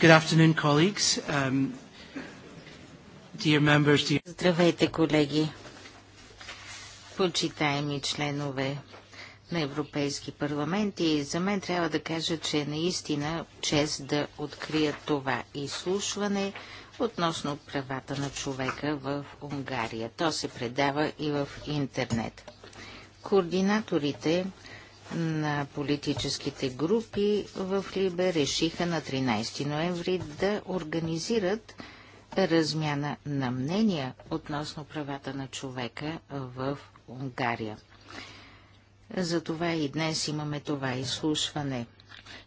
Good afternoon, colleagues. Um, dear members, dear... Здравейте, колеги, почитаеми членове на Европейски парламент и за мен трябва да кажа, че е наистина чест да открия това изслушване относно правата на човека в Унгария. То се предава и в интернет. Координаторите на политическите групи в Либе решиха на 13 ноември да организират размяна на мнения относно правата на човека в Унгария. Затова и днес имаме това изслушване.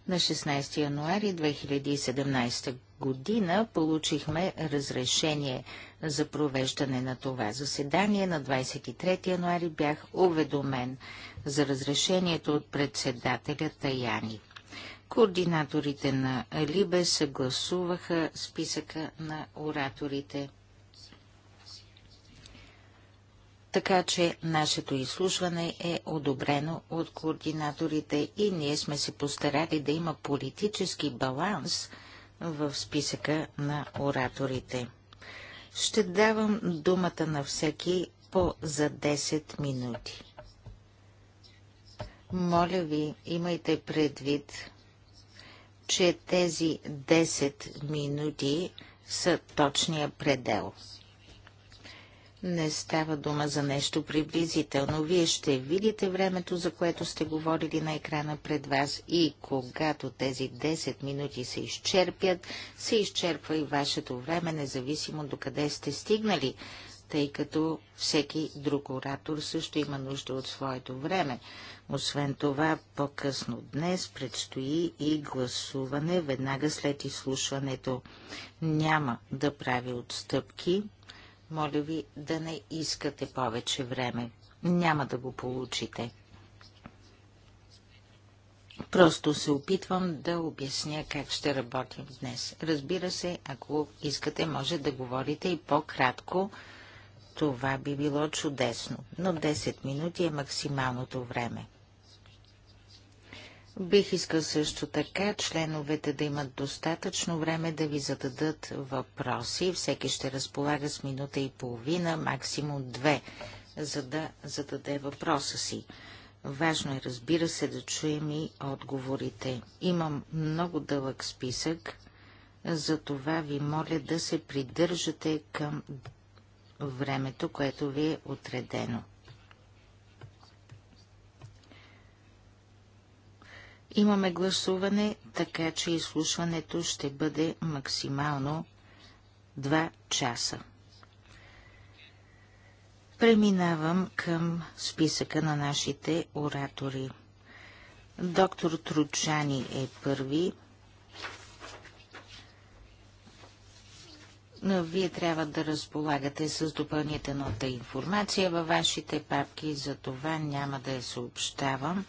На 16 януари 2017 година получихме разрешение за провеждане на това заседание. На 23 януари бях уведомен за разрешението от председателя Таяни. Координаторите на Либе съгласуваха списъка на ораторите. Така че нашето изслушване е одобрено от координаторите и ние сме се постарали да има политически баланс – в списъка на ораторите. Ще давам думата на всеки по за 10 минути. Моля ви, имайте предвид, че тези 10 минути са точния предел. Не става дума за нещо приблизително. Вие ще видите времето, за което сте говорили на екрана пред вас и когато тези 10 минути се изчерпят, се изчерпва и вашето време, независимо до къде сте стигнали, тъй като всеки друг оратор също има нужда от своето време. Освен това, по-късно днес предстои и гласуване веднага след изслушването. Няма да прави отстъпки моля ви да не искате повече време. Няма да го получите. Просто се опитвам да обясня как ще работим днес. Разбира се, ако искате, може да говорите и по-кратко. Това би било чудесно, но 10 минути е максималното време. Бих искал също така членовете да имат достатъчно време да ви зададат въпроси. Всеки ще разполага с минута и половина, максимум две, за да зададе въпроса си. Важно е, разбира се, да чуем и отговорите. Имам много дълъг списък, затова ви моля да се придържате към времето, което ви е отредено. Имаме гласуване, така че изслушването ще бъде максимално 2 часа. Преминавам към списъка на нашите оратори. Доктор Тручани е първи. Но вие трябва да разполагате с допълнителната информация във вашите папки, за това няма да я съобщавам.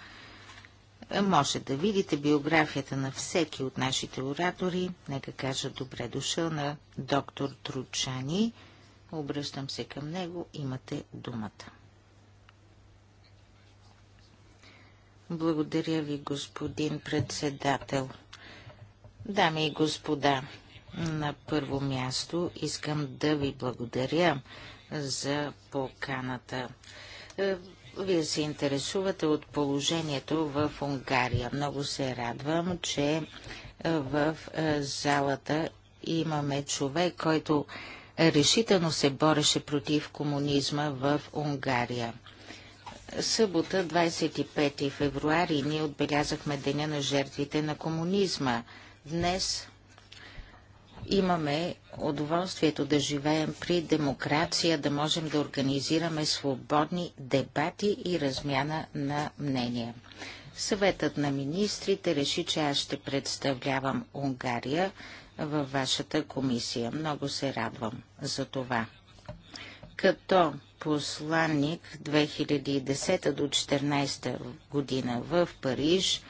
Може да видите биографията на всеки от нашите оратори. Нека кажа добре дошъл на доктор Тручани. Обръщам се към него. Имате думата. Благодаря ви, господин председател. Дами и господа, на първо място искам да ви благодаря за поканата. Вие се интересувате от положението в Унгария. Много се радвам, че е, в е, залата имаме човек, който решително се бореше против комунизма в Унгария. Събота, 25 февруари, ние отбелязахме Деня на жертвите на комунизма. Днес имаме удоволствието да живеем при демокрация, да можем да организираме свободни дебати и размяна на мнения. Съветът на министрите реши, че аз ще представлявам Унгария във вашата комисия. Много се радвам за това. Като посланник 2010 до 2014 година в Париж,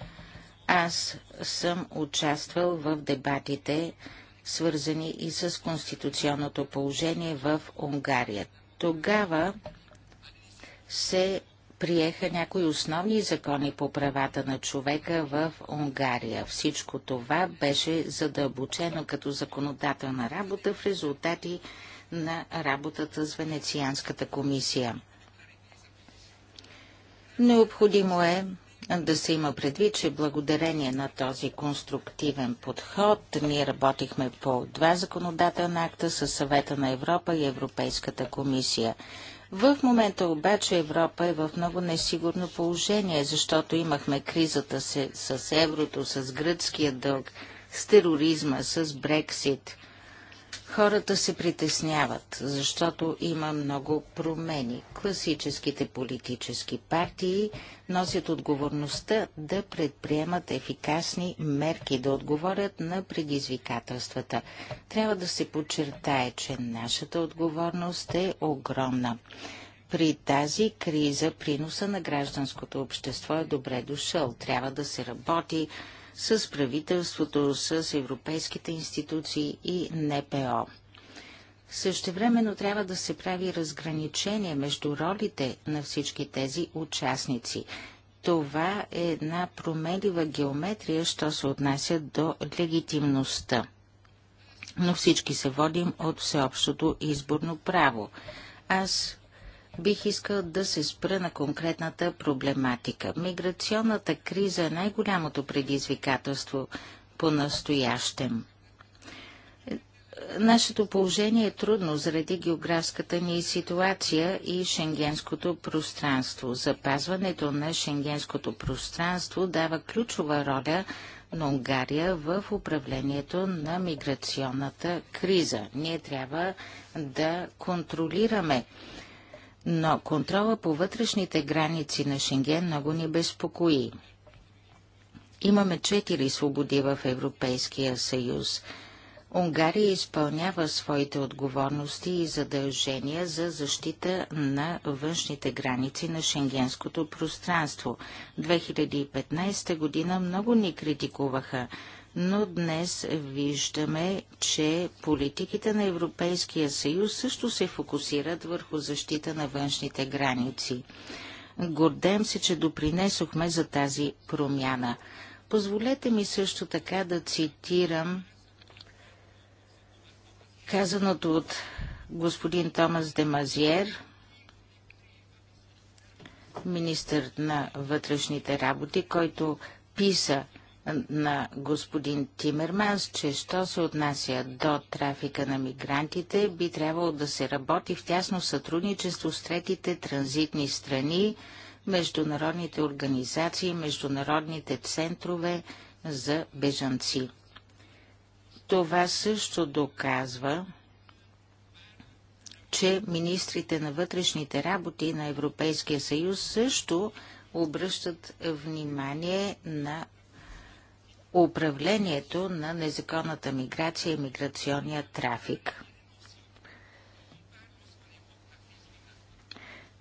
аз съм участвал в дебатите свързани и с конституционното положение в Унгария. Тогава се приеха някои основни закони по правата на човека в Унгария. Всичко това беше задълбочено като законодателна работа в резултати на работата с Венецианската комисия. Необходимо е да се има предвид, че благодарение на този конструктивен подход ние работихме по два законодателна акта с Съвета на Европа и Европейската комисия. В момента обаче Европа е в много несигурно положение, защото имахме кризата с, с еврото, с гръцкия дълг, с тероризма, с Брексит – Хората се притесняват, защото има много промени. Класическите политически партии носят отговорността да предприемат ефикасни мерки, да отговорят на предизвикателствата. Трябва да се подчертае, че нашата отговорност е огромна. При тази криза приноса на гражданското общество е добре дошъл. Трябва да се работи с правителството, с европейските институции и НПО. Същевременно трябва да се прави разграничение между ролите на всички тези участници. Това е една променлива геометрия, що се отнася до легитимността. Но всички се водим от всеобщото изборно право. Аз бих искал да се спра на конкретната проблематика. Миграционната криза е най-голямото предизвикателство по-настоящем. Нашето положение е трудно заради географската ни ситуация и шенгенското пространство. Запазването на шенгенското пространство дава ключова роля на Унгария в управлението на миграционната криза. Ние трябва да контролираме но контрола по вътрешните граници на Шенген много ни безпокои. Имаме четири свободи в Европейския съюз. Унгария изпълнява своите отговорности и задължения за защита на външните граници на шенгенското пространство. 2015 година много ни критикуваха но днес виждаме, че политиките на Европейския съюз също се фокусират върху защита на външните граници. Гордем се, че допринесохме за тази промяна. Позволете ми също така да цитирам казаното от господин Томас Демазиер, министър на вътрешните работи, който писа – на господин Тимерманс, че що се отнася до трафика на мигрантите, би трябвало да се работи в тясно сътрудничество с третите транзитни страни, международните организации, международните центрове за бежанци. Това също доказва, че министрите на вътрешните работи на Европейския съюз също обръщат внимание на управлението на незаконната миграция и миграционния трафик.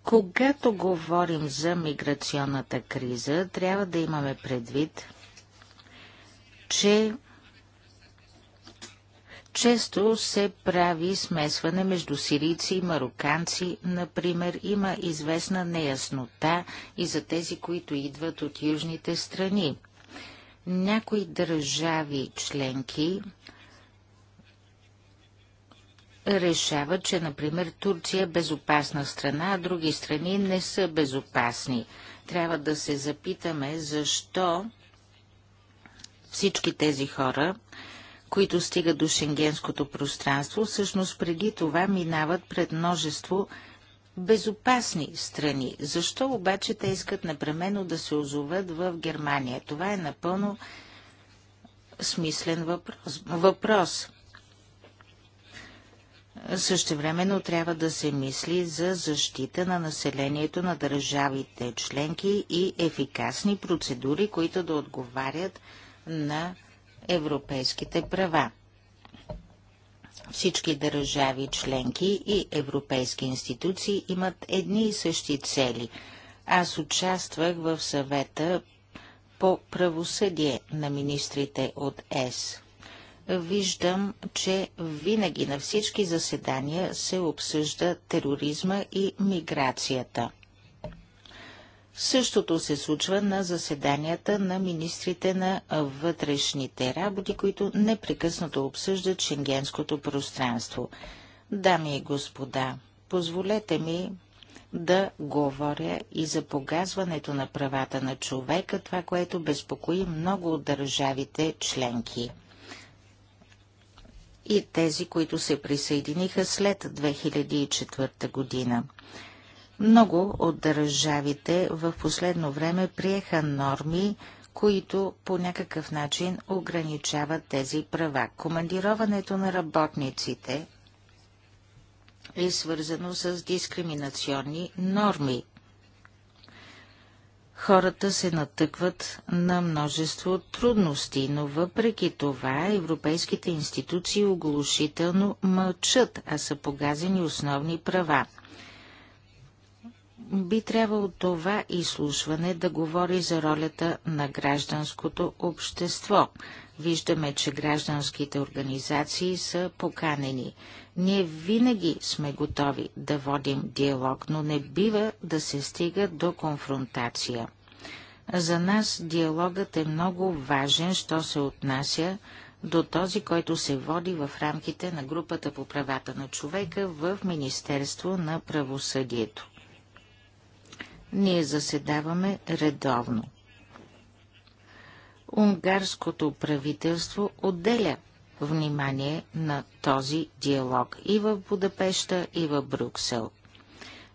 Когато говорим за миграционната криза, трябва да имаме предвид, че често се прави смесване между сирийци и мароканци, например, има известна неяснота и за тези, които идват от южните страни. Някои държави членки решават, че, например, Турция е безопасна страна, а други страни не са безопасни. Трябва да се запитаме защо всички тези хора, които стигат до шенгенското пространство, всъщност преди това минават пред множество безопасни страни. Защо обаче те искат непременно да се озоват в Германия? Това е напълно смислен въпрос. въпрос. Същевременно трябва да се мисли за защита на населението на държавите членки и ефикасни процедури, които да отговарят на европейските права. Всички държави, членки и европейски институции имат едни и същи цели. Аз участвах в съвета по правосъдие на министрите от ЕС. Виждам, че винаги на всички заседания се обсъжда тероризма и миграцията. Същото се случва на заседанията на министрите на вътрешните работи, които непрекъснато обсъждат шенгенското пространство. Дами и господа, позволете ми да говоря и за погазването на правата на човека, това, което безпокои много от държавите членки и тези, които се присъединиха след 2004 година. Много от държавите в последно време приеха норми, които по някакъв начин ограничават тези права. Командироването на работниците е свързано с дискриминационни норми. Хората се натъкват на множество трудности, но въпреки това европейските институции оглушително мълчат, а са погазени основни права – би трябвало това изслушване да говори за ролята на гражданското общество. Виждаме, че гражданските организации са поканени. Ние винаги сме готови да водим диалог, но не бива да се стига до конфронтация. За нас диалогът е много важен, що се отнася до този, който се води в рамките на групата по правата на човека в Министерство на правосъдието. Ние заседаваме редовно. Унгарското правителство отделя внимание на този диалог и в Будапешта, и в Брюксел.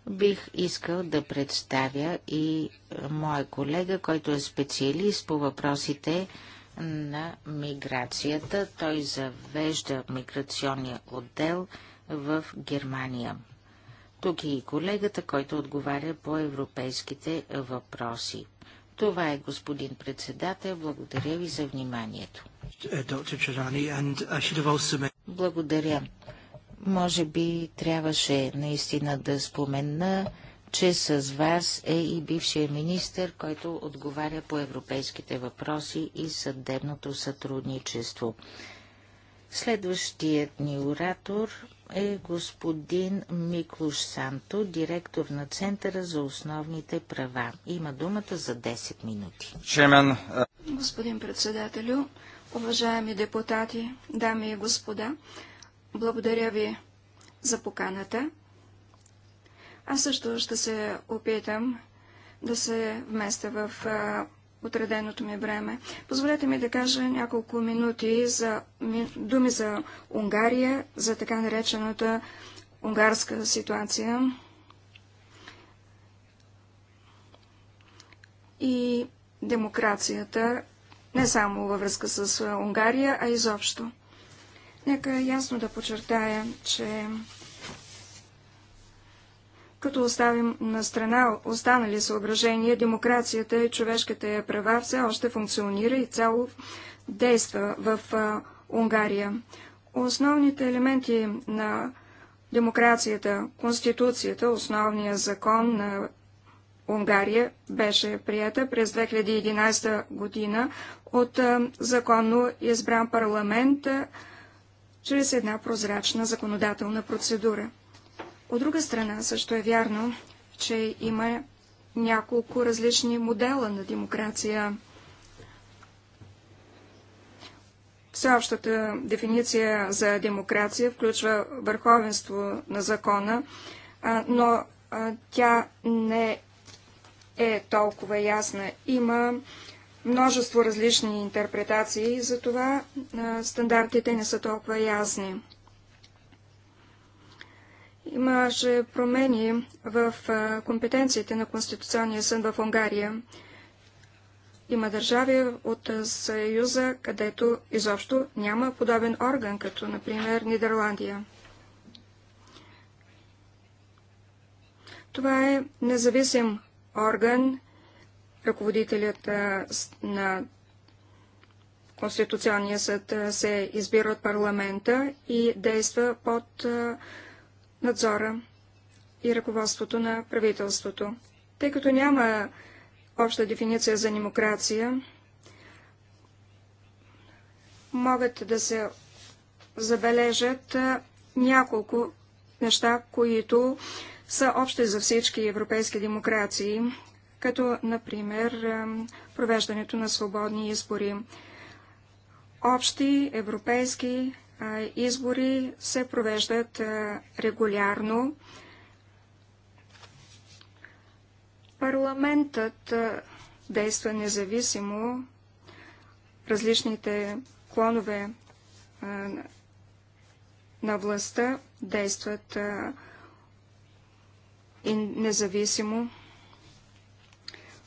Бих искал да представя и е, моя колега, който е специалист по въпросите на миграцията. Той завежда миграционния отдел в Германия. Тук е и колегата, който отговаря по европейските въпроси. Това е господин председател. Благодаря ви за вниманието. Uh, Благодаря. Може би трябваше наистина да спомена, че с вас е и бившия министр, който отговаря по европейските въпроси и съдебното сътрудничество. Следващият ни оратор е господин Миклуш Санто, директор на Центъра за основните права. Има думата за 10 минути. Шемен. Господин председателю, уважаеми депутати, дами и господа, благодаря ви за поканата. Аз също ще се опитам да се вместа в отреденото ми време. Позволете ми да кажа няколко минути за думи за Унгария, за така наречената унгарска ситуация. И демокрацията, не само във връзка с Унгария, а изобщо. Нека ясно да подчертая, че като оставим на страна останали съображения, демокрацията и човешките права все още функционира и цяло действа в а, Унгария. Основните елементи на демокрацията, конституцията, основния закон на Унгария беше приета през 2011 година от а, законно избран парламент а, чрез една прозрачна законодателна процедура. От друга страна, също е вярно, че има няколко различни модела на демокрация. Всеобщата дефиниция за демокрация включва върховенство на закона, но тя не е толкова ясна. Има множество различни интерпретации затова стандартите не са толкова ясни. Имаше промени в компетенциите на Конституционния съд в Унгария. Има държави от Съюза, където изобщо няма подобен орган, като например Нидерландия. Това е независим орган, ръководителят на Конституционния съд се избира от парламента и действа под надзора и ръководството на правителството. Тъй като няма обща дефиниция за демокрация, могат да се забележат няколко неща, които са общи за всички европейски демокрации, като, например, провеждането на свободни избори. Общи европейски избори се провеждат регулярно. Парламентът действа независимо. Различните клонове на властта действат независимо.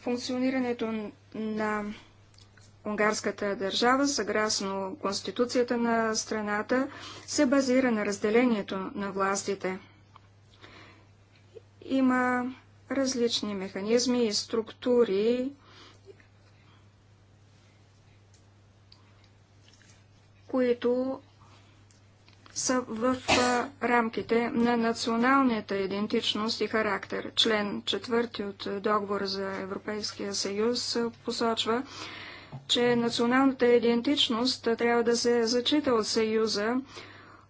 Функционирането на унгарската държава, съгласно Конституцията на страната, се базира на разделението на властите. Има различни механизми и структури, които са в рамките на националната идентичност и характер. Член 4 от договор за Европейския съюз посочва, че националната идентичност трябва да се зачита от Съюза,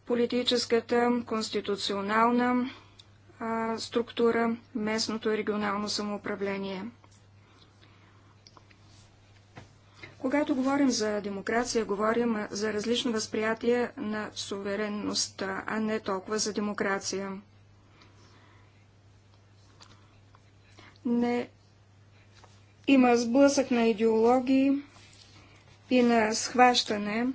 политическата, конституционална а, структура, местното и регионално самоуправление. Когато говорим за демокрация, говорим за различно възприятие на суверенността, а не толкова за демокрация. Не има сблъсък на идеологии, и на схващане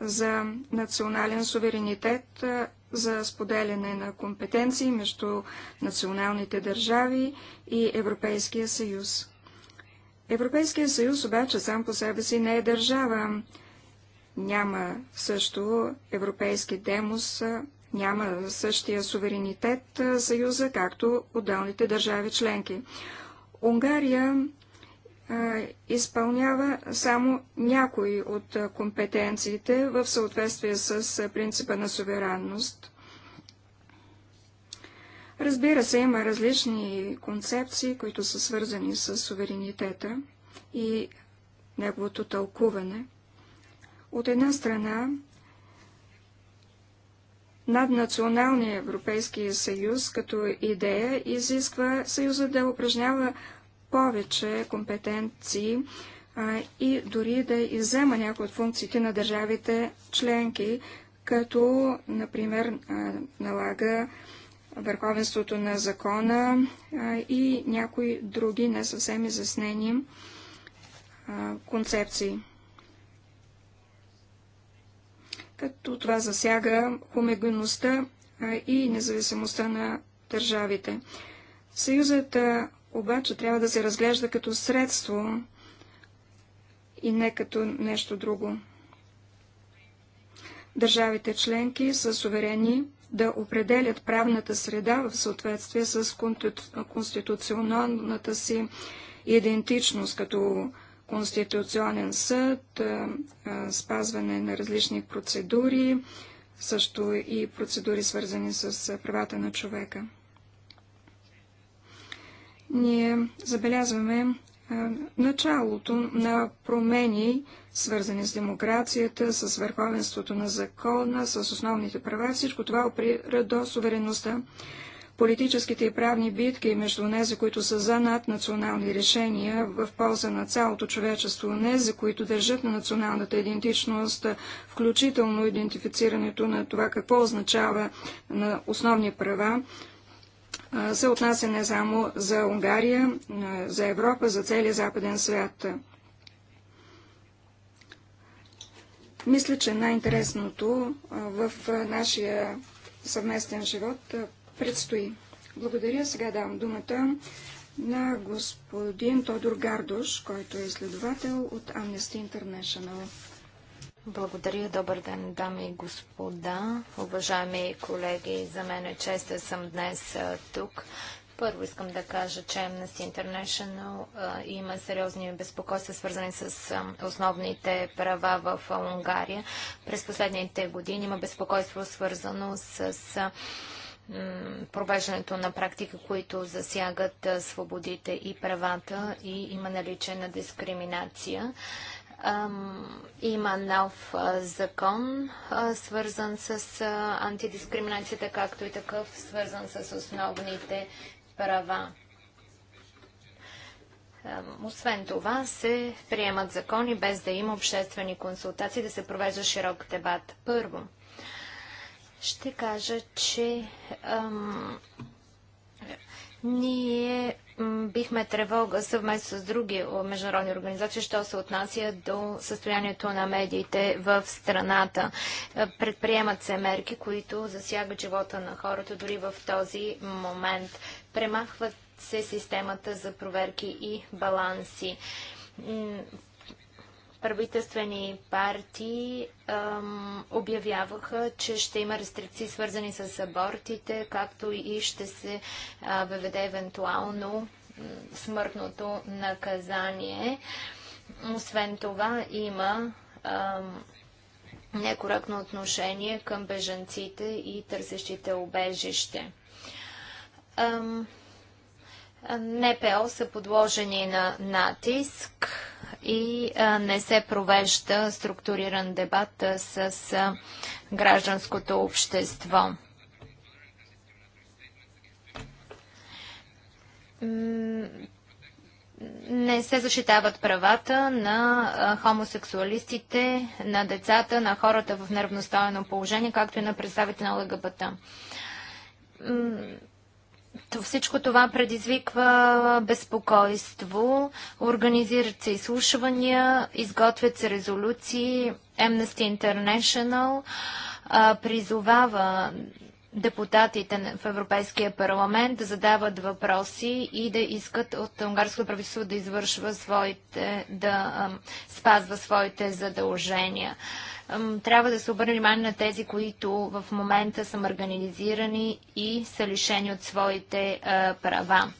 за национален суверенитет, за споделяне на компетенции между националните държави и Европейския съюз. Европейския съюз обаче сам по себе си не е държава. Няма също европейски демос, няма същия суверенитет съюза, както отделните държави членки. Унгария изпълнява само някои от компетенциите в съответствие с принципа на суверенност. Разбира се, има различни концепции, които са свързани с суверенитета и неговото тълкуване. От една страна, наднационалния Европейски съюз като идея изисква съюза да упражнява повече компетенции а, и дори да иззема някои от функциите на държавите членки, като, например, а, налага върховенството на закона а, и някои други не съвсем изяснени концепции. Като това засяга хомогенността и независимостта на държавите. Съюзът обаче трябва да се разглежда като средство и не като нещо друго. Държавите членки са суверени да определят правната среда в съответствие с конституционалната си идентичност като Конституционен съд, спазване на различни процедури, също и процедури свързани с правата на човека ние забелязваме началото на промени, свързани с демокрацията, с върховенството на закона, с основните права. Всичко това опира до суверенността. Политическите и правни битки между нези, които са за наднационални решения в полза на цялото човечество, нези, които държат на националната идентичност, включително идентифицирането на това какво означава на основни права, се отнася не само за Унгария, за Европа, за целия западен свят. Мисля, че най-интересното в нашия съвместен живот предстои. Благодаря. Сега давам думата на господин Тодор Гардош, който е изследовател от Amnesty International. Благодаря. Добър ден, дами и господа. Уважаеми колеги, за мен е чест да съм днес а, тук. Първо искам да кажа, че Amnesty International а, има сериозни безпокойства, свързани с а, основните права в а, Унгария. През последните години има безпокойство, свързано с, провеждането на практики, които засягат свободите и правата и има наличие на дискриминация. Има нов закон, свързан с антидискриминацията, както и такъв, свързан с основните права. Освен това се приемат закони без да има обществени консултации, да се провежда широк дебат. Първо, ще кажа, че ам, ние бихме тревога съвместно с други международни организации, що се отнася до състоянието на медиите в страната. Е, предприемат се мерки, които засягат живота на хората дори в този момент. Премахват се системата за проверки и баланси правителствени партии ем, обявяваха, че ще има рестрикции свързани с абортите, както и ще се а, въведе евентуално смъртното наказание. Освен това има ем, некоректно отношение към бежанците и търсещите обежище. Ем, НПО са подложени на натиск и не се провежда структуриран дебат с гражданското общество. Не се защитават правата на хомосексуалистите, на децата, на хората в неравностойно положение, както и на представите на ЛГБТ всичко това предизвиква безпокойство. Организират се изслушвания, изготвят се резолюции. Amnesty International а, призовава депутатите в Европейския парламент да задават въпроси и да искат от унгарското правителство да извършва своите, да спазва своите задължения. трябва да се обърне внимание на тези, които в момента са марганизирани и са лишени от своите права.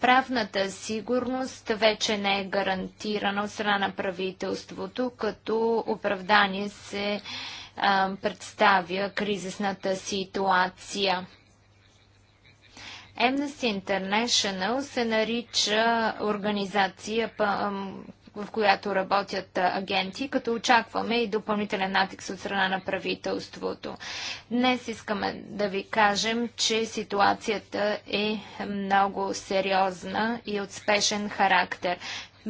Правната сигурност вече не е гарантирана от страна на правителството, като оправдание се представя кризисната ситуация. Amnesty International се нарича организация, в която работят агенти, като очакваме и допълнителен натиск от страна на правителството. Днес искаме да ви кажем, че ситуацията е много сериозна и от спешен характер.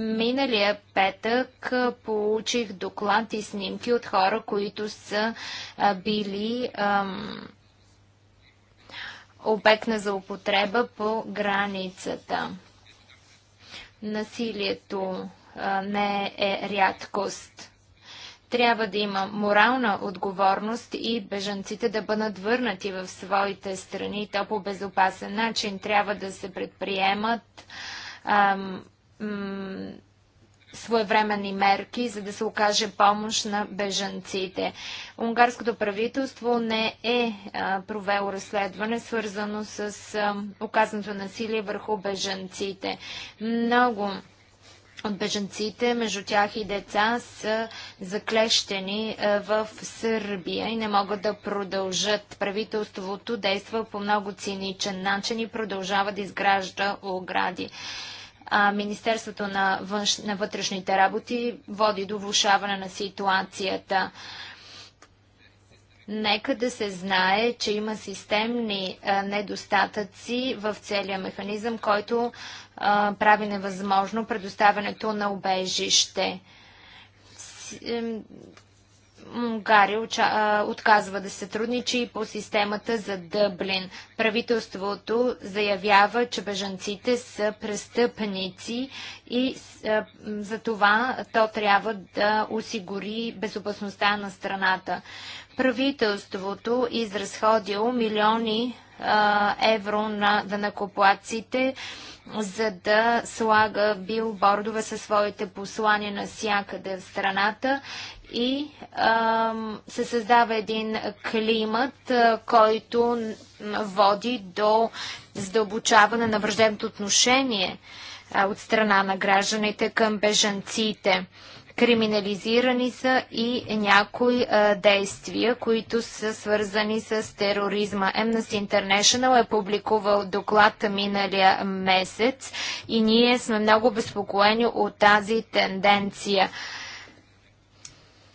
Миналия петък получих доклад и снимки от хора, които са били ам, обект на злоупотреба по границата. Насилието а, не е рядкост. Трябва да има морална отговорност и бежанците да бъдат върнати в своите страни, то по безопасен начин. Трябва да се предприемат ам, своевременни мерки, за да се окаже помощ на бежанците. Унгарското правителство не е провело разследване, свързано с оказаното насилие върху бежанците. Много от бежанците, между тях и деца, са заклещени в Сърбия и не могат да продължат. Правителството действа по много циничен начин и продължава да изгражда огради а, Министерството на, външ, на вътрешните работи води до влушаване на ситуацията. Нека да се знае, че има системни а, недостатъци в целия механизъм, който а, прави невъзможно предоставянето на убежище Унгария отказва да сътрудничи по системата за Дъблин. Правителството заявява, че бежанците са престъпници и за това то трябва да осигури безопасността на страната. Правителството изразходило милиони а, евро на данакоплаците, за да слага билбордове със своите послания навсякъде в страната и а, се създава един климат, който води до задълбочаване на враждебното отношение а, от страна на гражданите към бежанците. Криминализирани са и някои а, действия, които са свързани с тероризма. Amnesty International е публикувал доклад миналия месец и ние сме много безпокоени от тази тенденция.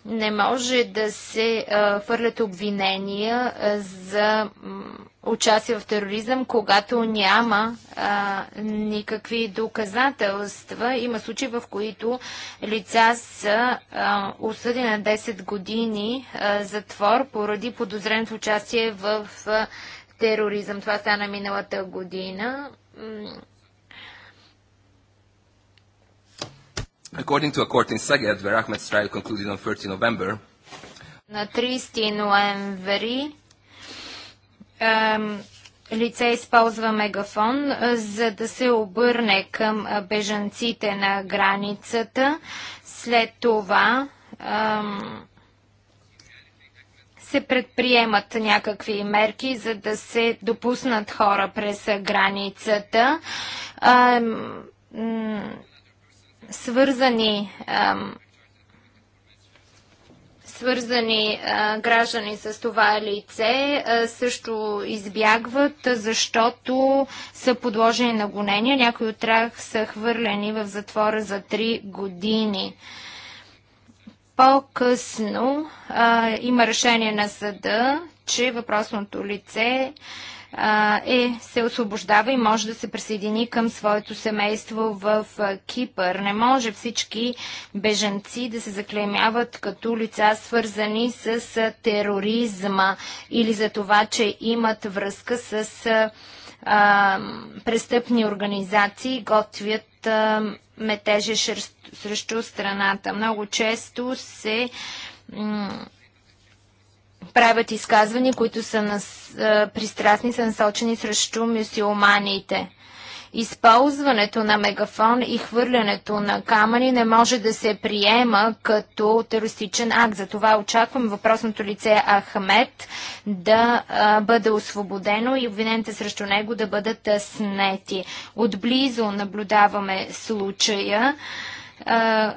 Не може да се фърлят обвинения за участие в тероризъм, когато няма а, никакви доказателства. Има случаи, в които лица са а, осъдени на 10 години а, затвор поради подозрено участие в а, тероризъм. Това стана миналата година According to a court in Szeged, where Ahmed's trial concluded on 30 November, на 30 ноември лице използва мегафон, за да се обърне към бежанците на границата. След това се предприемат някакви мерки, за да се допуснат хора през границата свързани свързани граждани с това лице също избягват, защото са подложени на гонения. Някои от тях са хвърлени в затвора за 3 години. По-късно има решение на съда, че въпросното лице е е, се освобождава и може да се присъедини към своето семейство в Кипър. Не може всички беженци да се заклемяват като лица свързани с тероризма или за това, че имат връзка с а, престъпни организации, готвят а, метежи срещу страната. Много често се правят изказвания, които са нас, а, пристрастни, са насочени срещу мюсюлманите. Използването на мегафон и хвърлянето на камъни не може да се приема като терористичен акт. Затова очаквам въпросното лице Ахмед да а, бъде освободено и обвинените срещу него да бъдат снети. Отблизо наблюдаваме случая. А,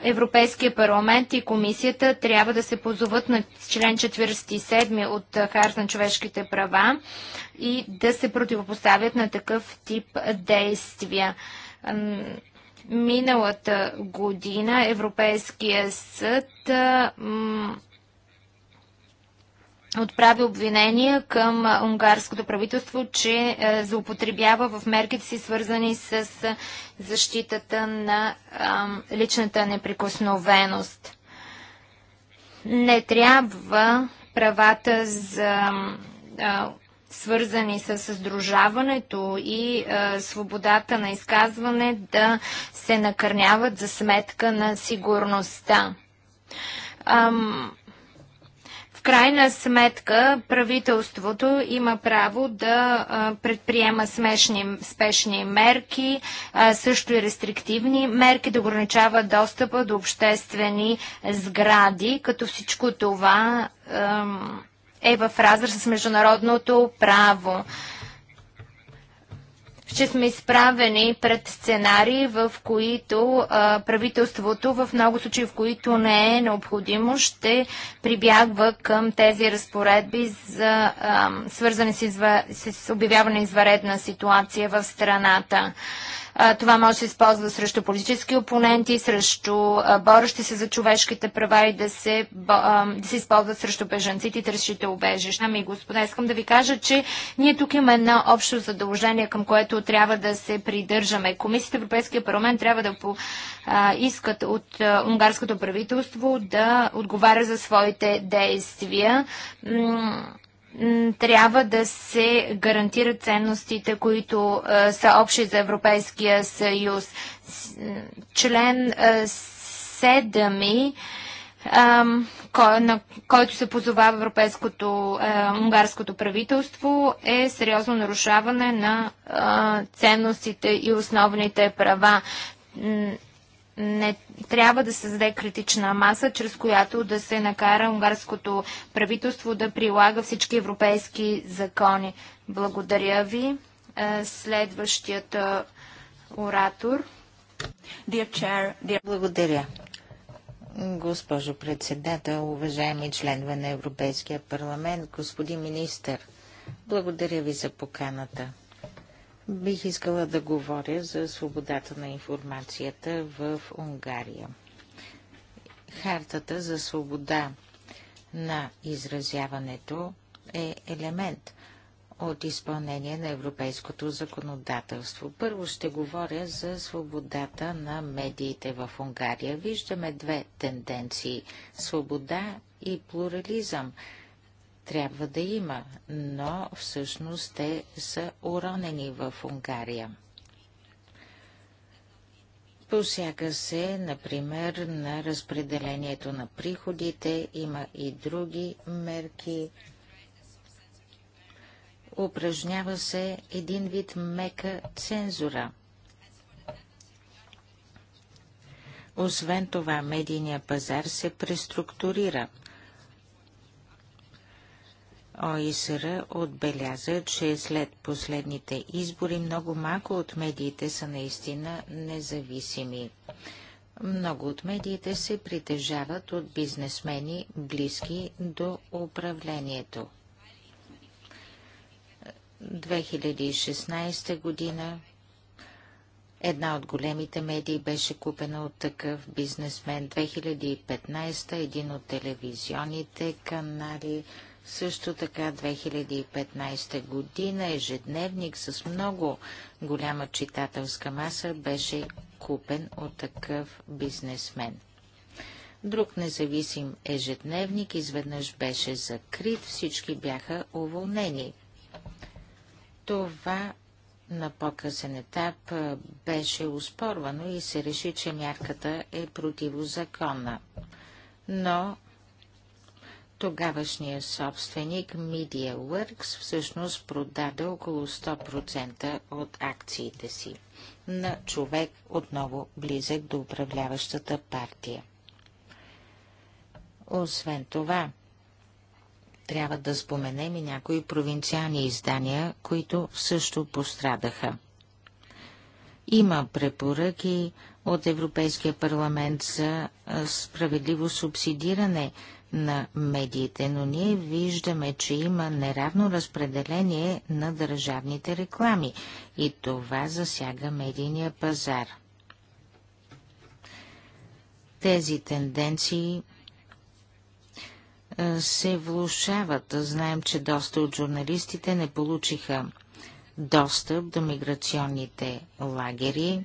Европейския парламент и комисията трябва да се позоват на член 47 от Харта на човешките права и да се противопоставят на такъв тип действия. Миналата година Европейския съд отправи обвинения към унгарското правителство, че е, злоупотребява в мерките си, свързани с защитата на е, личната неприкосновеност. Не трябва правата за е, свързани с сдружаването и е, свободата на изказване да се накърняват за сметка на сигурността. Ам, крайна сметка правителството има право да а, предприема смешни, спешни мерки, а, също и рестриктивни мерки да ограничава достъпа до обществени сгради, като всичко това а, е в разрез с международното право че сме изправени пред сценарии, в които а, правителството, в много случаи, в които не е необходимо, ще прибягва към тези разпоредби, за, а, свързани с, изва... с обявяване изваредна ситуация в страната. Това може да се използва срещу политически опоненти, срещу борещи се за човешките права и да се, да се използват срещу бежанците и търсещите убежища. Ами, господа, искам да ви кажа, че ние тук имаме едно общо задължение, към което трябва да се придържаме. Комисията Европейския парламент трябва да по, а, искат от а, унгарското правителство да отговаря за своите действия трябва да се гарантират ценностите, които са общи за Европейския съюз. Член 7 на който се позовава европейското е, унгарското правителство, е сериозно нарушаване на е, ценностите и основните права не трябва да създаде критична маса, чрез която да се накара унгарското правителство да прилага всички европейски закони. Благодаря ви. Е, следващият е, оратор. Dear chair, dear... Благодаря. Госпожо председател, уважаеми членове на Европейския парламент, господин министър, благодаря ви за поканата. Бих искала да говоря за свободата на информацията в Унгария. Хартата за свобода на изразяването е елемент от изпълнение на европейското законодателство. Първо ще говоря за свободата на медиите в Унгария. Виждаме две тенденции – свобода и плурализъм – трябва да има, но всъщност те са уронени в Унгария. Посяга се, например, на разпределението на приходите, има и други мерки. Упражнява се един вид мека цензура. Освен това, медийният пазар се преструктурира – ОИСР отбеляза, че след последните избори много малко от медиите са наистина независими. Много от медиите се притежават от бизнесмени, близки до управлението. 2016 година една от големите медии беше купена от такъв бизнесмен. 2015 един от телевизионните канали – също така 2015 година ежедневник с много голяма читателска маса беше купен от такъв бизнесмен. Друг независим ежедневник изведнъж беше закрит, всички бяха уволнени. Това на по-късен етап беше успорвано и се реши, че мярката е противозаконна. Но Тогавашният собственик Media Works всъщност продаде около 100% от акциите си на човек отново близък до управляващата партия. Освен това, трябва да споменем и някои провинциални издания, които също пострадаха. Има препоръки от Европейския парламент за справедливо субсидиране – на медиите, но ние виждаме, че има неравно разпределение на държавните реклами и това засяга медийния пазар. Тези тенденции се влушават. Знаем, че доста от журналистите не получиха достъп до миграционните лагери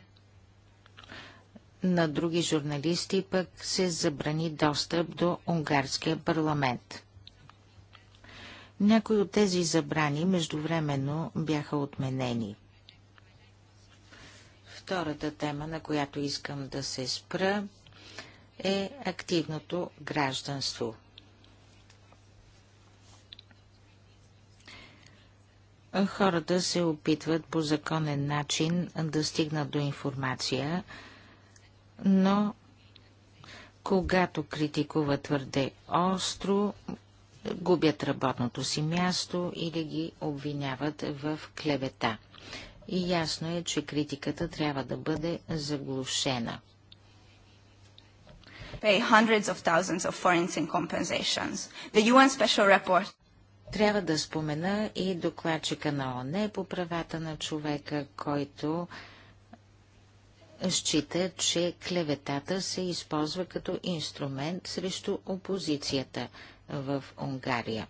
на други журналисти пък се забрани достъп до унгарския парламент. Някои от тези забрани междувременно бяха отменени. Втората тема, на която искам да се спра, е активното гражданство. Хората се опитват по законен начин да стигнат до информация, но когато критикува твърде остро, губят работното си място или ги обвиняват в клевета. И ясно е, че критиката трябва да бъде заглушена. Трябва да спомена и докладчика на ОНЕ по правата на човека, който счита, че клеветата се използва като инструмент срещу опозицията в Унгария.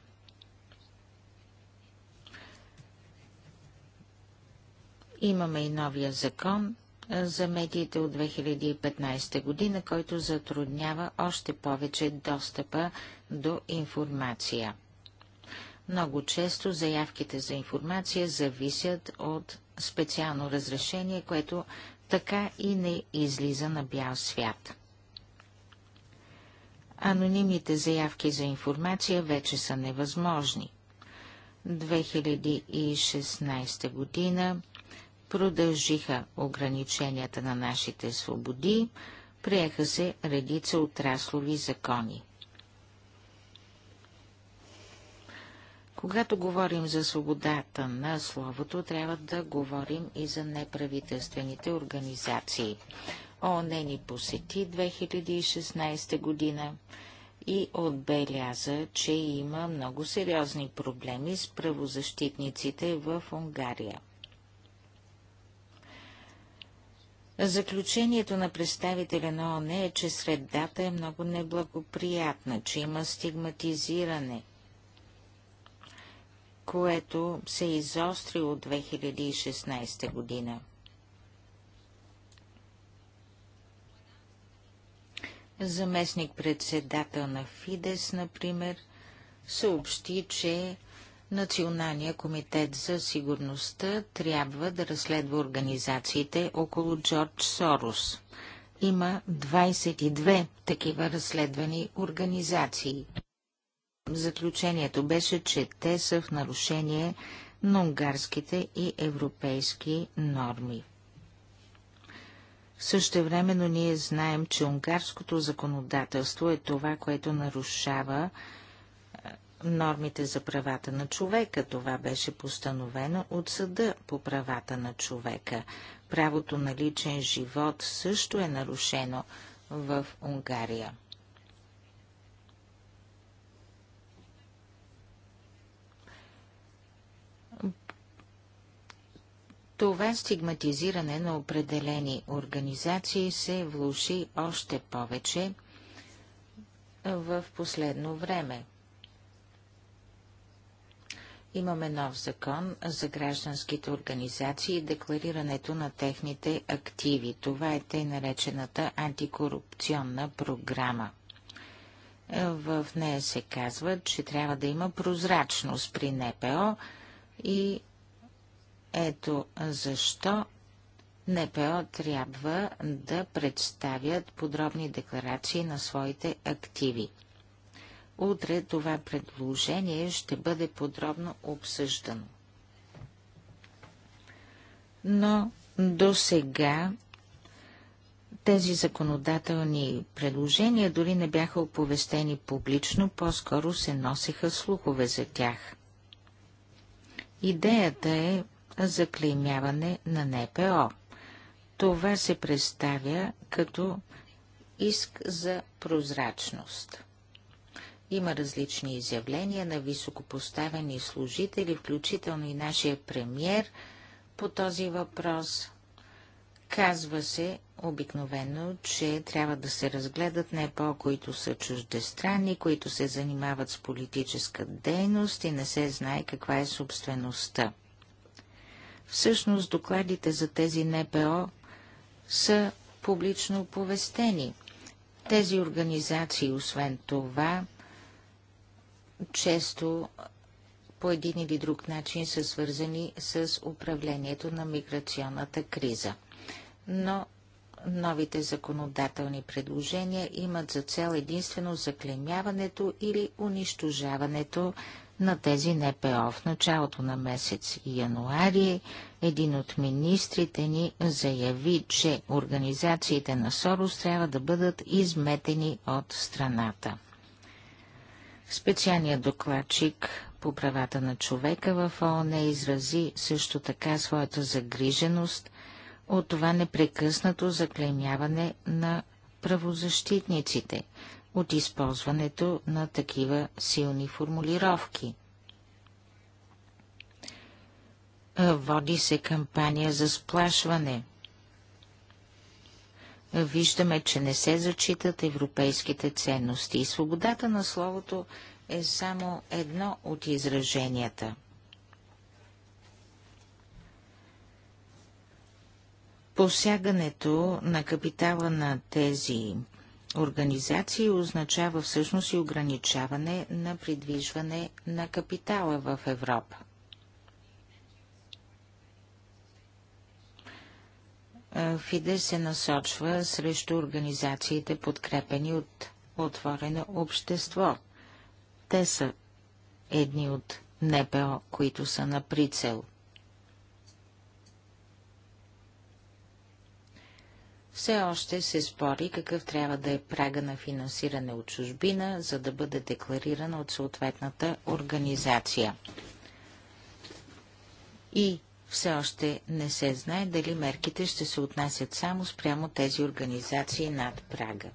Имаме и новия закон за медиите от 2015 година, който затруднява още повече достъпа до информация. Много често заявките за информация зависят от специално разрешение, което така и не излиза на бял свят. Анонимните заявки за информация вече са невъзможни. 2016 година продължиха ограниченията на нашите свободи, приеха се редица отраслови закони. Когато говорим за свободата на словото, трябва да говорим и за неправителствените организации. ООН ни посети 2016 година и отбеляза, че има много сериозни проблеми с правозащитниците в Унгария. Заключението на представителя на ОНЕ е, че средата е много неблагоприятна, че има стигматизиране, което се изостри от 2016 година. Заместник-председател на Фидес, например, съобщи, че Националния комитет за сигурността трябва да разследва организациите около Джордж Сорос. Има 22 такива разследвани организации. Заключението беше, че те са в нарушение на унгарските и европейски норми. Същевременно ние знаем, че унгарското законодателство е това, което нарушава е, нормите за правата на човека. Това беше постановено от съда по правата на човека. Правото на личен живот също е нарушено в Унгария. Това стигматизиране на определени организации се влуши още повече в последно време. Имаме нов закон за гражданските организации и декларирането на техните активи. Това е тъй наречената антикорупционна програма. В нея се казва, че трябва да има прозрачност при НПО и ето защо НПО трябва да представят подробни декларации на своите активи. Утре това предложение ще бъде подробно обсъждано. Но до сега тези законодателни предложения дори не бяха оповестени публично, по-скоро се носеха слухове за тях. Идеята е заклеймяване на НПО. Това се представя като иск за прозрачност. Има различни изявления на високопоставени служители, включително и нашия премьер по този въпрос. Казва се обикновено, че трябва да се разгледат не по, които са чуждестранни, които се занимават с политическа дейност и не се знае каква е собствеността. Всъщност докладите за тези НПО са публично оповестени. Тези организации, освен това, често по един или друг начин са свързани с управлението на миграционната криза. Но новите законодателни предложения имат за цел единствено заклемяването или унищожаването на тези НПО. В началото на месец януари един от министрите ни заяви, че организациите на Сорос трябва да бъдат изметени от страната. Специалният докладчик по правата на човека в ООН изрази също така своята загриженост от това непрекъснато заклемяване на правозащитниците от използването на такива силни формулировки. Води се кампания за сплашване. Виждаме, че не се зачитат европейските ценности и свободата на словото е само едно от израженията. Посягането на капитала на тези организации означава всъщност и ограничаване на придвижване на капитала в Европа. Е, ФИДЕ се насочва срещу организациите, подкрепени от отворено общество. Те са едни от НПО, които са на прицел. все още се спори какъв трябва да е прага на финансиране от чужбина, за да бъде декларирана от съответната организация. И все още не се знае дали мерките ще се отнасят само спрямо тези организации над прага.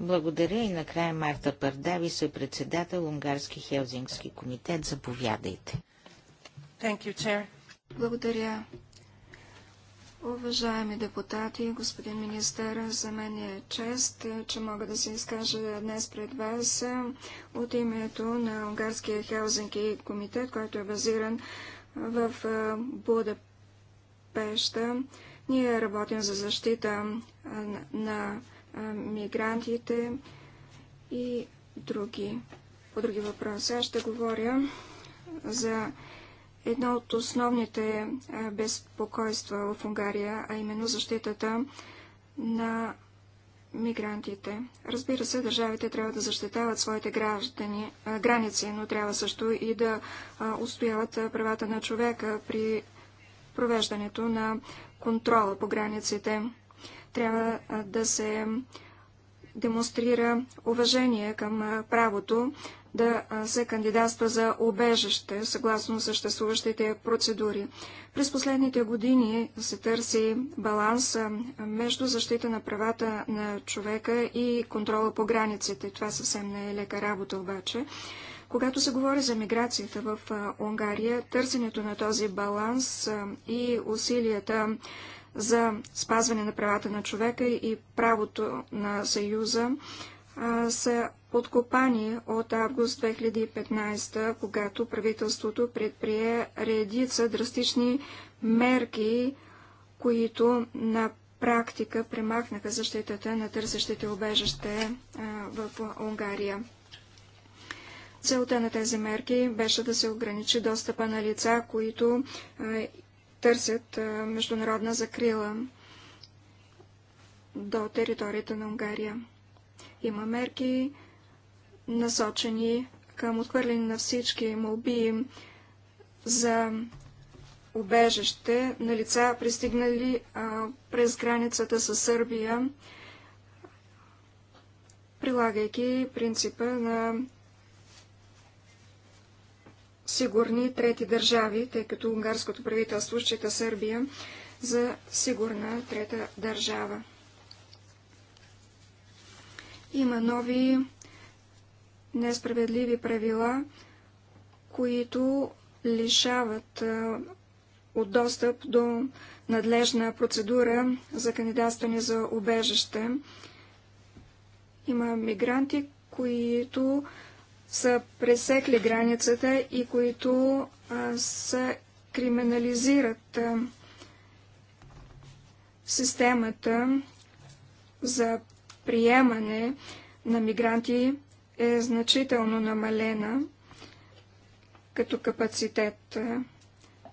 Благодаря и накрая Марта Пардави, съпредседател Унгарски Хелзингски комитет. Заповядайте. Thank you, Chair. Благодаря, Уважаеми депутати, господин министър, за мен е чест, е, че мога да се изкажа днес пред вас е, от името на Унгарския Хелзинки комитет, който е базиран е, в Будапешта. Ние работим за защита на мигрантите и други, по други въпроси. Аз ще говоря за едно от основните безпокойства в Унгария, а именно защитата на мигрантите. Разбира се, държавите трябва да защитават своите граждани, граници, но трябва също и да устояват правата на човека при провеждането на контрола по границите. Трябва да се демонстрира уважение към правото да се кандидатства за обежище, съгласно съществуващите процедури. През последните години се търси баланс между защита на правата на човека и контрола по границите. Това съвсем не е лека работа обаче. Когато се говори за миграцията в Унгария, търсенето на този баланс и усилията за спазване на правата на човека и правото на Съюза са подкопани от август 2015, когато правителството предприе редица драстични мерки, които на практика премахнаха защитата на търсещите обежище в Унгария. Целта на тези мерки беше да се ограничи достъпа на лица, които търсят международна закрила до територията на Унгария. Има мерки насочени към отхвърляне на всички молби за убежище на лица, пристигнали а, през границата с Сърбия, прилагайки принципа на сигурни трети държави, тъй като унгарското правителство счита Сърбия за сигурна трета държава. Има нови несправедливи правила, които лишават от достъп до надлежна процедура за кандидатстване за убежище. Има мигранти, които са пресекли границата и които са криминализират системата за приемане на мигранти е значително намалена като капацитет.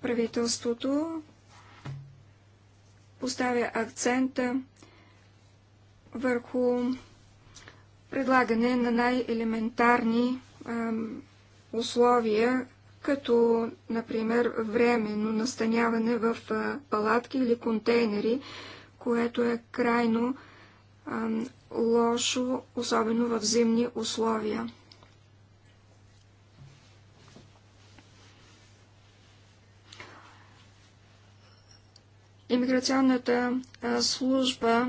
Правителството поставя акцента върху предлагане на най-елементарни условия, като, например, временно настаняване в палатки или контейнери, което е крайно лошо, особено в зимни условия. Имиграционната служба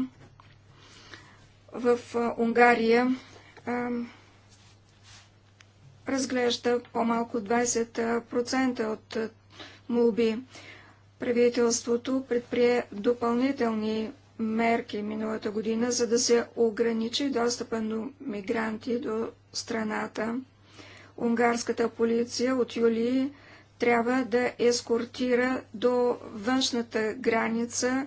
в Унгария разглежда по-малко 20% от молби. Правителството предприе допълнителни мерки миналата година, за да се ограничи достъпа на мигранти до страната. Унгарската полиция от юли трябва да ескортира до външната граница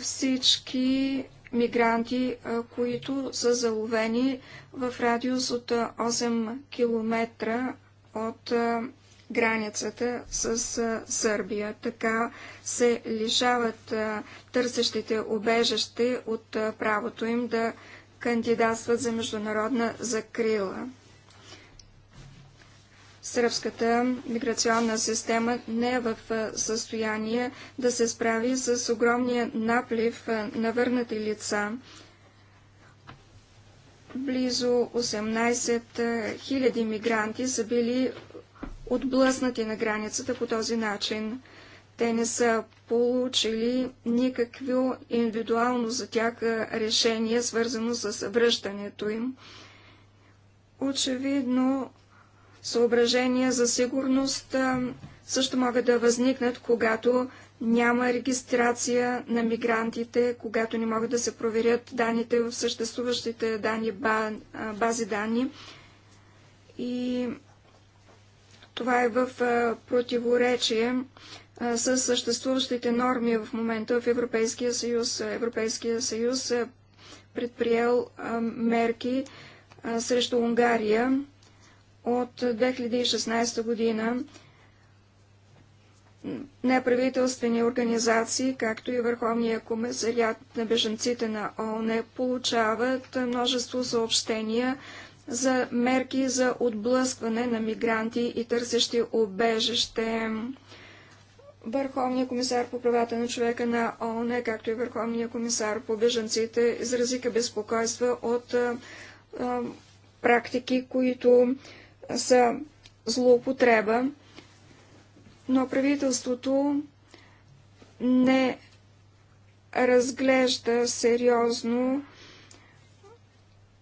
всички мигранти, които са заловени в радиус от 8 км от границата с Сърбия. Така се лишават търсещите обежащи от правото им да кандидатстват за международна закрила. Сръбската миграционна система не е в състояние да се справи с огромния наплив на върнати лица. Близо 18 000 мигранти са били отблъснати на границата по този начин. Те не са получили никакво индивидуално за тях решение, свързано с връщането им. Очевидно, съображения за сигурност също могат да възникнат, когато няма регистрация на мигрантите, когато не могат да се проверят данните в съществуващите данни, бази данни. И това е в противоречие с съществуващите норми в момента в Европейския съюз. Европейския съюз е предприел мерки срещу Унгария от 2016 година. Неправителствени организации, както и Върховния комисарият на беженците на ООН, получават множество съобщения за мерки за отблъскване на мигранти и търсещи обежище. Върховният комисар по правата на човека на ООН, както и Върховният комисар по беженците, изразиха безпокойства от а, а, практики, които са злоупотреба, но правителството не разглежда сериозно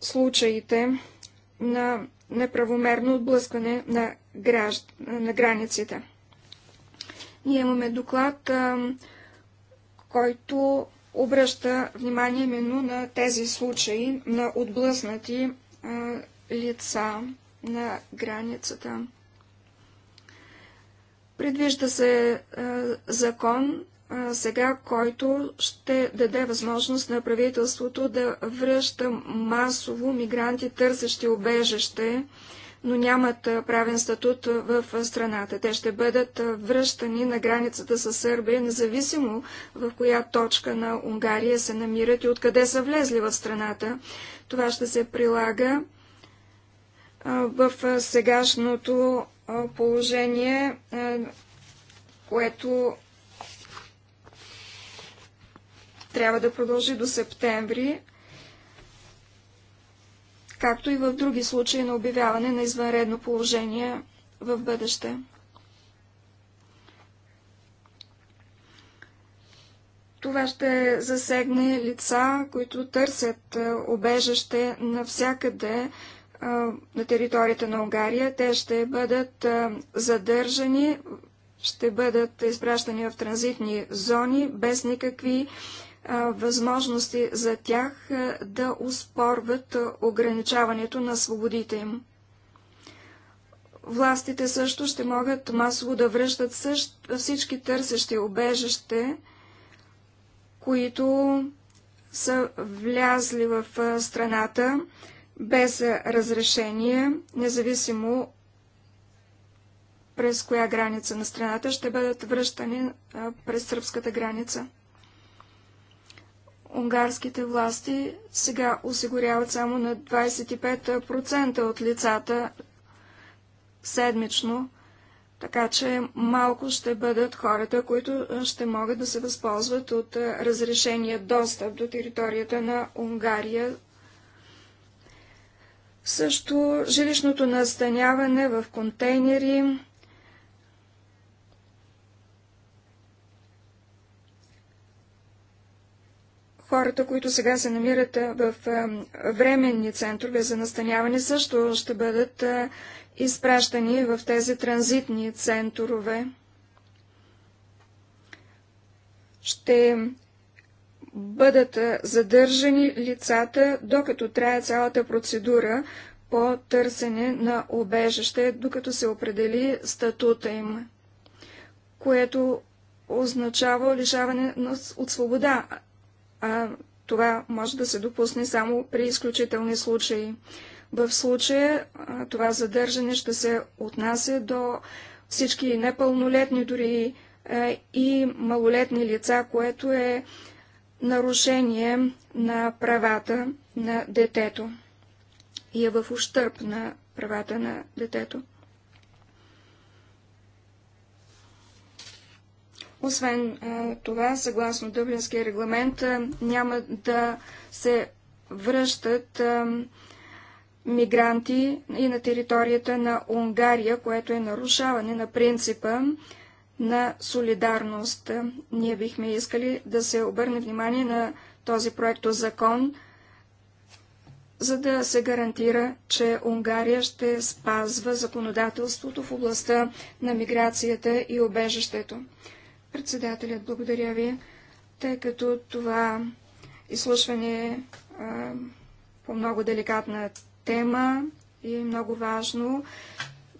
случаите на неправомерно отблъскване на, гражд... на границите. Ние имаме доклад, който обръща внимание именно на тези случаи на отблъснати лица на границата. Предвижда се закон сега, който ще даде възможност на правителството да връща масово мигранти, търсещи обежище, но нямат правен статут в страната. Те ще бъдат връщани на границата с Сърбия, независимо в коя точка на Унгария се намират и откъде са влезли в страната. Това ще се прилага в сегашното положение, което трябва да продължи до септември, както и в други случаи на обявяване на извънредно положение в бъдеще. Това ще засегне лица, които търсят обежаще навсякъде на територията на Унгария. Те ще бъдат задържани, ще бъдат изпращани в транзитни зони без никакви възможности за тях да успорват ограничаването на свободите им. Властите също ще могат масово да връщат същ, всички търсещи обежище, които са влязли в страната без разрешение, независимо през коя граница на страната ще бъдат връщани през сръбската граница унгарските власти сега осигуряват само на 25% от лицата седмично, така че малко ще бъдат хората, които ще могат да се възползват от разрешения достъп до територията на Унгария. Също жилищното настаняване в контейнери, Хората, които сега се намират в временни центрове за настаняване, също ще бъдат изпращани в тези транзитни центрове. Ще бъдат задържани лицата, докато трябва цялата процедура по търсене на обежище, докато се определи статута им, което означава лишаване от свобода, а това може да се допусне само при изключителни случаи. В случая това задържане ще се отнася до всички непълнолетни, дори и малолетни лица, което е нарушение на правата на детето и е в ущърп на правата на детето. Освен това, съгласно Дъблинския регламент, няма да се връщат мигранти и на територията на Унгария, което е нарушаване на принципа на солидарност. Ние бихме искали да се обърне внимание на този проекто закон, за да се гарантира, че Унгария ще спазва законодателството в областта на миграцията и обежището. Председателят, благодаря ви, тъй като това изслушване е по много деликатна тема и много важно.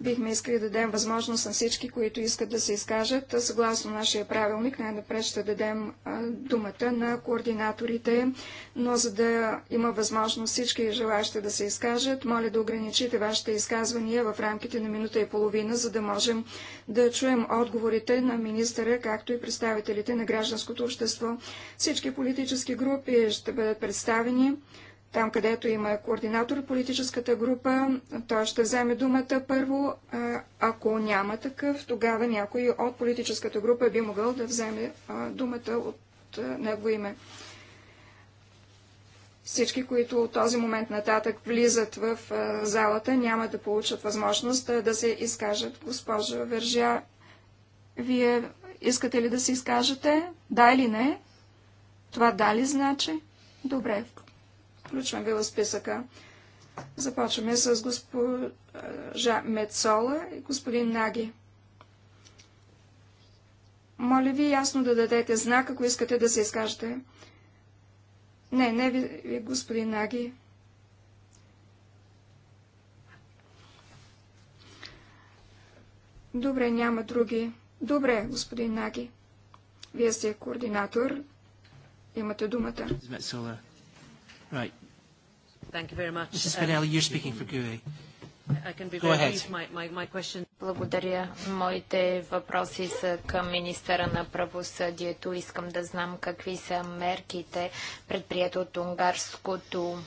Бихме искали да дадем възможност на всички, които искат да се изкажат. Съгласно нашия правилник, най-напред ще дадем думата на координаторите, но за да има възможност всички желащи да се изкажат, моля да ограничите вашите изказвания в рамките на минута и половина, за да можем да чуем отговорите на министъра, както и представителите на гражданското общество. Всички политически групи ще бъдат представени. Там, където има координатор политическата група, той ще вземе думата първо. Ако няма такъв, тогава някой от политическата група би могъл да вземе думата от него име. Всички, които от този момент нататък влизат в залата, няма да получат възможност да се изкажат. Госпожа Вържа, вие искате ли да се изкажете? Да или не? Това дали значи? Добре, Включвам ви в списъка. Започваме с госпожа Мецола и господин Наги. Моля ви ясно да дадете знак, ако искате да се изкажете. Не, не ви, господин Наги. Добре, няма други. Добре, господин Наги. Вие сте координатор. Имате думата. Right. Thank you very much. Mrs. Spinelli, you're speaking for GUE. I can be very brief. My, my, my question благодаря. Моите въпроси са към министъра на правосъдието. Искам да знам какви са мерките предприето от унгарското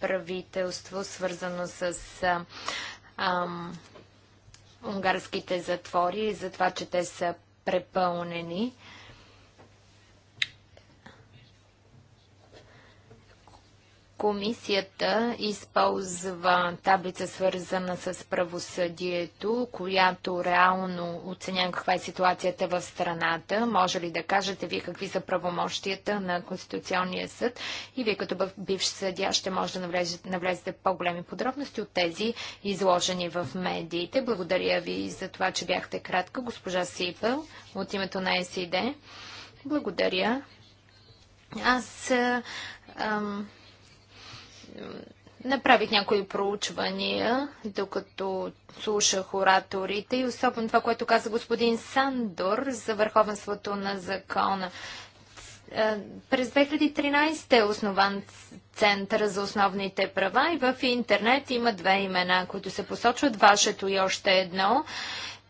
правителство, свързано с ам, унгарските затвори и за това, че те са препълнени. Комисията използва таблица свързана с правосъдието, която реално оценява каква е ситуацията в страната. Може ли да кажете вие какви са правомощията на Конституционния съд и вие като бивш съдя ще може да навлезете, по-големи подробности от тези изложени в медиите. Благодаря ви за това, че бяхте кратка. Госпожа Сипел от името на СИД. Благодаря. Аз ам, Направих някои проучвания, докато слушах ораторите и особено това, което каза господин Сандор за върховенството на закона. Е, през 2013 е основан Център за основните права и в интернет има две имена, които се посочват, вашето и още едно.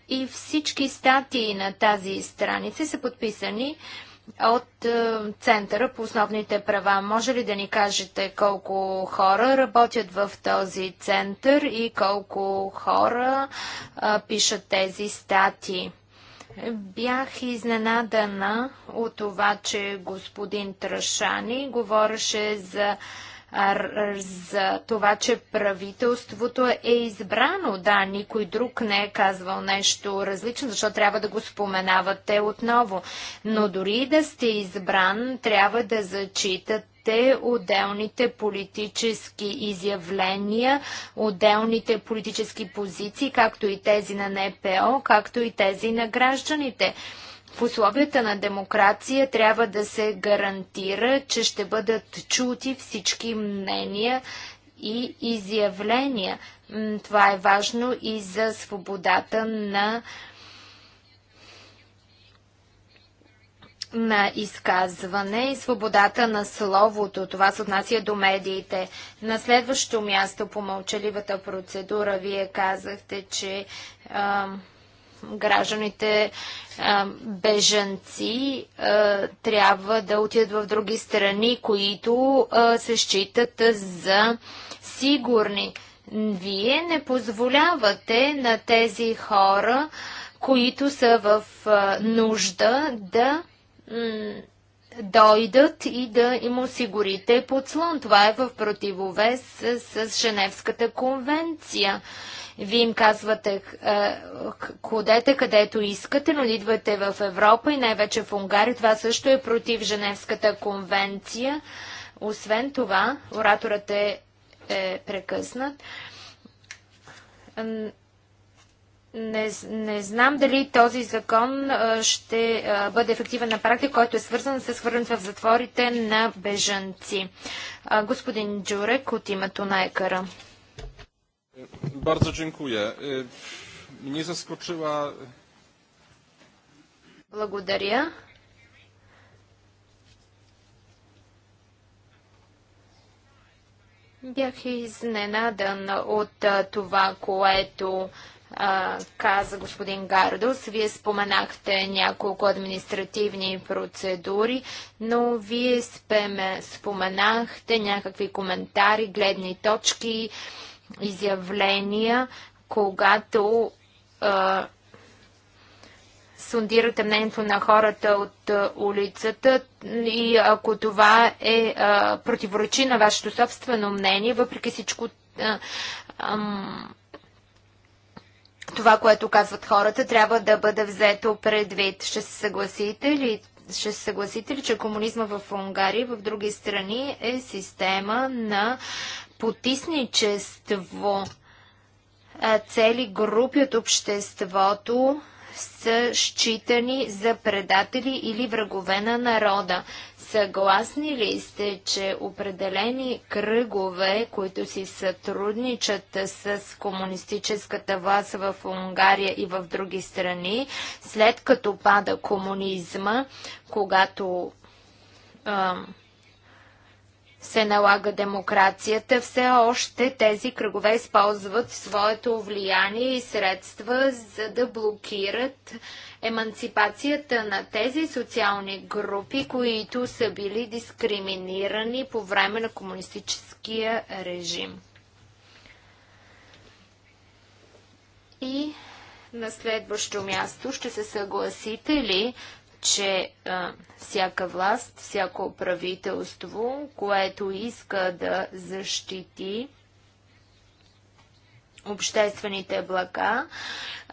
И всички статии на тази страница са подписани от е, Центъра по основните права. Може ли да ни кажете колко хора работят в този център и колко хора пишат тези статии? Бях изненадана от това, че господин Трашани говореше за за това, че правителството е избрано. Да, никой друг не е казвал нещо различно, защото трябва да го споменавате отново. Но дори да сте избран, трябва да зачитате отделните политически изявления, отделните политически позиции, както и тези на НПО, както и тези на гражданите. В условията на демокрация трябва да се гарантира, че ще бъдат чути всички мнения и изявления. Това е важно и за свободата на на изказване и свободата на словото. Това се отнася до медиите. На следващо място по мълчаливата процедура вие казахте, че а, гражданите беженци трябва да отидат в други страни, които се считат за сигурни. Вие не позволявате на тези хора, които са в нужда, да дойдат и да им осигурите подслон. Това е в противовес с, с Женевската конвенция. Вие им казвате ходете е, където искате, но идвате в Европа и най-вече в Унгария. Това също е против Женевската конвенция. Освен това, ораторът е, е прекъснат. Не, не знам дали този закон е, ще е, бъде ефективен на практика, който е свързан с хвърлянето в затворите на бежанци. Господин Джурек от името на Екара. Bardzo dziękuję. Mnie zaskoczyła... Благодаря. Бях изненадан от това, което а, каза господин Гардос. Вие споменахте няколко административни процедури, но вие спеме, споменахте някакви коментари, гледни точки, а, изявления, когато а, сундирате мнението на хората от а, улицата и ако това е а, противоречи на вашето собствено мнение, въпреки всичко а, ам, това, което казват хората, трябва да бъде взето предвид. Ще се съгласите ли? Ще се съгласите ли, че комунизма в Унгария и в други страни е система на потисничество. Цели групи от обществото са считани за предатели или врагове на народа. Съгласни ли сте, че определени кръгове, които си сътрудничат с комунистическата власт в Унгария и в други страни, след като пада комунизма, когато се налага демокрацията, все още тези кръгове използват своето влияние и средства, за да блокират еманципацията на тези социални групи, които са били дискриминирани по време на комунистическия режим. И на следващо място ще се съгласите ли, че а, всяка власт, всяко правителство, което иска да защити обществените блага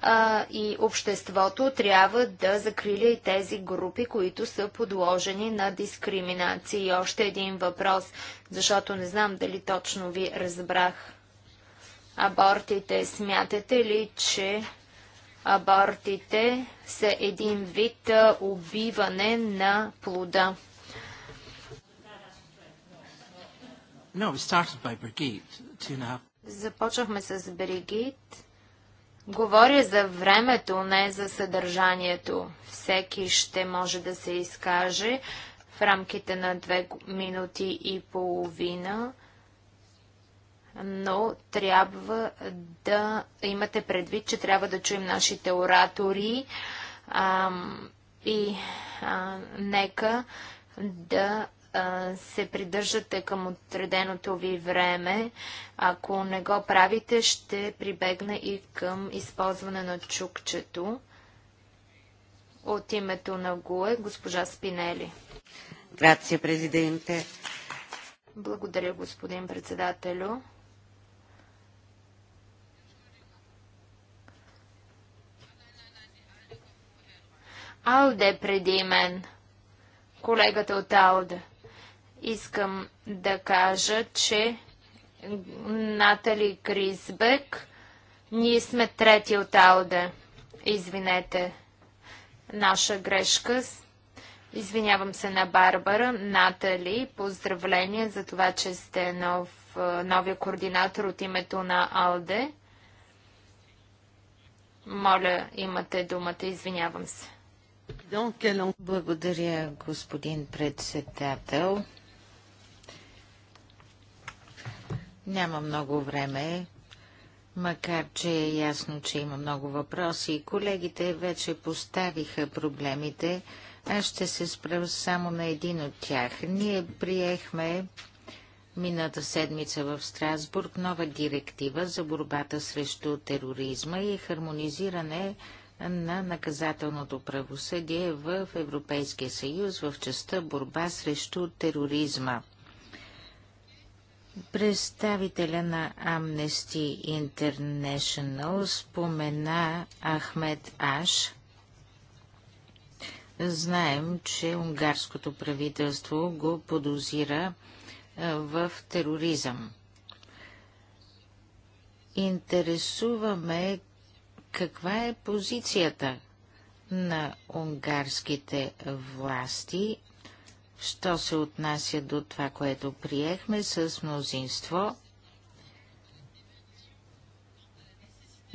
а, и обществото, трябва да закриля и тези групи, които са подложени на дискриминация. И още един въпрос, защото не знам дали точно ви разбрах. Абортите, смятате ли, че абортите са един вид убиване на плода. No, Brigid, Започнахме с Бригит. Говоря за времето, не за съдържанието. Всеки ще може да се изкаже в рамките на две минути и половина но трябва да имате предвид, че трябва да чуем нашите оратори а, и а, нека да се придържате към отреденото ви време. Ако не го правите, ще прибегна и към използване на чукчето. От името на ГУЕ, госпожа Спинели. Грация, президенте. Благодаря, господин председателю. Алде преди мен, колегата от Алде. Искам да кажа, че Натали Кризбек, ние сме трети от Алде. Извинете, наша грешка. Извинявам се на Барбара. Натали, поздравление за това, че сте нов, е, новия координатор от името на Алде. Моля, имате думата. Извинявам се. Благодаря, господин председател. Няма много време, макар че е ясно, че има много въпроси. Колегите вече поставиха проблемите. Аз ще се спра само на един от тях. Ние приехме мината седмица в Страсбург нова директива за борбата срещу тероризма и хармонизиране на наказателното правосъдие в Европейския съюз в частта борба срещу тероризма. Представителя на Amnesty International спомена Ахмед Аш. Знаем, че унгарското правителство го подозира в тероризъм. Интересуваме каква е позицията на унгарските власти, що се отнася до това, което приехме с мнозинство?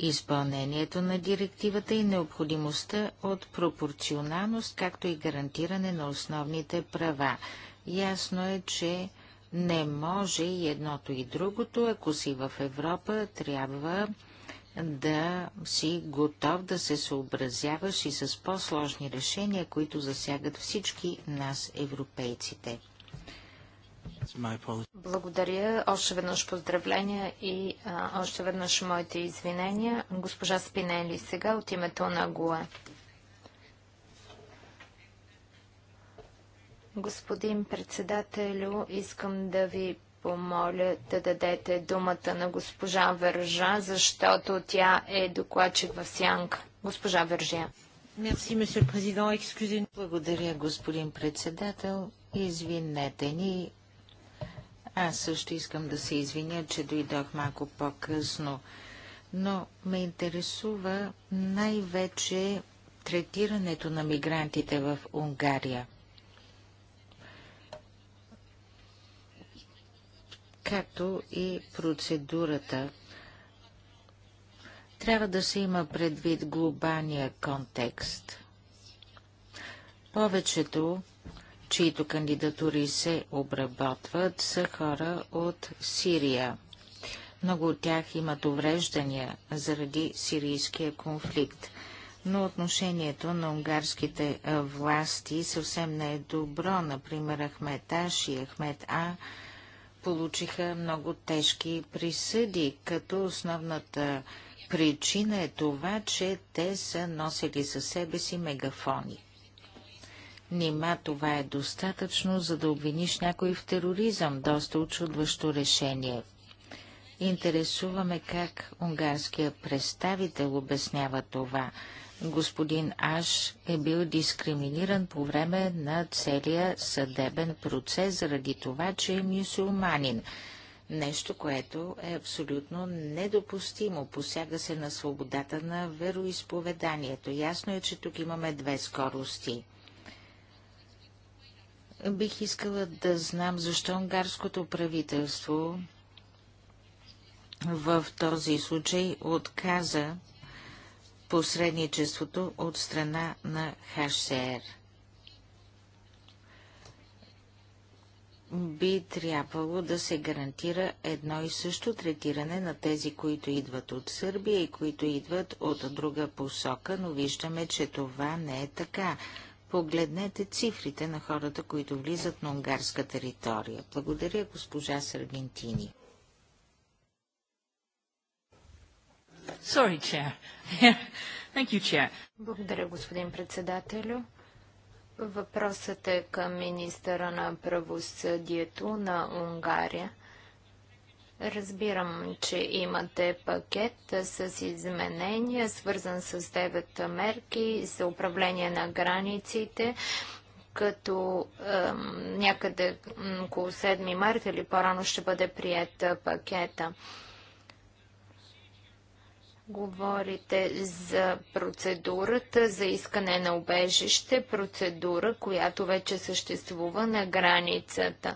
изпълнението на директивата и необходимостта от пропорционалност, както и гарантиране на основните права. Ясно е, че не може и едното и другото, ако си в Европа, трябва да си готов да се съобразяваш и с по-сложни решения, които засягат всички нас, европейците. Благодаря. Още веднъж поздравления и а, още веднъж моите извинения. Госпожа Спинели сега от името на ГУЕ. Господин председателю, искам да ви помоля да дадете думата на госпожа Вържа, защото тя е докладчик в сянка. Госпожа Вържа. Благодаря, господин председател. Извинете ни. Аз също искам да се извиня, че дойдох малко по-късно, но ме интересува най-вече третирането на мигрантите в Унгария – както и процедурата. Трябва да се има предвид глобалния контекст. Повечето, чието кандидатури се обработват, са хора от Сирия. Много от тях имат увреждания заради сирийския конфликт. Но отношението на унгарските власти съвсем не е добро. Например, Ахмет Аш и Ахмет А получиха много тежки присъди, като основната причина е това, че те са носили със себе си мегафони. Нима това е достатъчно, за да обвиниш някой в тероризъм, доста очудващо решение. Интересуваме как унгарският представител обяснява това господин Аш е бил дискриминиран по време на целия съдебен процес заради това, че е мюсюлманин. Нещо, което е абсолютно недопустимо. Посяга се на свободата на вероисповеданието. Ясно е, че тук имаме две скорости. Бих искала да знам защо унгарското правителство в този случай отказа посредничеството от страна на ХСР. Би трябвало да се гарантира едно и също третиране на тези, които идват от Сърбия и които идват от друга посока, но виждаме, че това не е така. Погледнете цифрите на хората, които влизат на унгарска територия. Благодаря, госпожа Саргентини. Sorry, chair. Thank you, chair. Благодаря, господин председателю. Въпросът е към министъра на правосъдието на Унгария. Разбирам, че имате пакет с изменения, свързан с 9 мерки за управление на границите, като е, някъде около 7 марта или по-рано ще бъде прият е, пакета. Говорите за процедурата за искане на убежище, процедура, която вече съществува на границата.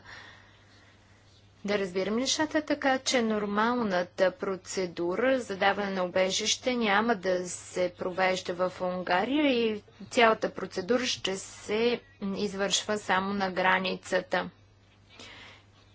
Да разбирам нещата така, че нормалната процедура за даване на убежище няма да се провежда в Унгария и цялата процедура ще се извършва само на границата.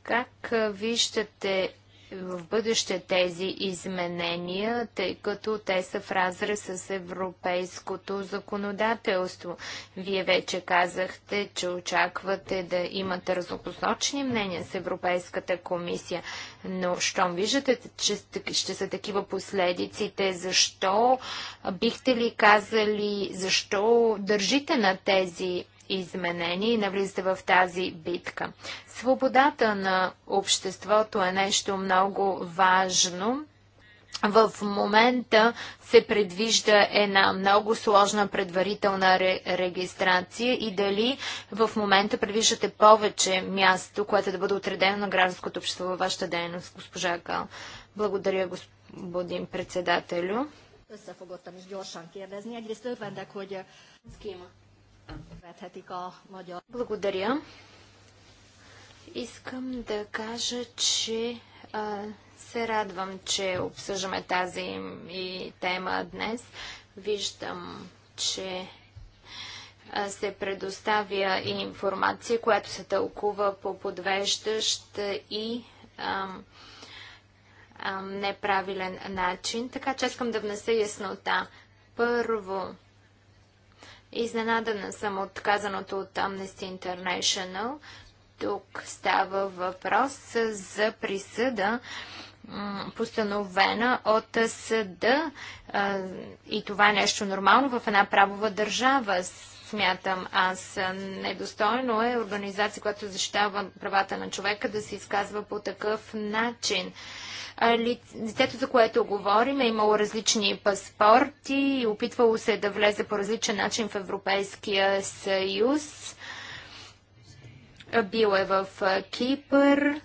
Как виждате в бъдеще тези изменения, тъй като те са в разрез с европейското законодателство. Вие вече казахте, че очаквате да имате разнопосочни мнения с Европейската комисия, но щом виждате, че ще са такива последиците, защо бихте ли казали, защо държите на тези Изменени и навлизате в тази битка. Свободата на обществото е нещо много важно. В момента се предвижда една много сложна предварителна ре, регистрация и дали в момента предвиждате повече място, което да бъде отредено на гражданското общество във вашата дейност, госпожа Кал. Благодаря, господин председателю. Összefogottam is gyorsan kérdezni. Egyrészt örvendek, hogy... Ki благодаря. Искам да кажа, че а, се радвам, че обсъждаме тази и тема днес. Виждам, че а, се предоставя и информация, която се тълкува по подвеждащ и а, неправилен начин. Така че искам да внеса яснота. Първо, Изненадана съм от казаното от Amnesty International. Тук става въпрос за присъда, постановена от съда. И това е нещо нормално в една правова държава смятам аз. Недостойно е организация, която защитава правата на човека, да се изказва по такъв начин. Лицето, за което говорим, е имало различни паспорти и опитвало се да влезе по различен начин в Европейския съюз. Бил е в Кипър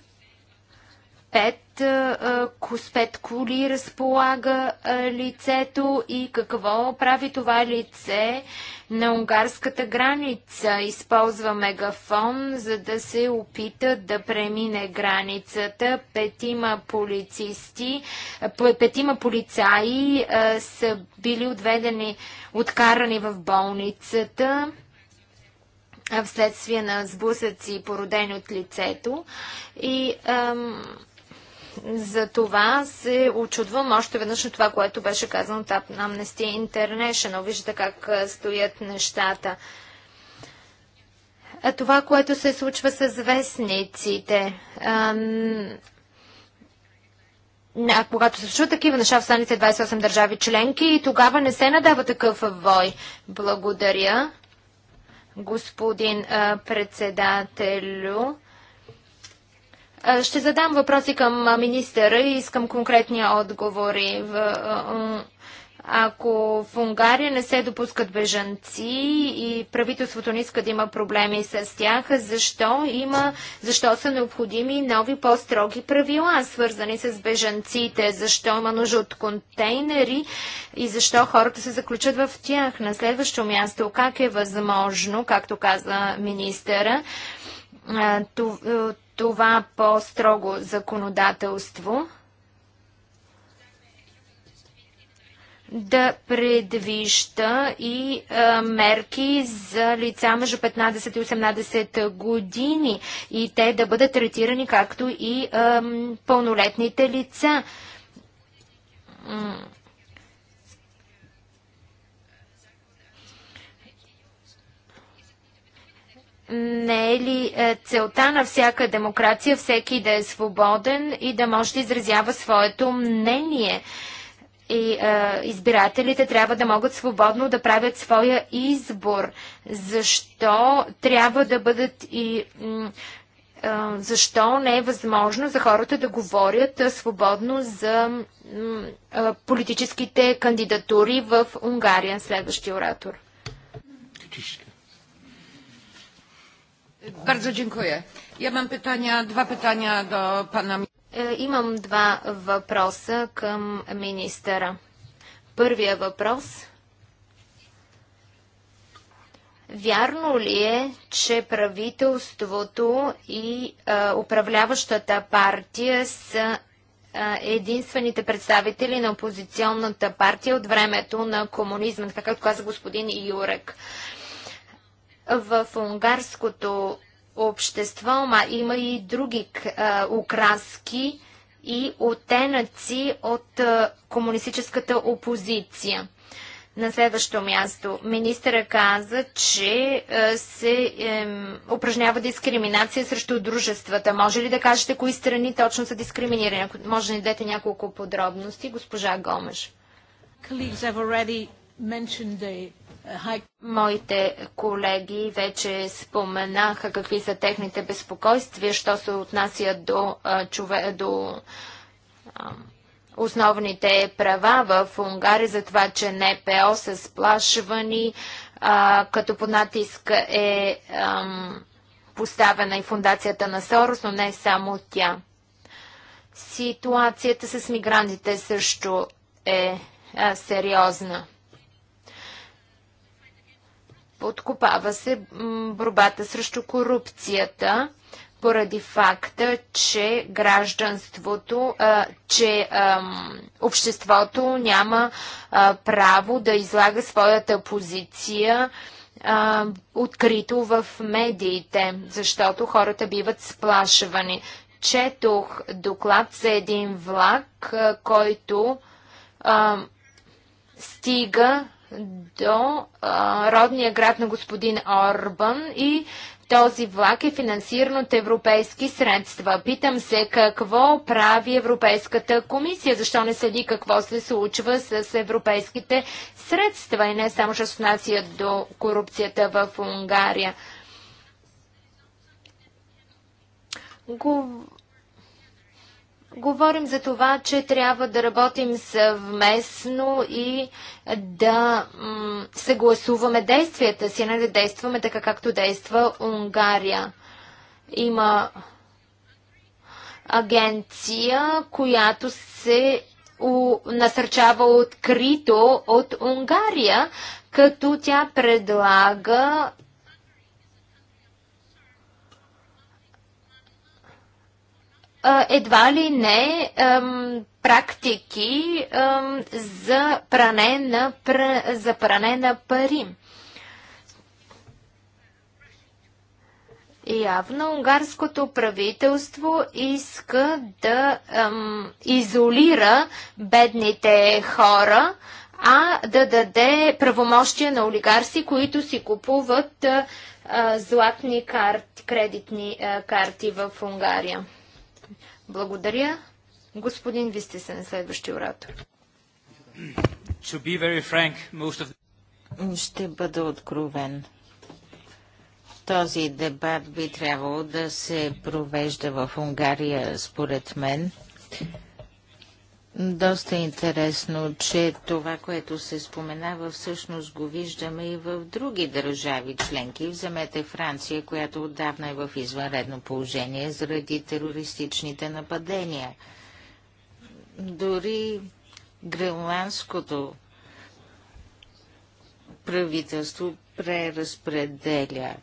пет, с пет коли разполага лицето и какво прави това лице на унгарската граница. Използва мегафон, за да се опита да премине границата. Петима полицисти, петима полицаи са били отведени, откарани в болницата вследствие на сблъсъци, породени от лицето. И ам, за това се очудвам още веднъж на това, което беше казано от Amnesty International. Виждате как стоят нещата. А това, което се случва с вестниците. А, когато се случват такива неща в станите 28 държави членки, и тогава не се надава такъв вой. Благодаря, господин а, председателю. Ще задам въпроси към министъра и искам конкретни отговори. Ако в Унгария не се допускат бежанци и правителството не иска да има проблеми с тях, защо, има, защо са необходими нови по-строги правила, свързани с бежанците? Защо има нужда от контейнери и защо хората се заключат в тях? На следващо място, как е възможно, както каза министъра, това по-строго законодателство да предвижда и а, е, мерки за лица между 15 и 18 години и те да бъдат третирани както и а, пълнолетните лица не е ли е, целта на всяка демокрация всеки да е свободен и да може да изразява своето мнение? И е, избирателите трябва да могат свободно да правят своя избор. Защо трябва да бъдат и. Е, защо не е възможно за хората да говорят е, свободно за е, политическите кандидатури в Унгария? Следващия оратор. Bardzo dziękuję. Ja mam pytania, dwa pytania do pana. Имам два въпроса към министъра. Първия въпрос. Вярно ли е, че правителството и а, управляващата партия са а, единствените представители на опозиционната партия от времето на комунизма, така както каза господин Юрек? в унгарското общество, ма има и други а, украски и отенъци от а, комунистическата опозиция. На следващо място, министъра каза, че а, се е, упражнява дискриминация срещу дружествата. Може ли да кажете кои страни точно са дискриминирани? може да ни дадете няколко подробности, госпожа Гомеш. Моите колеги вече споменаха какви са техните безпокойствия, що се отнася до, чове, до основните права в Унгария за това, че НПО са сплашвани, като по натиск е поставена и фундацията на Сорос, но не само тя. Ситуацията с мигрантите също е сериозна. Подкопава се борбата срещу корупцията поради факта, че гражданството, че обществото няма право да излага своята позиция открито в медиите, защото хората биват сплашвани. Четох доклад за един влак, който стига до а, родния град на господин Орбан и този влак е финансиран от европейски средства. Питам се какво прави Европейската комисия, защо не следи какво се случва с европейските средства и не само ще отнася до корупцията в Унгария. Говорим за това, че трябва да работим съвместно и да съгласуваме действията си, не да действаме така, както действа Унгария. Има агенция, която се насърчава открито от Унгария, като тя предлага едва ли не ем, практики ем, за, пране на, за пране на пари. Явно унгарското правителство иска да ем, изолира бедните хора, а да даде правомощия на олигарси, които си купуват е, златни карти, кредитни е, карти в Унгария. Благодаря. Господин Вистисен, следващи оратор. Frank, of... Ще бъда откровен. Този дебат би трябвало да се провежда в Унгария, според мен. Доста интересно, че това, което се споменава, всъщност го виждаме и в други държави членки. Вземете Франция, която отдавна е в извънредно положение заради терористичните нападения. Дори гренландското правителство преразпределя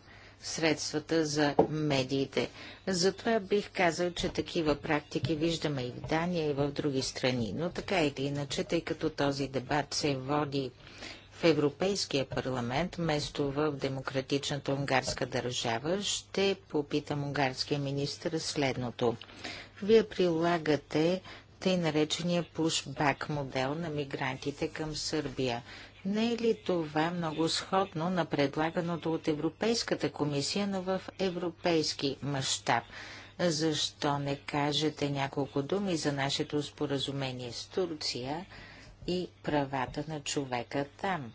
средствата за медиите. Затова бих казал, че такива практики виждаме и в Дания, и в други страни. Но така или иначе, тъй като този дебат се води в Европейския парламент, вместо в демократичната унгарска държава, ще попитам унгарския министр следното. Вие прилагате тъй наречения пушбак модел на мигрантите към Сърбия. Не е ли това много сходно на предлаганото от Европейската комисия, но в европейски мащаб? Защо не кажете няколко думи за нашето споразумение с Турция и правата на човека там?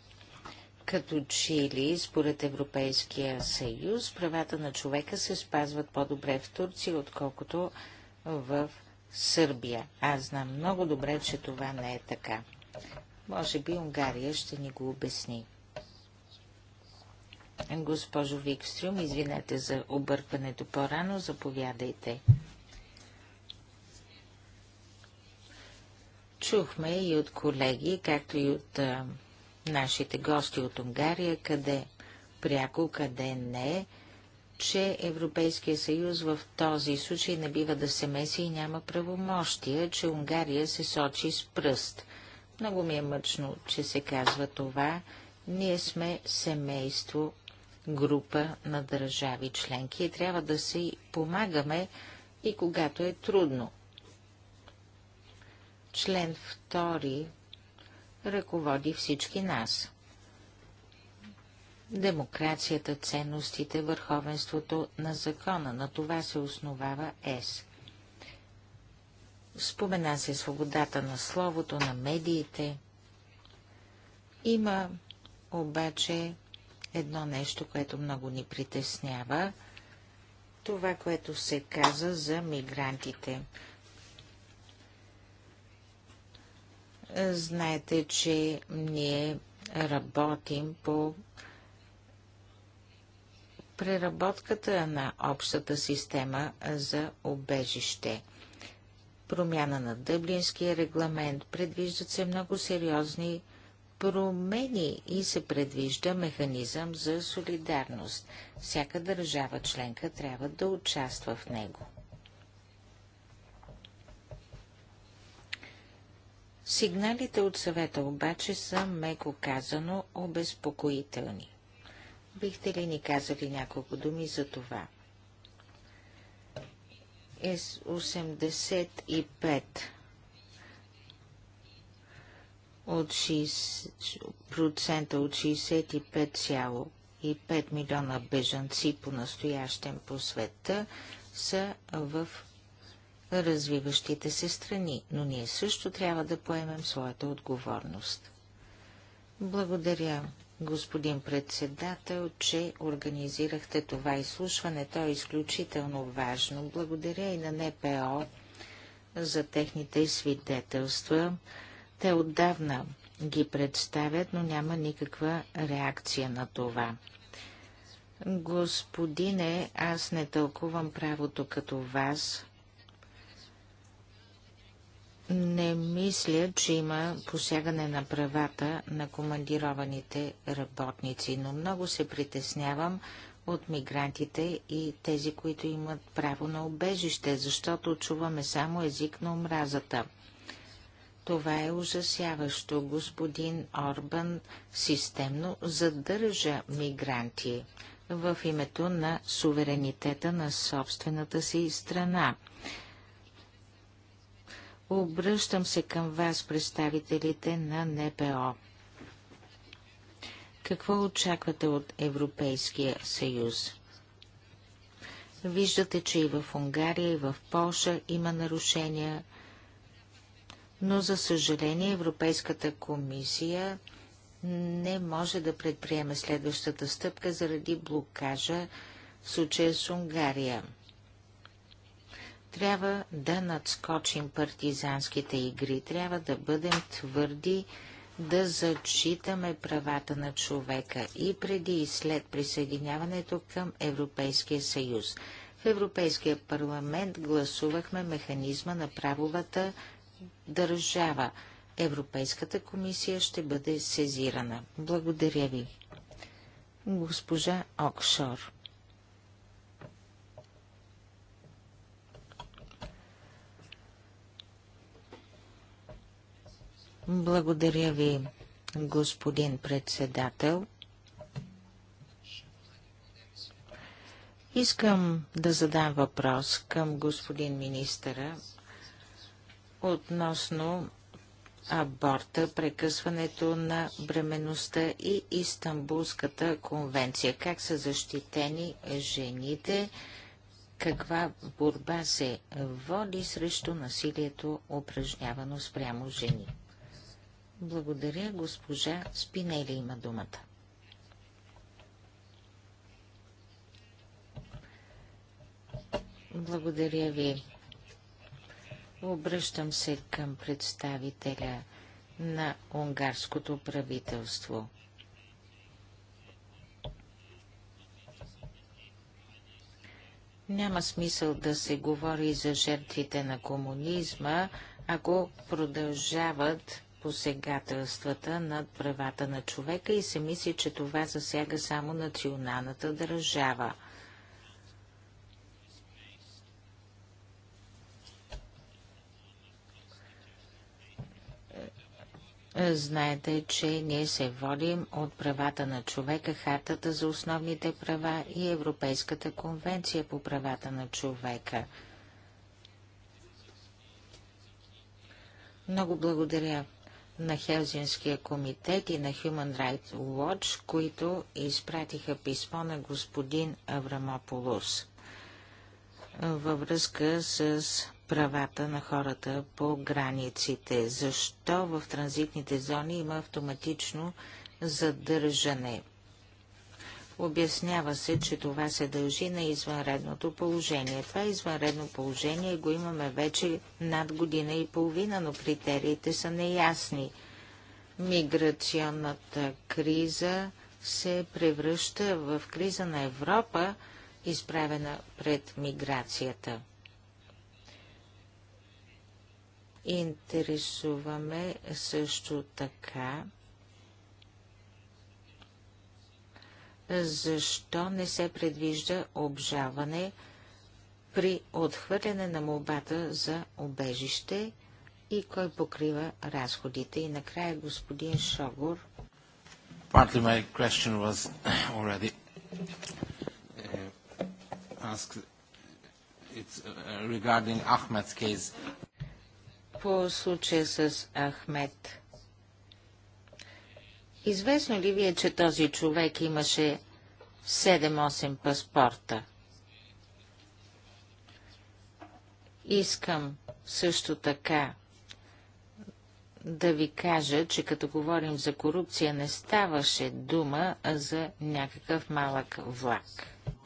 Като Чили, според Европейския съюз, правата на човека се спазват по-добре в Турция, отколкото в Сърбия. Аз знам много добре, че това не е така. Може би Унгария ще ни го обясни. Госпожо Викстрюм, извинете за объркването по-рано, заповядайте. Чухме и от колеги, както и от а, нашите гости от Унгария, къде пряко, къде не, че Европейския съюз в този случай не бива да се меси и няма правомощия, че Унгария се сочи с пръст. Много ми е мъчно, че се казва това. Ние сме семейство, група на държави членки и трябва да си помагаме и когато е трудно. Член втори ръководи всички нас. Демокрацията, ценностите, върховенството на закона, на това се основава ЕС. Спомена се свободата на словото, на медиите. Има обаче едно нещо, което много ни притеснява. Това, което се каза за мигрантите. Знаете, че ние работим по преработката на общата система за обежище – промяна на Дъблинския регламент, предвиждат се много сериозни промени и се предвижда механизъм за солидарност. Всяка държава членка трябва да участва в него. Сигналите от съвета обаче са, меко казано, обезпокоителни. Бихте ли ни казали няколко думи за това? is 85 от от 65,5 милиона бежанци по настоящен по света са в развиващите се страни, но ние също трябва да поемем своята отговорност. Благодаря, господин председател, че организирахте това изслушване. То е изключително важно. Благодаря и на НПО за техните свидетелства. Те отдавна ги представят, но няма никаква реакция на това. Господине, аз не тълкувам правото като вас. Не мисля, че има посягане на правата на командированите работници, но много се притеснявам от мигрантите и тези, които имат право на обежище, защото чуваме само език на омразата. Това е ужасяващо. Господин Орбан системно задържа мигранти в името на суверенитета на собствената си страна. Обръщам се към вас, представителите на НПО. Какво очаквате от Европейския съюз? Виждате, че и в Унгария, и в Польша има нарушения, но за съжаление Европейската комисия не може да предприеме следващата стъпка заради блокажа в случая с Унгария. Трябва да надскочим партизанските игри, трябва да бъдем твърди, да зачитаме правата на човека и преди и след присъединяването към Европейския съюз. В Европейския парламент гласувахме механизма на правовата държава. Европейската комисия ще бъде сезирана. Благодаря ви. Госпожа Окшор. Благодаря ви, господин председател. Искам да задам въпрос към господин министъра относно аборта, прекъсването на бременността и Истанбулската конвенция. Как са защитени жените? Каква борба се води срещу насилието, упражнявано спрямо жени? Благодаря. Госпожа Спинели има думата. Благодаря ви. Обръщам се към представителя на унгарското правителство. Няма смисъл да се говори за жертвите на комунизма, ако продължават посегателствата над правата на човека и се мисли, че това засяга само националната държава. Знаете, че ние се водим от правата на човека, Хартата за основните права и Европейската конвенция по правата на човека. Много благодаря на Хелзинския комитет и на Human Rights Watch, които изпратиха писмо на господин Аврамополус във връзка с правата на хората по границите. Защо в транзитните зони има автоматично задържане? Обяснява се, че това се дължи на извънредното положение. Това извънредно положение го имаме вече над година и половина, но критериите са неясни. Миграционната криза се превръща в криза на Европа, изправена пред миграцията. Интересуваме също така защо не се предвижда обжаване при отхвърляне на молбата за обежище и кой покрива разходите. И накрая господин Шогор. Partly my question was already uh, asked. It's uh, regarding Ahmed's case. По случая с Ахмед. Известно ли ви е, че този човек имаше 7-8 паспорта? Искам също така да ви кажа, че като говорим за корупция, не ставаше дума за някакъв малък влак.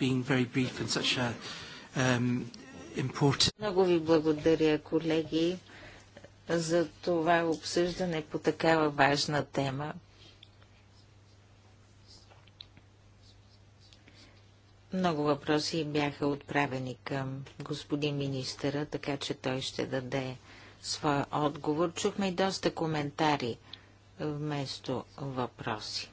A, um, important... Много ви благодаря, колеги, за това обсъждане по такава важна тема. Много въпроси бяха отправени към господин министъра, така че той ще даде своя отговор. Чухме и доста коментари вместо въпроси.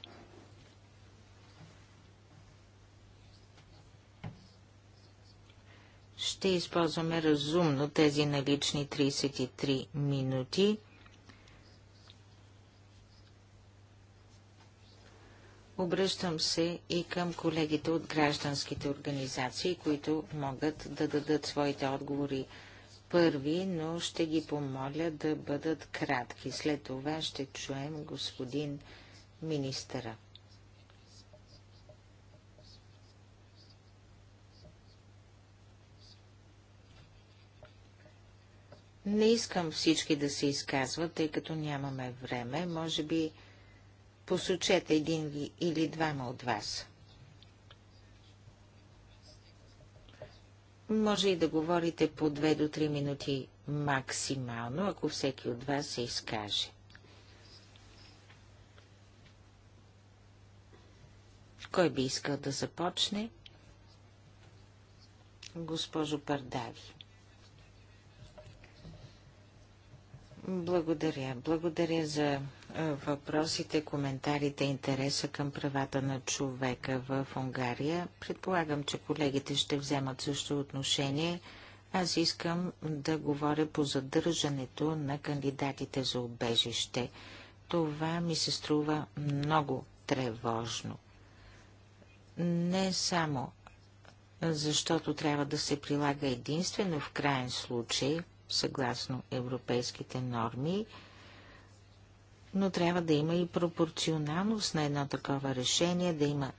Ще използваме разумно тези налични 33 минути. Обръщам се и към колегите от гражданските организации, които могат да дадат своите отговори първи, но ще ги помоля да бъдат кратки. След това ще чуем господин министъра. Не искам всички да се изказват, тъй като нямаме време. Може би Посочете един или двама от вас. Може и да говорите по две до три минути максимално, ако всеки от вас се изкаже. Кой би искал да започне? Госпожо Пардави. Благодаря. Благодаря за въпросите, коментарите, интереса към правата на човека в Унгария. Предполагам, че колегите ще вземат също отношение. Аз искам да говоря по задържането на кандидатите за убежище. Това ми се струва много тревожно. Не само защото трябва да се прилага единствено в крайен случай, съгласно европейските норми, но трябва да има и пропорционалност на едно такова решение, да има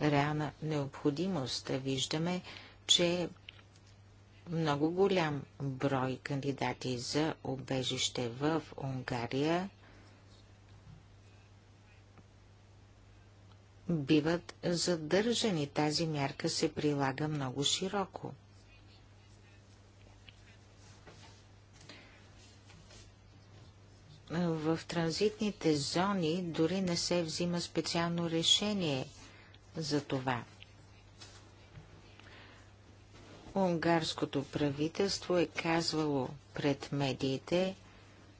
реална необходимост. Виждаме, че много голям брой кандидати за обежище в Унгария биват задържани. Тази мярка се прилага много широко. в транзитните зони дори не се взима специално решение за това. Унгарското правителство е казвало пред медиите,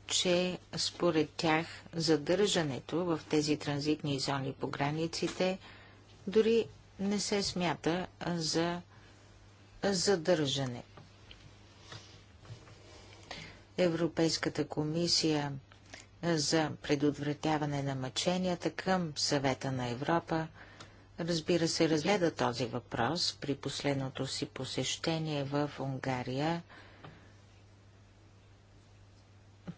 че според тях задържането в тези транзитни зони по границите дори не се смята за задържане. Европейската комисия за предотвратяване на мъченията към Съвета на Европа. Разбира се, разгледа този въпрос при последното си посещение в Унгария.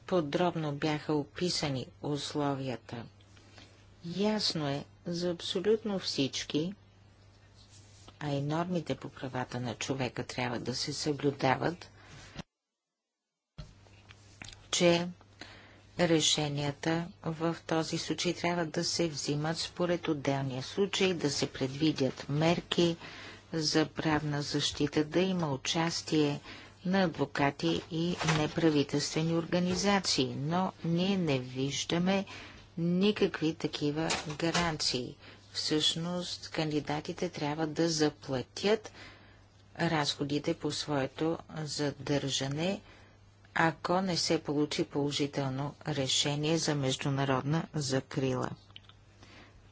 Подробно бяха описани условията. Ясно е за абсолютно всички, а и нормите по правата на човека трябва да се съблюдават, че решенията в този случай трябва да се взимат според отделния случай, да се предвидят мерки за правна защита, да има участие на адвокати и неправителствени организации, но ние не виждаме никакви такива гаранции. Всъщност, кандидатите трябва да заплатят разходите по своето задържане – ако не се получи положително решение за международна закрила.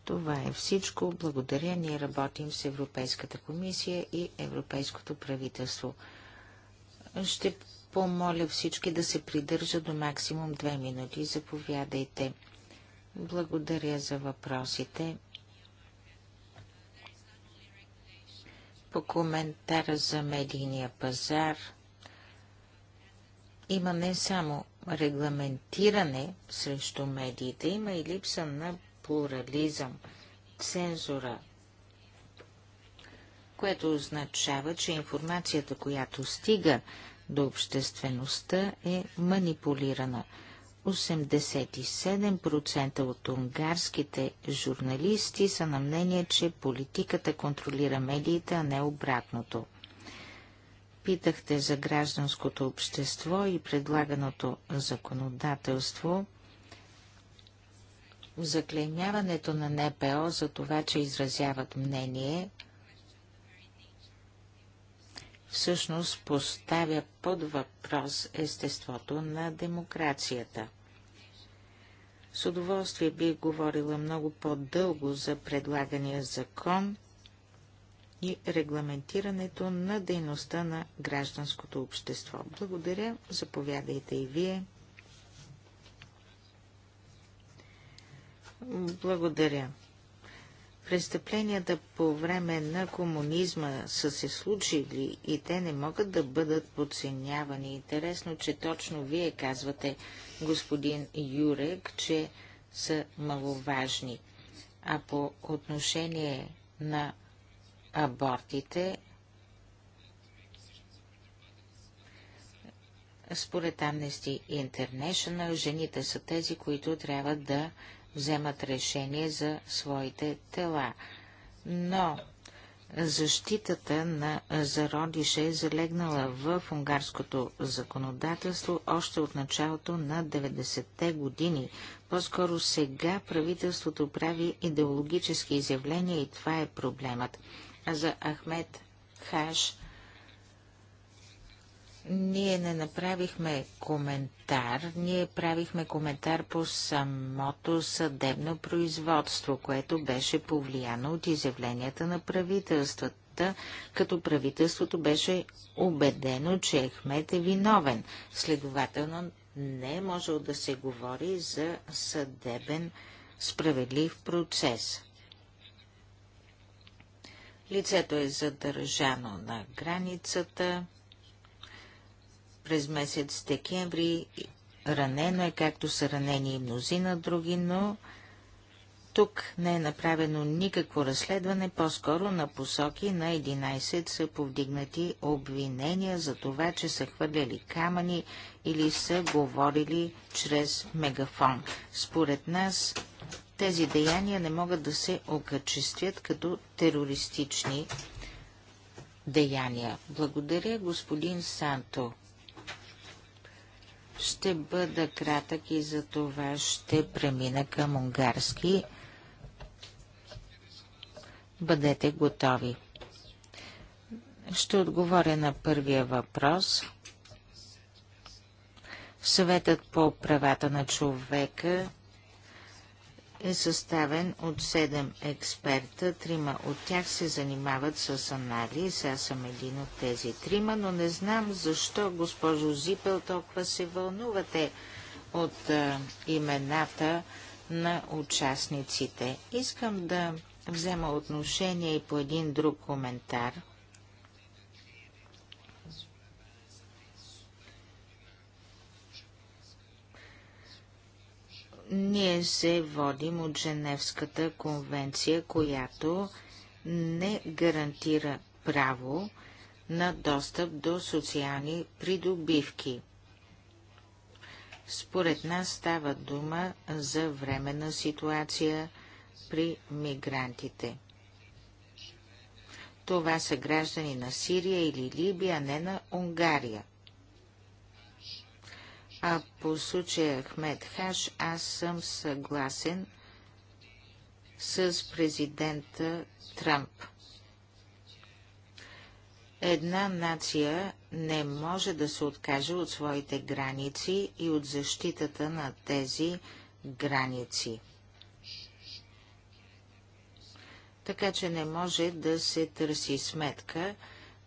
Това е всичко. Благодаря. Ние работим с Европейската комисия и Европейското правителство. Ще помоля всички да се придържа до максимум две минути. Заповядайте. Благодаря за въпросите. По коментара за медийния пазар – има не само регламентиране срещу медиите, има и липса на плурализъм, цензура, което означава, че информацията, която стига до обществеността, е манипулирана. 87% от унгарските журналисти са на мнение, че политиката контролира медиите, а не обратното. Питахте за гражданското общество и предлаганото законодателство. Заклеймяването на НПО за това, че изразяват мнение, всъщност поставя под въпрос естеството на демокрацията. С удоволствие бих говорила много по-дълго за предлагания закон, и регламентирането на дейността на гражданското общество. Благодаря. Заповядайте и вие. Благодаря. Престъпленията по време на комунизма са се случили и те не могат да бъдат подценявани. Интересно, че точно вие казвате, господин Юрек, че са маловажни. А по отношение на абортите Според Amnesty International, жените са тези, които трябва да вземат решение за своите тела. Но защитата на зародише е залегнала в унгарското законодателство още от началото на 90-те години. По-скоро сега правителството прави идеологически изявления и това е проблемът за Ахмед Хаш, ние не направихме коментар, ние правихме коментар по самото съдебно производство, което беше повлияно от изявленията на правителствата, като правителството беше убедено, че Ахмед е виновен. Следователно, не е можел да се говори за съдебен справедлив процес. Лицето е задържано на границата. През месец декември ранено е, както са ранени и мнозина други, но тук не е направено никакво разследване, по-скоро на посоки на 11 са повдигнати обвинения за това, че са хвърляли камъни или са говорили чрез мегафон. Според нас тези деяния не могат да се окачествят като терористични деяния. Благодаря, господин Санто. Ще бъда кратък и за това ще премина към унгарски. Бъдете готови. Ще отговоря на първия въпрос. Съветът по правата на човека е съставен от 7 експерта. Трима от тях се занимават с анализ. Аз съм един от тези трима, но не знам защо, госпожо Зипел, толкова се вълнувате от а, имената на участниците. Искам да взема отношение и по един друг коментар – ние се водим от Женевската конвенция, която не гарантира право на достъп до социални придобивки. Според нас става дума за временна ситуация при мигрантите. Това са граждани на Сирия или Либия, не на Унгария – а по случая Ахмед Хаш аз съм съгласен с президента Трамп. Една нация не може да се откаже от своите граници и от защитата на тези граници. Така че не може да се търси сметка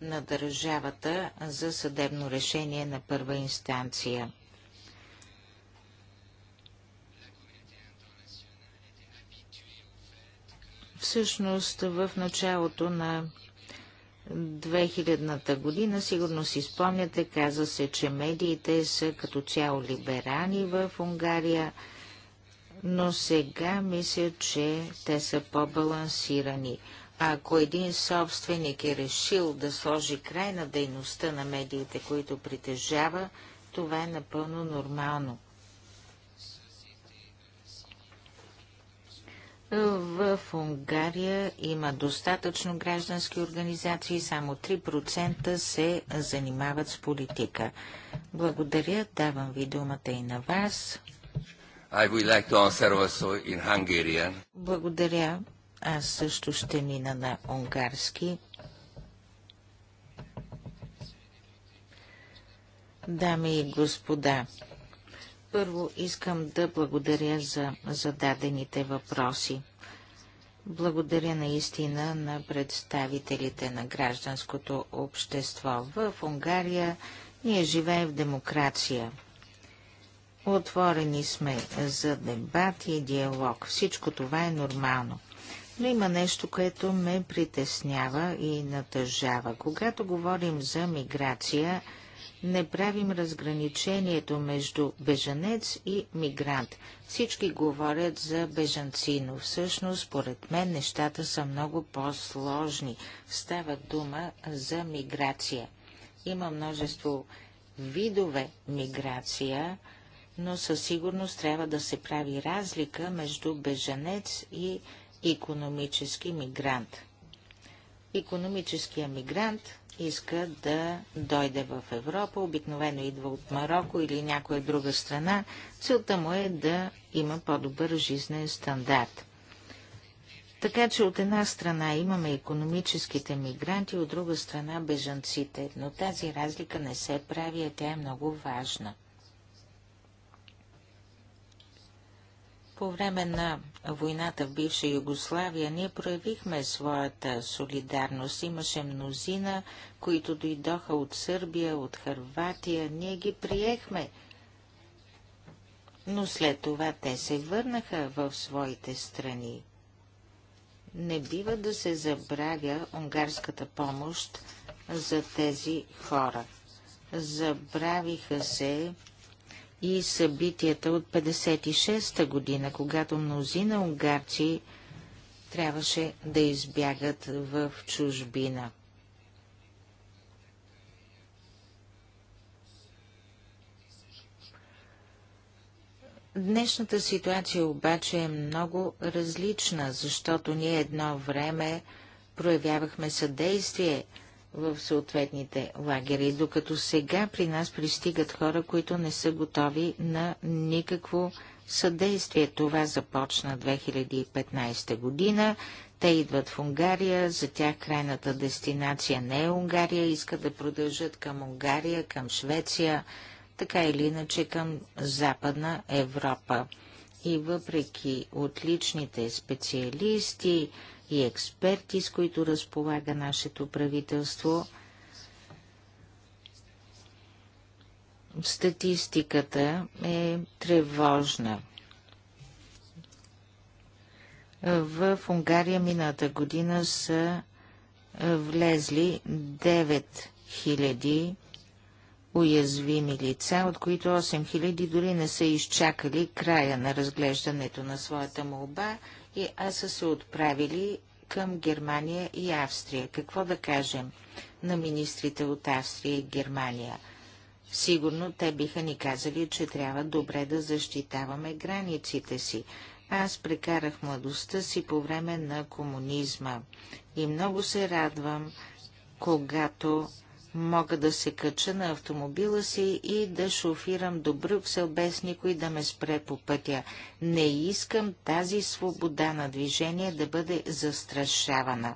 на държавата за съдебно решение на първа инстанция. Всъщност в началото на 2000-та година, сигурно си спомняте, каза се, че медиите са като цяло либерани в Унгария, но сега мисля, че те са по-балансирани. Ако един собственик е решил да сложи край на дейността на медиите, които притежава, това е напълно нормално. В Унгария има достатъчно граждански организации, само 3% се занимават с политика. Благодаря, давам ви думата и на вас. I would like to answer also in Hungarian. Благодаря. Аз също ще мина на унгарски. Дами и господа, първо искам да благодаря за зададените въпроси. Благодаря наистина на представителите на гражданското общество. В Унгария ние живеем в демокрация. Отворени сме за дебат и диалог. Всичко това е нормално. Но има нещо, което ме притеснява и натъжава. Когато говорим за миграция, не правим разграничението между бежанец и мигрант. Всички говорят за бежанци, но всъщност, според мен, нещата са много по-сложни. Става дума за миграция. Има множество видове миграция, но със сигурност трябва да се прави разлика между бежанец и економически мигрант. Економическия мигрант иска да дойде в Европа, обикновено идва от Марокко или някоя друга страна. Целта му е да има по-добър жизнен стандарт. Така че от една страна имаме економическите мигранти, от друга страна бежанците, но тази разлика не се прави, а тя е много важна. По време на войната в бивша Югославия ние проявихме своята солидарност. Имаше мнозина, които дойдоха от Сърбия, от Харватия. Ние ги приехме. Но след това те се върнаха в своите страни. Не бива да се забравя унгарската помощ за тези хора. Забравиха се и събитията от 56-та година, когато мнозина унгарци трябваше да избягат в чужбина. Днешната ситуация обаче е много различна, защото ние едно време проявявахме съдействие в съответните лагери, докато сега при нас пристигат хора, които не са готови на никакво съдействие. Това започна 2015 година. Те идват в Унгария, за тях крайната дестинация не е Унгария, искат да продължат към Унгария, към Швеция, така или иначе към Западна Европа. И въпреки отличните специалисти, и експерти, с които разполага нашето правителство. Статистиката е тревожна. В Унгария мината година са влезли 9000 уязвими лица, от които 8000 дори не са изчакали края на разглеждането на своята молба и аз са се отправили към Германия и Австрия. Какво да кажем на министрите от Австрия и Германия? Сигурно те биха ни казали, че трябва добре да защитаваме границите си. Аз прекарах младостта си по време на комунизма и много се радвам, когато мога да се кача на автомобила си и да шофирам до Брюксел без никой да ме спре по пътя. Не искам тази свобода на движение да бъде застрашавана.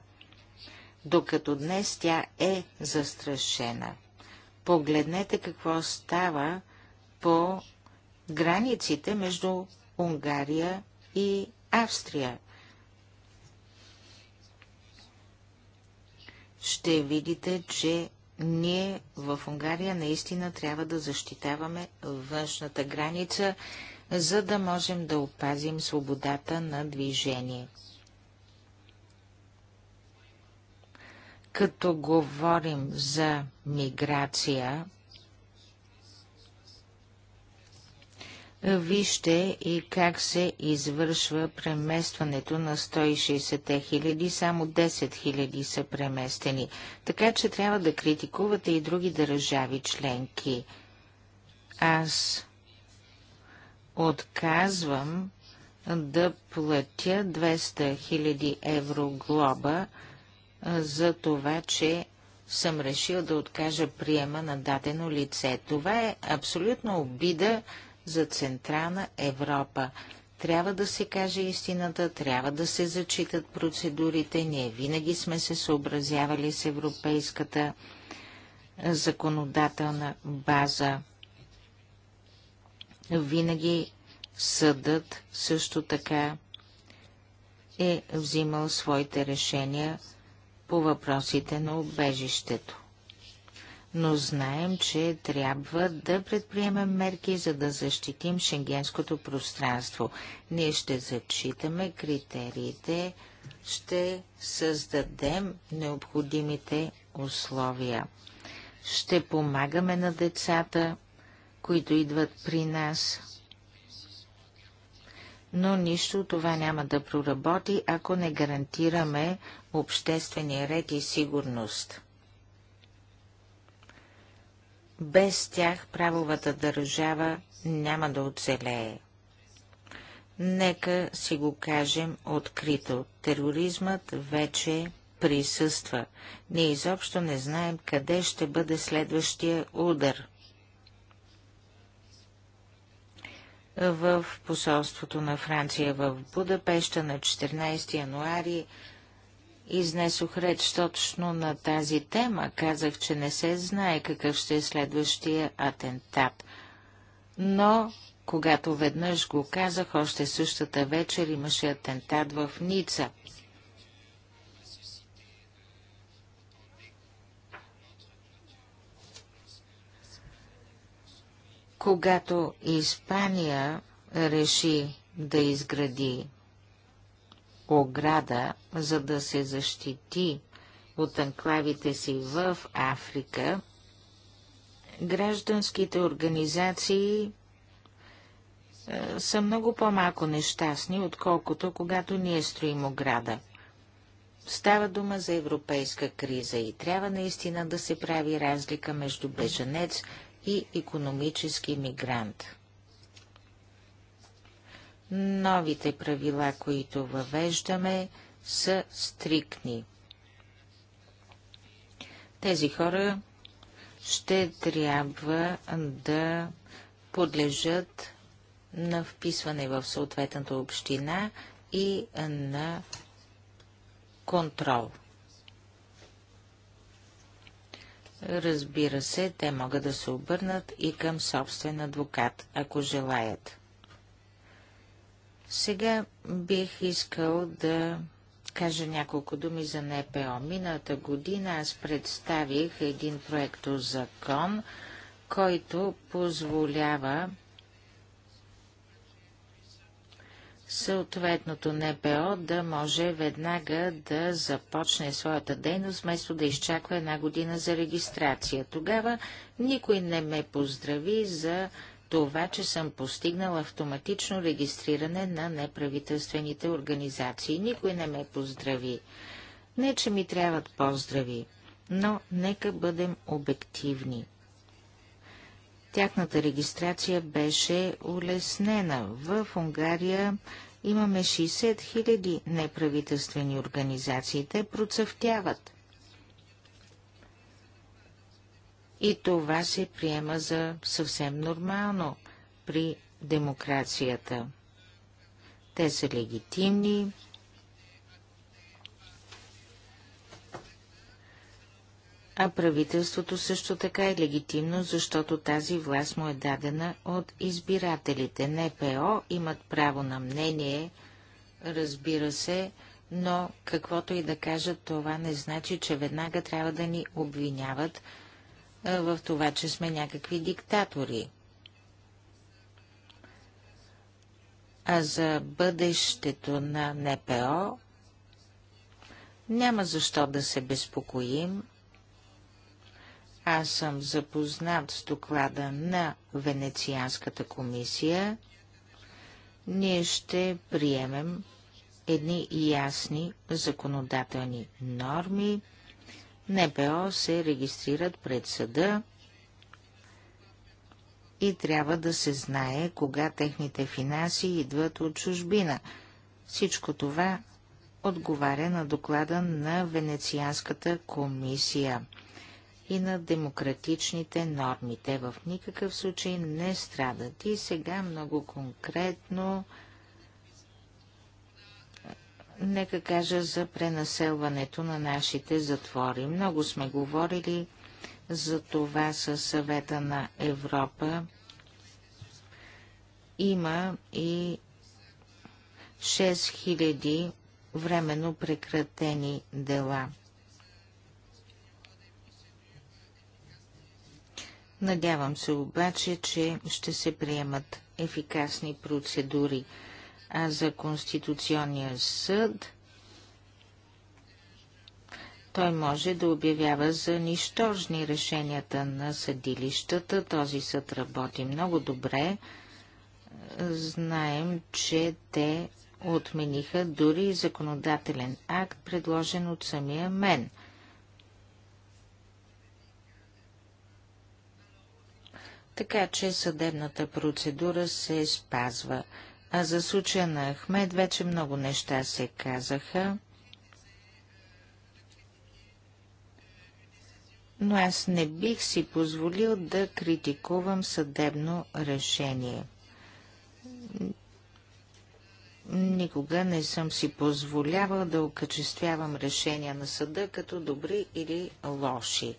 Докато днес тя е застрашена. Погледнете какво става по границите между Унгария и Австрия. ще видите, че ние в Унгария наистина трябва да защитаваме външната граница, за да можем да опазим свободата на движение. Като говорим за миграция, Вижте и как се извършва преместването на 160 хиляди, само 10 хиляди са преместени. Така че трябва да критикувате и други държави членки. Аз отказвам да платя 200 хиляди евро глоба за това, че съм решил да откажа приема на дадено лице. Това е абсолютно обида за Централна Европа. Трябва да се каже истината, трябва да се зачитат процедурите. Ние винаги сме се съобразявали с европейската законодателна база. Винаги съдът също така е взимал своите решения по въпросите на убежището но знаем, че трябва да предприемем мерки, за да защитим шенгенското пространство. Ние ще зачитаме критериите, ще създадем необходимите условия. Ще помагаме на децата, които идват при нас. Но нищо това няма да проработи, ако не гарантираме обществения ред и сигурност. Без тях правовата държава няма да оцелее. Нека си го кажем открито. Тероризмът вече присъства. Ние изобщо не знаем къде ще бъде следващия удар. В посолството на Франция в Будапеща на 14 януари изнесох реч точно на тази тема. Казах, че не се знае какъв ще е следващия атентат. Но, когато веднъж го казах, още същата вечер имаше атентат в Ница. Когато Испания реши да изгради ограда, за да се защити от анклавите си в Африка, гражданските организации е, са много по-малко нещастни, отколкото когато ние строим ограда. Става дума за европейска криза и трябва наистина да се прави разлика между беженец и економически мигрант. Новите правила, които въвеждаме, са стрикни. Тези хора ще трябва да подлежат на вписване в съответната община и на контрол. Разбира се, те могат да се обърнат и към собствен адвокат, ако желаят. Сега бих искал да кажа няколко думи за НПО. Миналата година аз представих един проекто закон, който позволява съответното НПО да може веднага да започне своята дейност, вместо да изчаква една година за регистрация. Тогава никой не ме поздрави за това, че съм постигнал автоматично регистриране на неправителствените организации. Никой не ме поздрави. Не, че ми трябват поздрави, но нека бъдем обективни. Тяхната регистрация беше улеснена. В Унгария имаме 60 000 неправителствени организации. Те процъфтяват. И това се приема за съвсем нормално при демокрацията. Те са легитимни. А правителството също така е легитимно, защото тази власт му е дадена от избирателите. НПО имат право на мнение, разбира се, но каквото и да кажат, това не значи, че веднага трябва да ни обвиняват в това, че сме някакви диктатори. А за бъдещето на НПО няма защо да се безпокоим. Аз съм запознат с доклада на Венецианската комисия. Ние ще приемем едни ясни законодателни норми, НПО се регистрират пред съда и трябва да се знае кога техните финанси идват от чужбина. Всичко това отговаря на доклада на Венецианската комисия и на демократичните норми. Те в никакъв случай не страдат. И сега много конкретно Нека кажа за пренаселването на нашите затвори. Много сме говорили за това със съвета на Европа. Има и 6000 временно прекратени дела. Надявам се обаче, че ще се приемат ефикасни процедури а за Конституционния съд той може да обявява за нищожни решенията на съдилищата. Този съд работи много добре. Знаем, че те отмениха дори законодателен акт, предложен от самия мен. Така че съдебната процедура се спазва. А за случая на Ахмед вече много неща се казаха. Но аз не бих си позволил да критикувам съдебно решение. Никога не съм си позволявал да окачествявам решения на съда като добри или лоши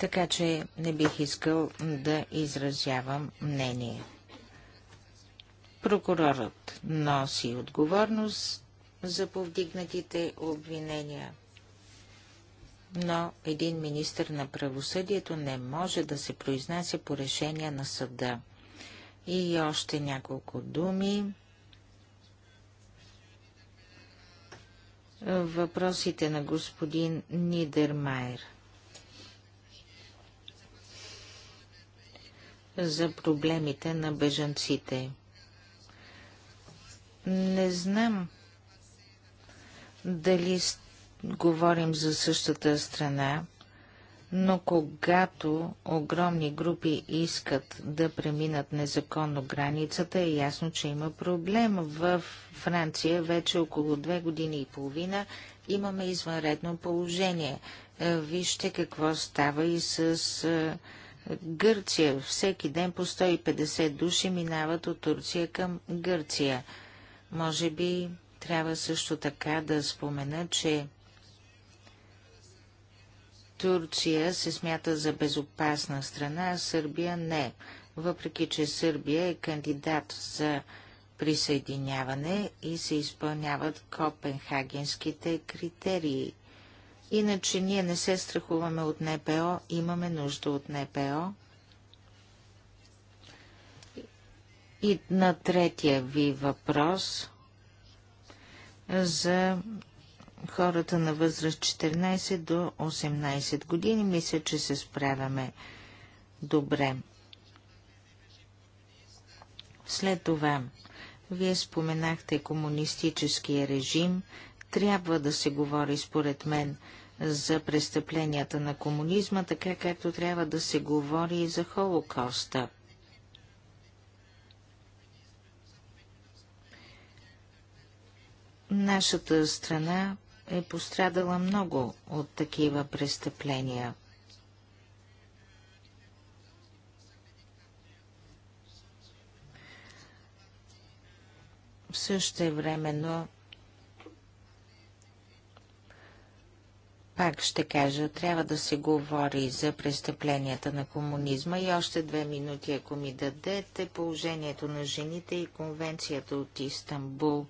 така че не бих искал да изразявам мнение. Прокурорът носи отговорност за повдигнатите обвинения, но един министр на правосъдието не може да се произнася по решение на съда. И още няколко думи. Въпросите на господин Нидермайер – за проблемите на бежанците. Не знам дали говорим за същата страна, но когато огромни групи искат да преминат незаконно границата, е ясно, че има проблем. В Франция вече около две години и половина имаме извънредно положение. Вижте какво става и с Гърция. Всеки ден по 150 души минават от Турция към Гърция. Може би трябва също така да спомена, че Турция се смята за безопасна страна, а Сърбия не. Въпреки, че Сърбия е кандидат за присъединяване и се изпълняват копенхагенските критерии. Иначе ние не се страхуваме от НПО, имаме нужда от НПО. И на третия ви въпрос за хората на възраст 14 до 18 години. Мисля, че се справяме добре. След това, вие споменахте комунистическия режим. Трябва да се говори, според мен, за престъпленията на комунизма, така както трябва да се говори и за Холокоста. Нашата страна е пострадала много от такива престъпления. време, но Пак ще кажа, трябва да се говори за престъпленията на комунизма и още две минути, ако ми дадете, положението на жените и конвенцията от Истанбул.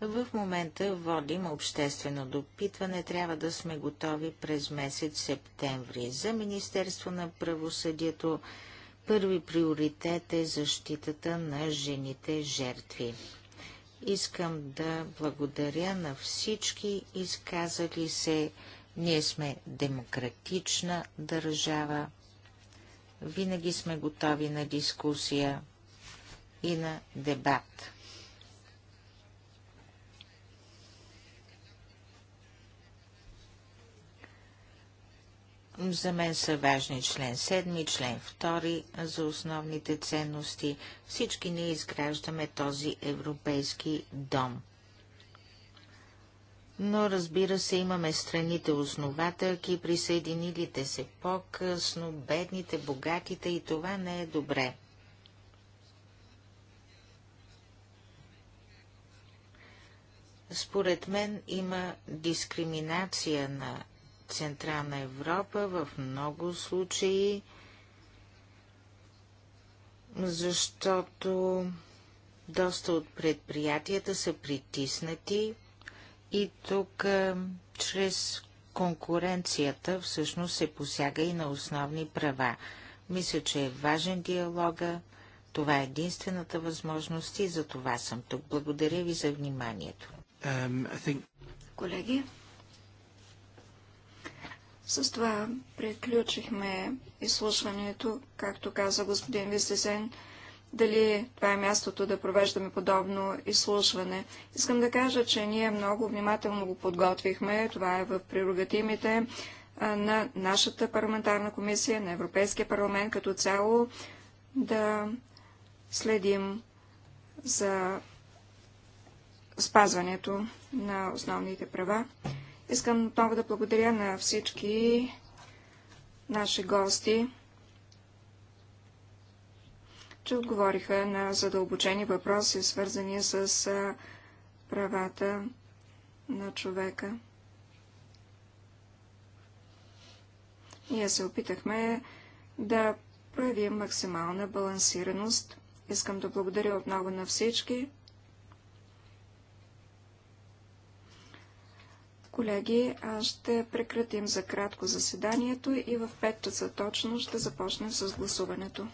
В момента водим обществено допитване, трябва да сме готови през месец септември. За Министерство на правосъдието първи приоритет е защитата на жените жертви. Искам да благодаря на всички изказали се. Ние сме демократична държава. Винаги сме готови на дискусия и на дебат. за мен са важни член 7, член 2 за основните ценности. Всички ние изграждаме този европейски дом. Но разбира се, имаме страните основателки, присъединилите се по-късно, бедните, богатите и това не е добре. Според мен има дискриминация на Централна Европа в много случаи, защото доста от предприятията са притиснати и тук чрез конкуренцията всъщност се посяга и на основни права. Мисля, че е важен диалога. Това е единствената възможност и за това съм тук. Благодаря ви за вниманието. Um, think... Колеги, с това приключихме изслушването, както каза господин Вистесен, дали това е мястото да провеждаме подобно изслушване. Искам да кажа, че ние много внимателно го подготвихме. Това е в прерогативите на нашата парламентарна комисия, на Европейския парламент като цяло, да следим за спазването на основните права. Искам отново да благодаря на всички наши гости, че отговориха на задълбочени въпроси, свързани с правата на човека. Ние се опитахме да проявим максимална балансираност. Искам да благодаря отново на всички. Колеги, ще прекратим за кратко заседанието и в 5 часа точно ще започнем с гласуването.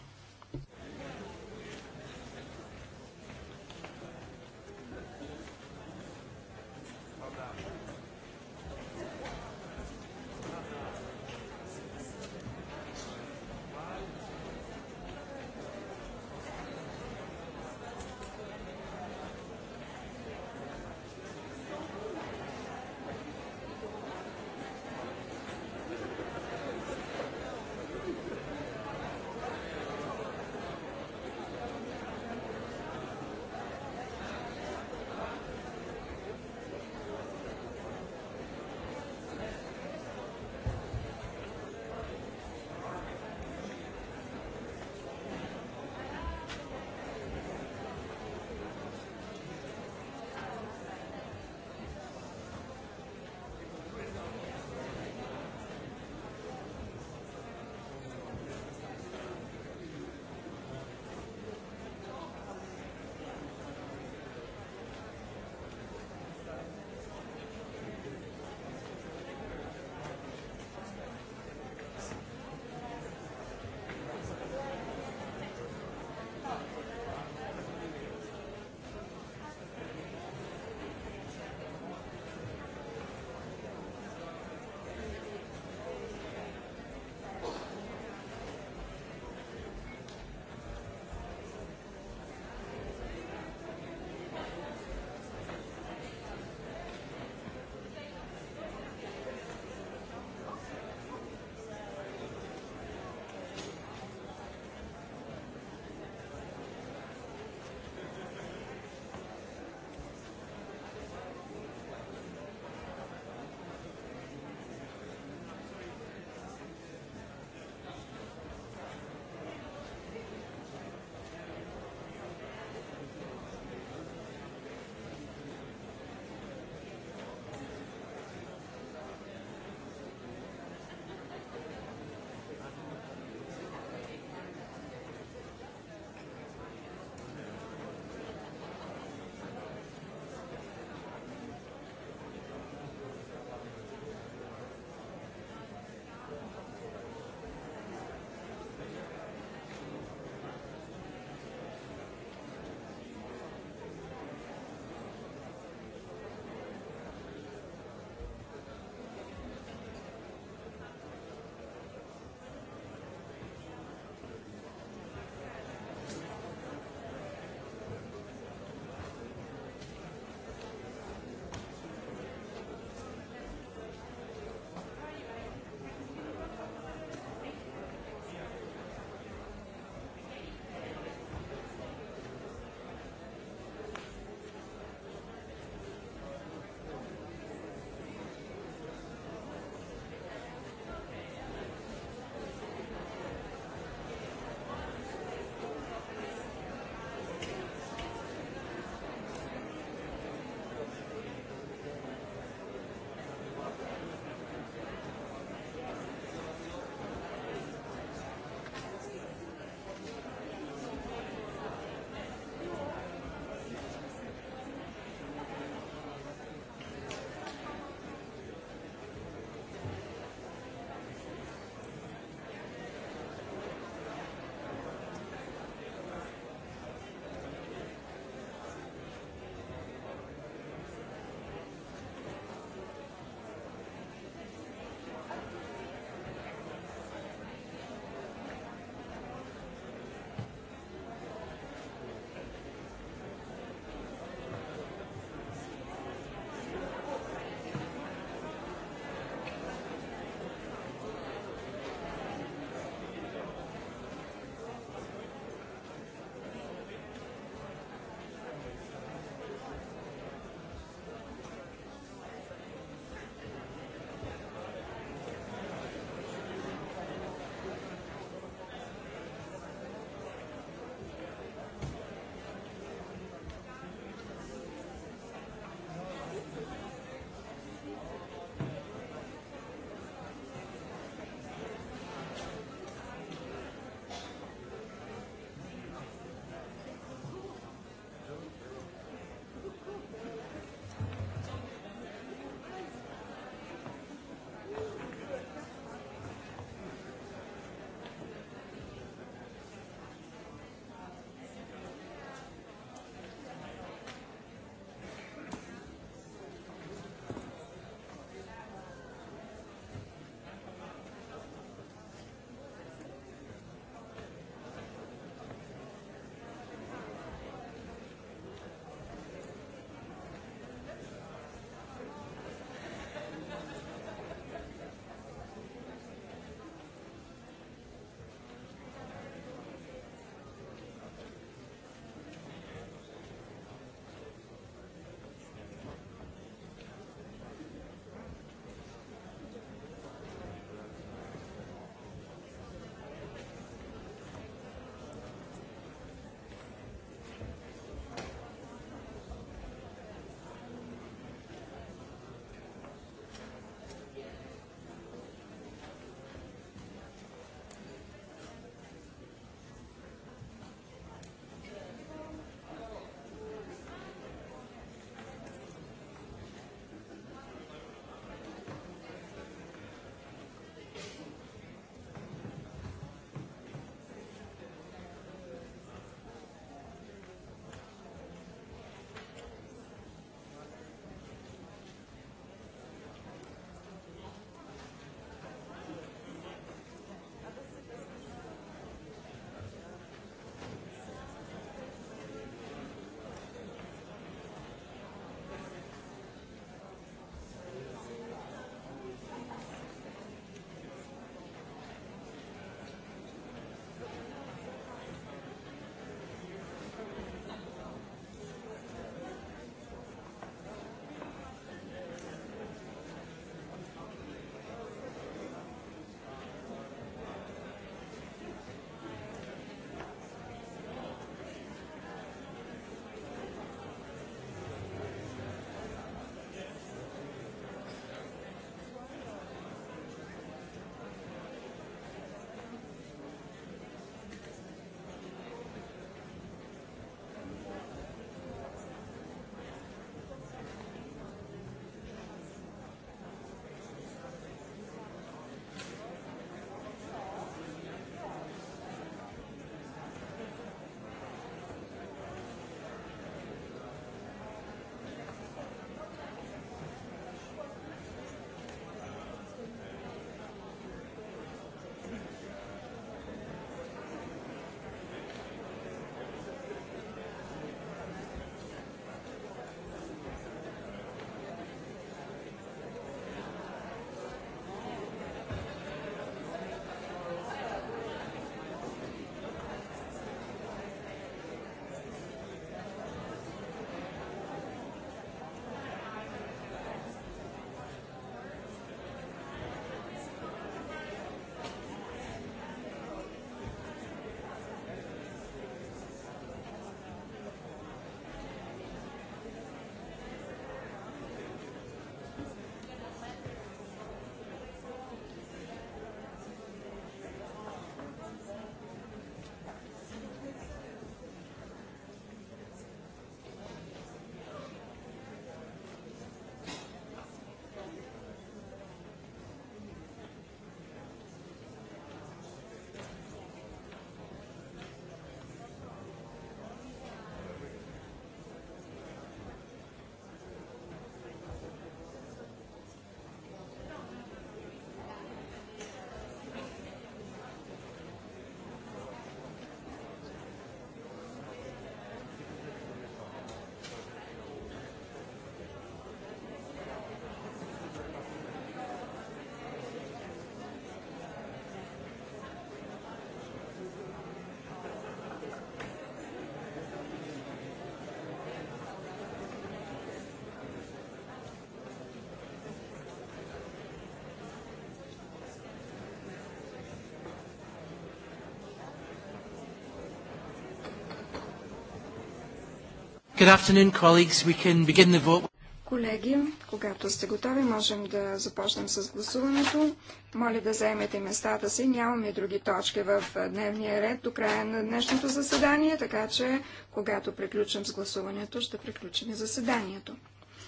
Колеги, когато сте готови, можем да започнем с гласуването. Моля да заемете местата си. Нямаме други точки в дневния ред до края на днешното заседание, така че когато приключим с гласуването, ще приключим и заседанието.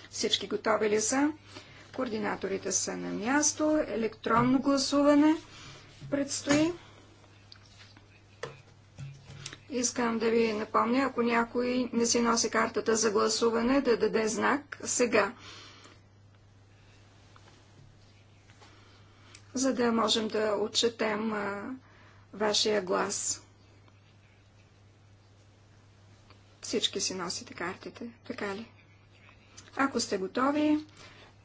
Всички готови ли са? Координаторите са на място. Електронно гласуване предстои. Искам да ви напомня, ако някой не си носи картата за гласуване, да даде знак сега. За да можем да отчетем а, вашия глас. Всички си носите картите, така ли? Ако сте готови,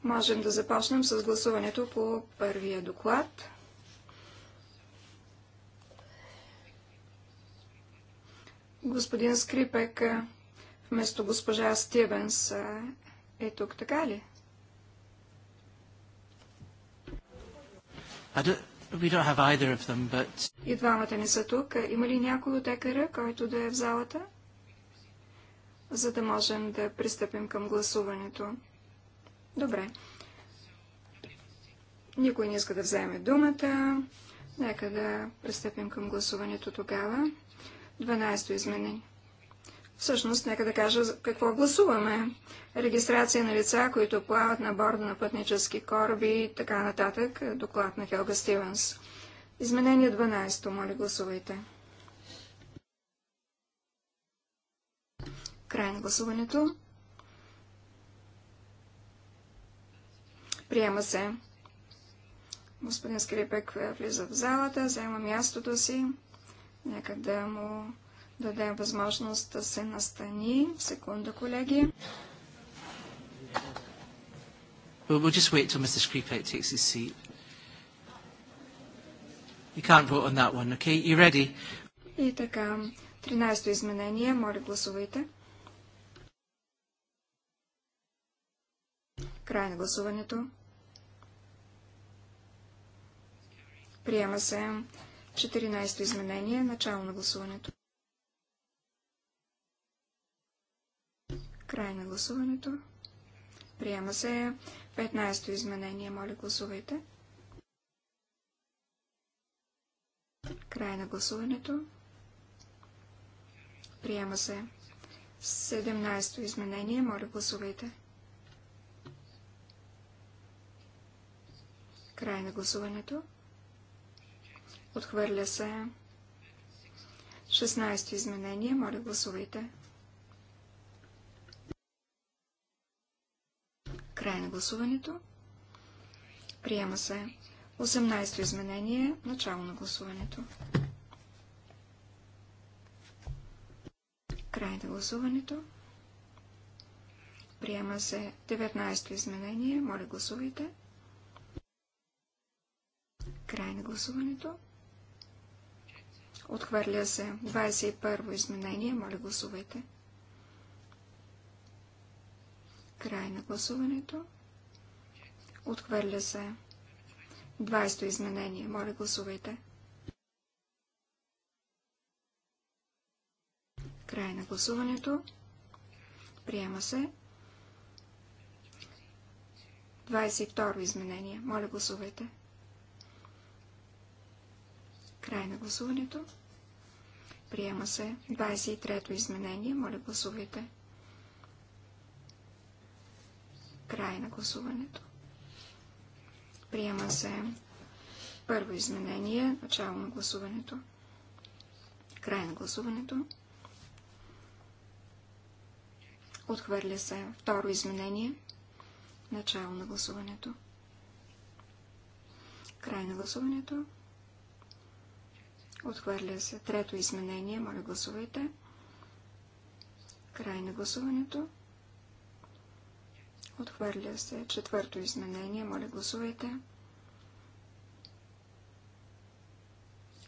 можем да започнем с гласуването по първия доклад. Господин Скрипек вместо госпожа Стивенс е тук, така ли? Don't, them, but... И двамата не са тук. Има ли някой от екара, който да е в залата? За да можем да пристъпим към гласуването. Добре. Никой не иска да вземе думата. Нека да пристъпим към гласуването тогава. 12-то изменение. Всъщност, нека да кажа какво гласуваме. Регистрация на лица, които плават на борда на пътнически кораби и така нататък. Доклад на Хелга Стивенс. Изменение 12. то Моля, гласувайте. Край на гласуването. Приема се. Господин Скрипек влиза в залата, взема мястото си. Нека да му дадем възможност да се настани. Секунда, колеги. We'll, we'll just wait till Mr. Skripek takes his seat. You can't vote on that one, okay? You ready? И така, 13-то изменение, моля гласувайте. Край на гласуването. Приема се 14-то изменение, начало на гласуването. Край на гласуването. Приема се 15-то изменение. Моля, гласувайте. Край на гласуването. Приема се 17-то изменение. Моля, гласувайте. Край на гласуването. Отхвърля се. 16 изменение. Моля, гласувайте. Край на гласуването. Приема се. 18 изменение. Начало на гласуването. Край на гласуването. Приема се 19 изменение. Моля, гласувайте. Край на гласуването. Отхвърля се 21-во изменение. Моля, гласувайте. Край на гласуването. Отхвърля се 20-то изменение. Моля, гласувайте. Край на гласуването. Приема се. 22 изменение. Моля, гласувайте. Край на гласуването. Приема се 23-то изменение. Моля, гласувайте. Край на гласуването. Приема се първо изменение. Начало на гласуването. Край на гласуването. Отхвърля се второ изменение. Начало на гласуването. Край на гласуването. Отхвърля се. Трето изменение. Моля, гласувайте. Край на гласуването. Отхвърля се. Четвърто изменение. Моля, гласувайте.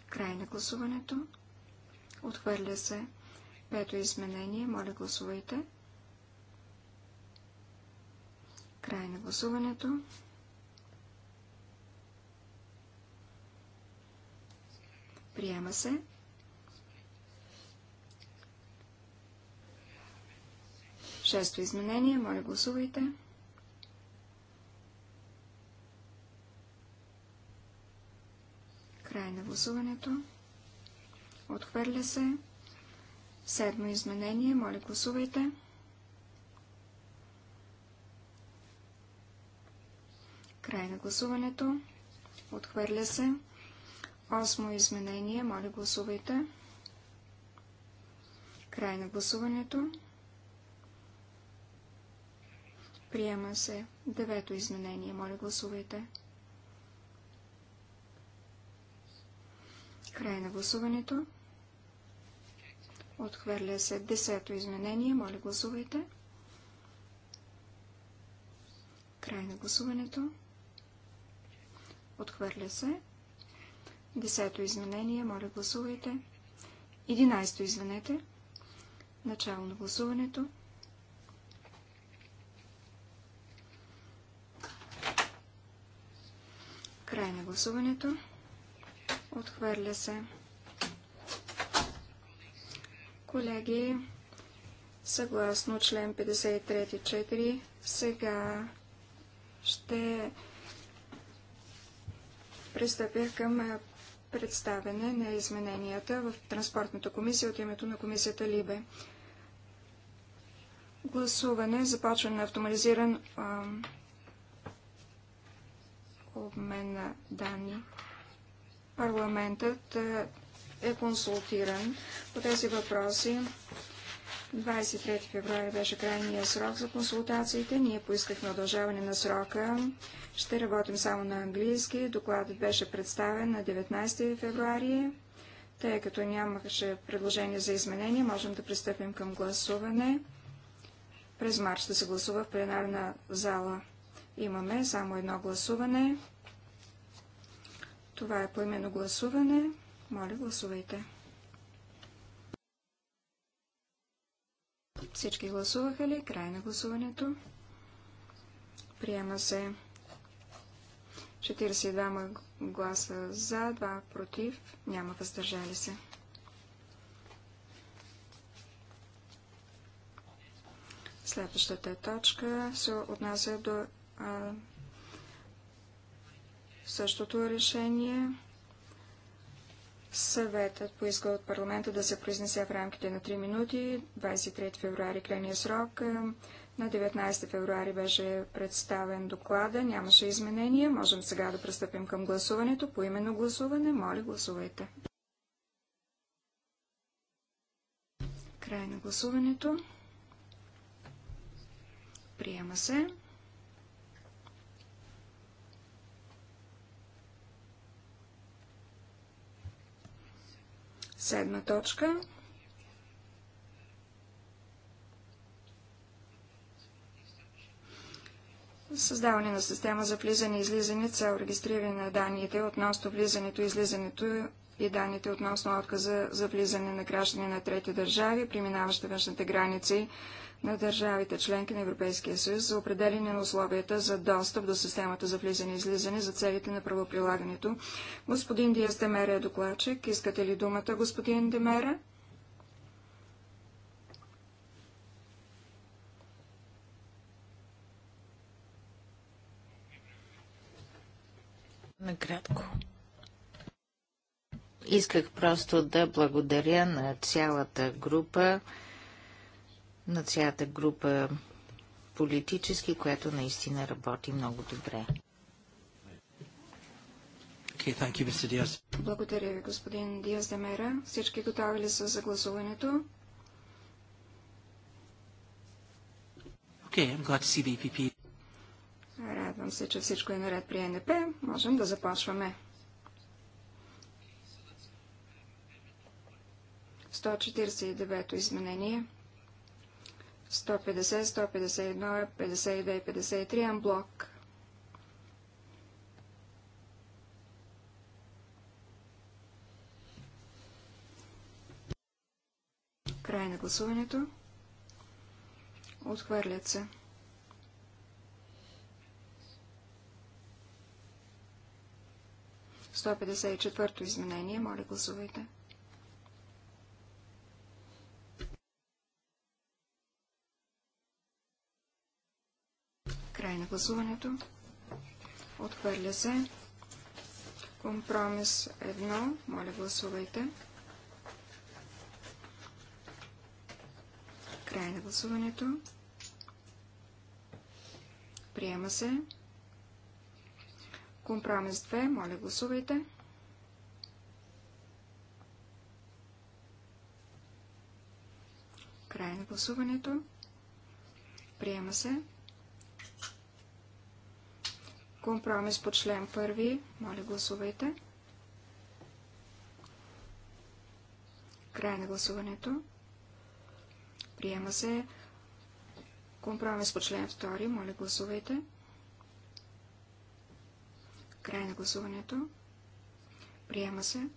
Край на гласуването. Отхвърля се. Пето изменение. Моля, гласувайте. Край на гласуването. Приема се. Шесто изменение. Моля, гласувайте. Край на гласуването. Отхвърля се. Седмо изменение. Моля, гласувайте. Край на гласуването. Отхвърля се. Осмо изменение. Моля, гласувайте. Край на гласуването. Приема се. Девето изменение. Моля, гласувайте. Край на гласуването. Отхвърля се. Десето изменение. Моля, гласувайте. Край на гласуването. Отхвърля се. Десето изменение, моля гласувайте. Единайсто извинете. Начало на гласуването. Край на гласуването. Отхвърля се. Колеги, съгласно член 53.4, сега ще пристъпя към представене на измененията в Транспортната комисия от името на комисията Либе. Гласуване, започване на автоматизиран обмен на данни. Парламентът е консултиран по тези въпроси 23 февруари беше крайния срок за консултациите. Ние поискахме удължаване на срока. Ще работим само на английски. Докладът беше представен на 19 февруари. Тъй като нямаше предложение за изменение, можем да пристъпим към гласуване. През март ще се гласува в пленарна зала. Имаме само едно гласуване. Това е поименно гласуване. Моля, гласувайте. Всички гласуваха ли? Край на гласуването. Приема се 42 гласа за, 2 против, няма въздържали се. Следващата точка се отнася до а, същото решение. Съветът поиска от парламента да се произнесе в рамките на 3 минути. 23 февруари крайния срок. Е, на 19 февруари беше представен доклада. Нямаше изменения. Можем сега да пристъпим към гласуването. По именно гласуване. Моля, гласувайте. Край на гласуването. Приема се. Седма точка. Създаване на система за влизане и излизане, цел регистриране на данните относно влизането и излизането и данните относно отказа за влизане на граждани на трети държави, преминаващи външните граници на държавите членки на Европейския съюз за определене на условията за достъп до системата за влизане и излизане за целите на правоприлагането. Господин Диас Демера е докладчик. Искате ли думата, господин Демера? Накратко. Исках просто да благодаря на цялата група, на цялата група политически, която наистина работи много добре. Okay, you, Благодаря ви, господин Диас Демера. Всички готови ли са за гласуването? Okay, I'm glad to see the EPP. Радвам се, че всичко е наред при НП. Можем да започваме. 149 то изменение. 150, 151, 52 и 53 амблок. Край на гласуването. Отхвърлят се. Сто петдесет и четвърто изменение. Моля, гласувайте. Край на гласуването. Отхвърля се. Компромис 1. Моля, гласувайте. Край на гласуването. Приема се. Компромис 2. Моля, гласувайте. Край на гласуването. Приема се. Компромис по член първи. Моля, гласувайте. Край на гласуването. Приема се компромис по член 2. Моля, гласувайте. Край на гласуването. Приема се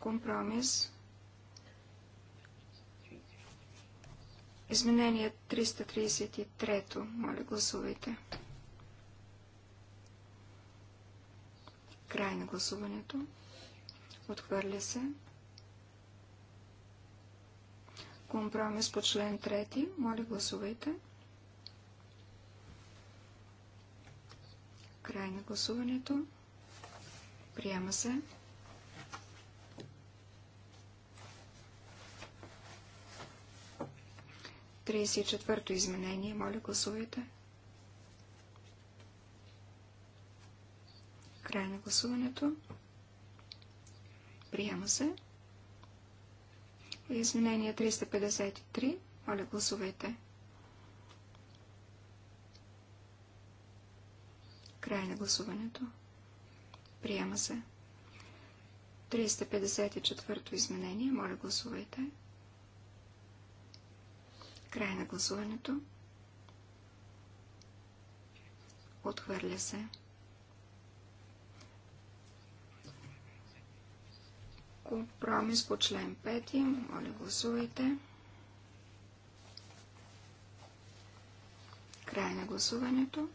компромис Изменение 333. Моля, гласувайте. Край на гласуването. Отхвърля се. Компромис по член 3. Моля, гласувайте. Край на гласуването. Приема се. 34-то изменение. Моля, гласувайте. Край на гласуването. Приема се. Изменение 353. Моля, гласувайте. Край на гласуването. Приема се. 354-то изменение. Моля, гласувайте. Край на гласуването. Отхвърля се. Компромис по член 5. Моля, гласувайте. Край на гласуването.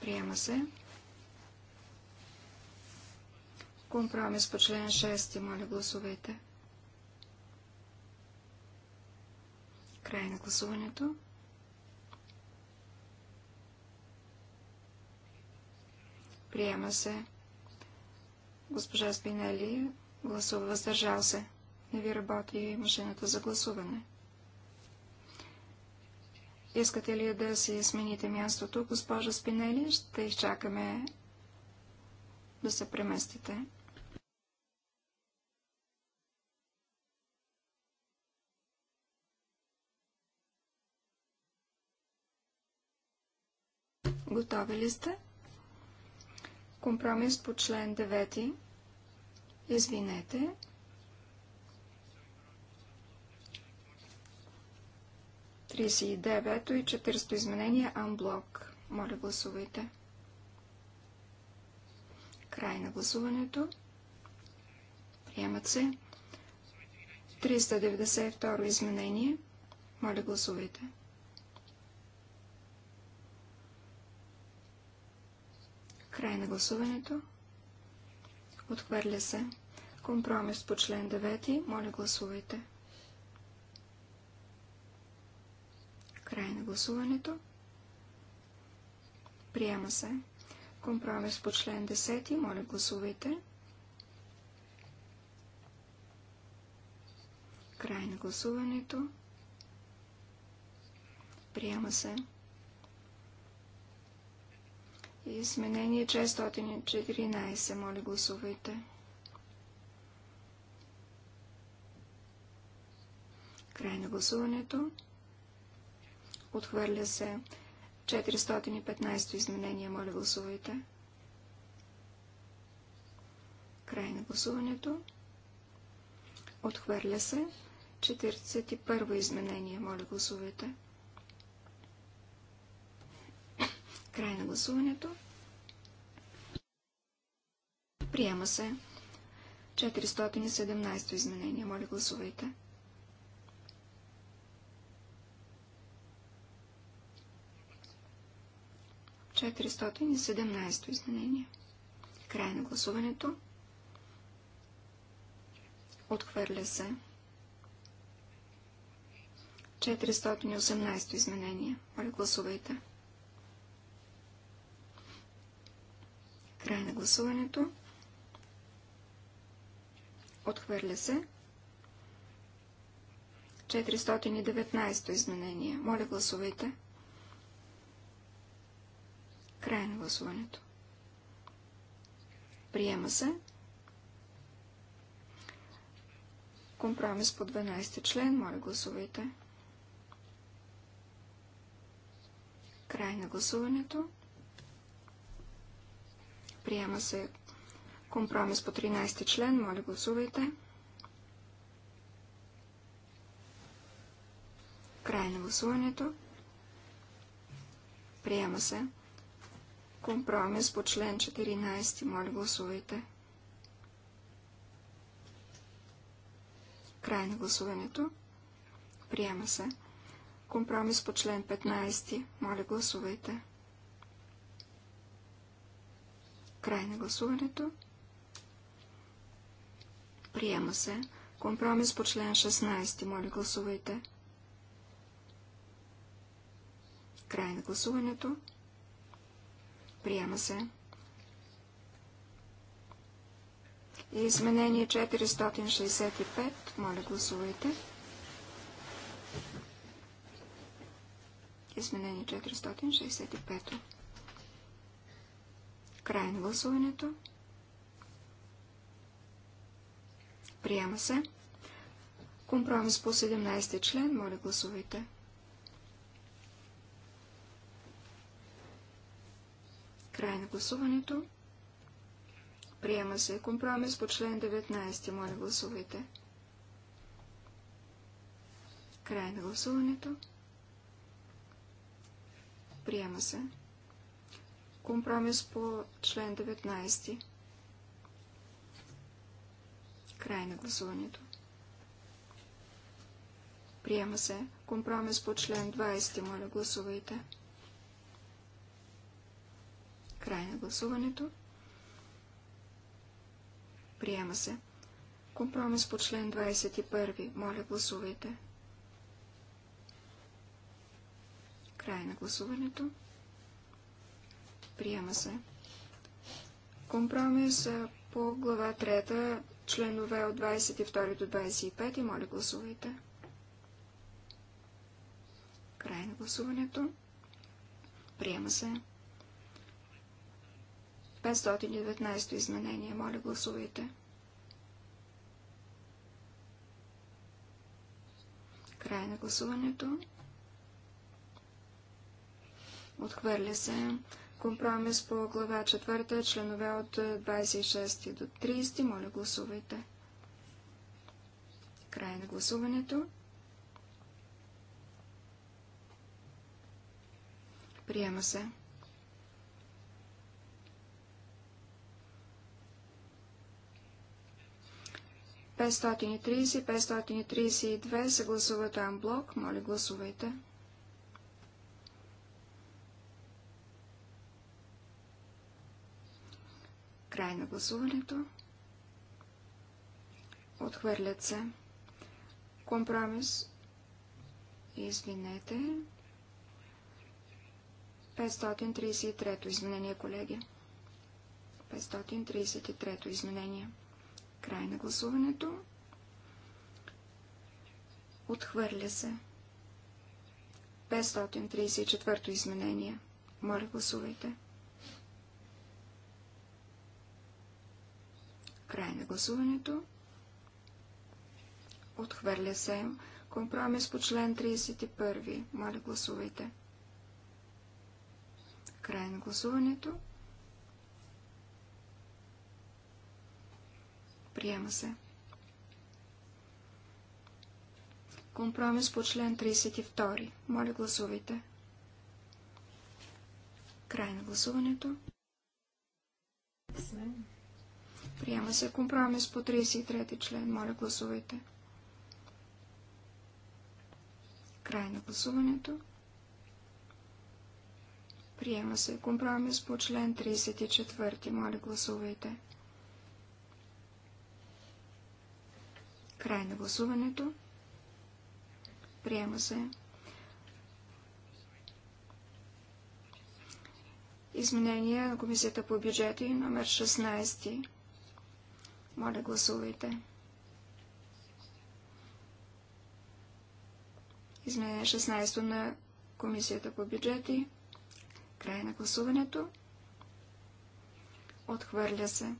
Приема се. Компромис по член 6. Моля, гласувайте. Край на гласуването. Приема се. Госпожа Спинели гласува въздържал се. Не ви работи машината за гласуване. Искате ли да си смените мястото, госпожа Спинели? Ще изчакаме да се преместите. Готови ли сте? Компромис по член 9. Извинете. Тридесет и и 400 изменения амблок. Моля, гласувайте. Край на гласуването. Приемат се. 392 изменение. Моля, гласувайте. Край на гласуването. Отхвърля се. Компромис по член 9. Моля гласувайте. Край на гласуването. Приема се. Компромис по член 10. Моля гласувайте. Край на гласуването. Приема се. Изменение 614. Моля, гласувайте. Край на гласуването. Отхвърля се 415 изменение. Моля, гласувайте. Край на гласуването. Отхвърля се 41 изменение. Моля, гласувайте. Край на гласуването. Приема се. 417 изменение. Моля, гласувайте. Четиристотин изменение. Край на гласуването. Отхвърля се. 418 изменение. Моля, гласувайте. Край на гласуването. Отхвърля се. 419 изменение. Моля, гласувайте. Край на гласуването. Приема се. Компромис по 12 член. Моля, гласувайте. Край на гласуването. Приема се компромис по 13 член. Моля, гласувайте. Край на гласуването. Приема се. Компромис по член 14. Моля, гласувайте. Край на гласуването. Приема се. Компромис по член 15. Моля, гласувайте. Край на гласуването. Приема се. Компромис по член 16. Моля, гласувайте. Край на гласуването. Приема се. И изменение 465. Моля, гласувайте. Изменение 465. Край на гласуването. Приема се. Компромис по 17 член. Моля, гласувайте. Край на гласуването. Приема се компромис по член 19. Моля, гласувайте. Край на гласуването. Приема се. Компромис по член 19. Край на гласуването. Приема се. Компромис по член 20. Моля, гласувайте. Край на гласуването. Приема се. Компромис по член 21. Моля, гласувайте. Край на гласуването. Приема се. Компромис по глава 3, членове от 22 до 25. Моля, гласувайте. Край на гласуването. Приема се. 519 изменение. Моля, гласувайте. Край на гласуването. Отхвърля се. Компромис по глава 4, членове от 26 е, до 30. Моля, гласувайте. Край на гласуването. Приема се. Петстотин и 532 се гласуват анблок. Моля, гласувайте. Край на гласуването. Отхвърлят се. Компромис. Извинете. 533-то изменение, колеги. 533-то изменение. Край на гласуването. Отхвърля се. 534-то изменение. Моля, гласувайте. 533 Край на гласуването. Отхвърля се. Компромис по член 31. Моля, гласувайте. Край на гласуването. Приема се. Компромис по член 32. Моля, гласувайте. Край на гласуването. Смен. Приема се компромис по 33 ти член. Моля, гласувайте. Край на гласуването. Приема се компромис по член 34. Моля, гласувайте. Край на гласуването. Приема се. Изменение на Комисията по бюджети номер 16. Моля, гласувайте. Изменение 16 на Комисията по бюджети. Край на гласуването. Отхвърля се.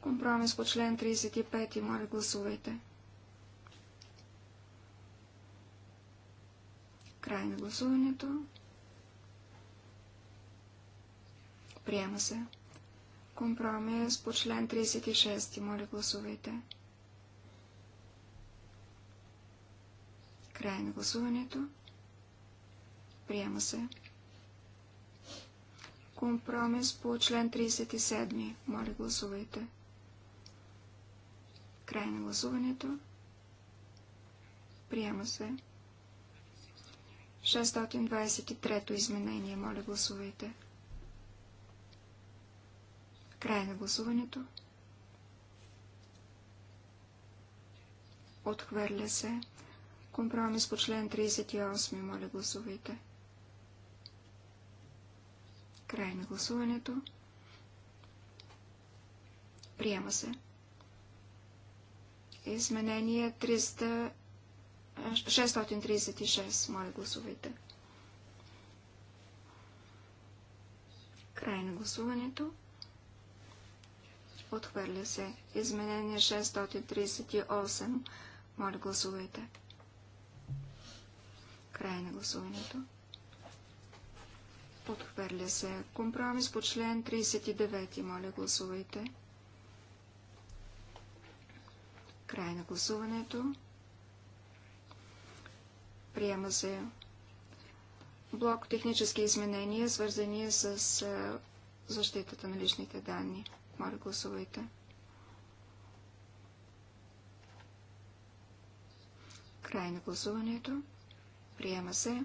Компромис по член 35. Моля, гласувайте. Край на гласуването. Приема се. Компромис по член 36. Моля, гласувайте. Край на гласуването. Приема се. Компромис по член 37. Моля, гласувайте. Край на гласуването. Приема се. 623 изменение. Моля, гласувайте. Край на гласуването. Отхвърля се. Компромис по член 38. Моля, гласувайте. Край на гласуването. Приема се. Изменение 300... 636. Моля, гласувайте. Край на гласуването. Отхвърля се. Изменение 638. Моля, гласувайте. Край на гласуването. Отхвърля се. Компромис по член 39. Моля, гласувайте. Край на гласуването. Приема се блок технически изменения, свързани с защитата на личните данни. Моля, гласувайте. Край на гласуването. Приема се.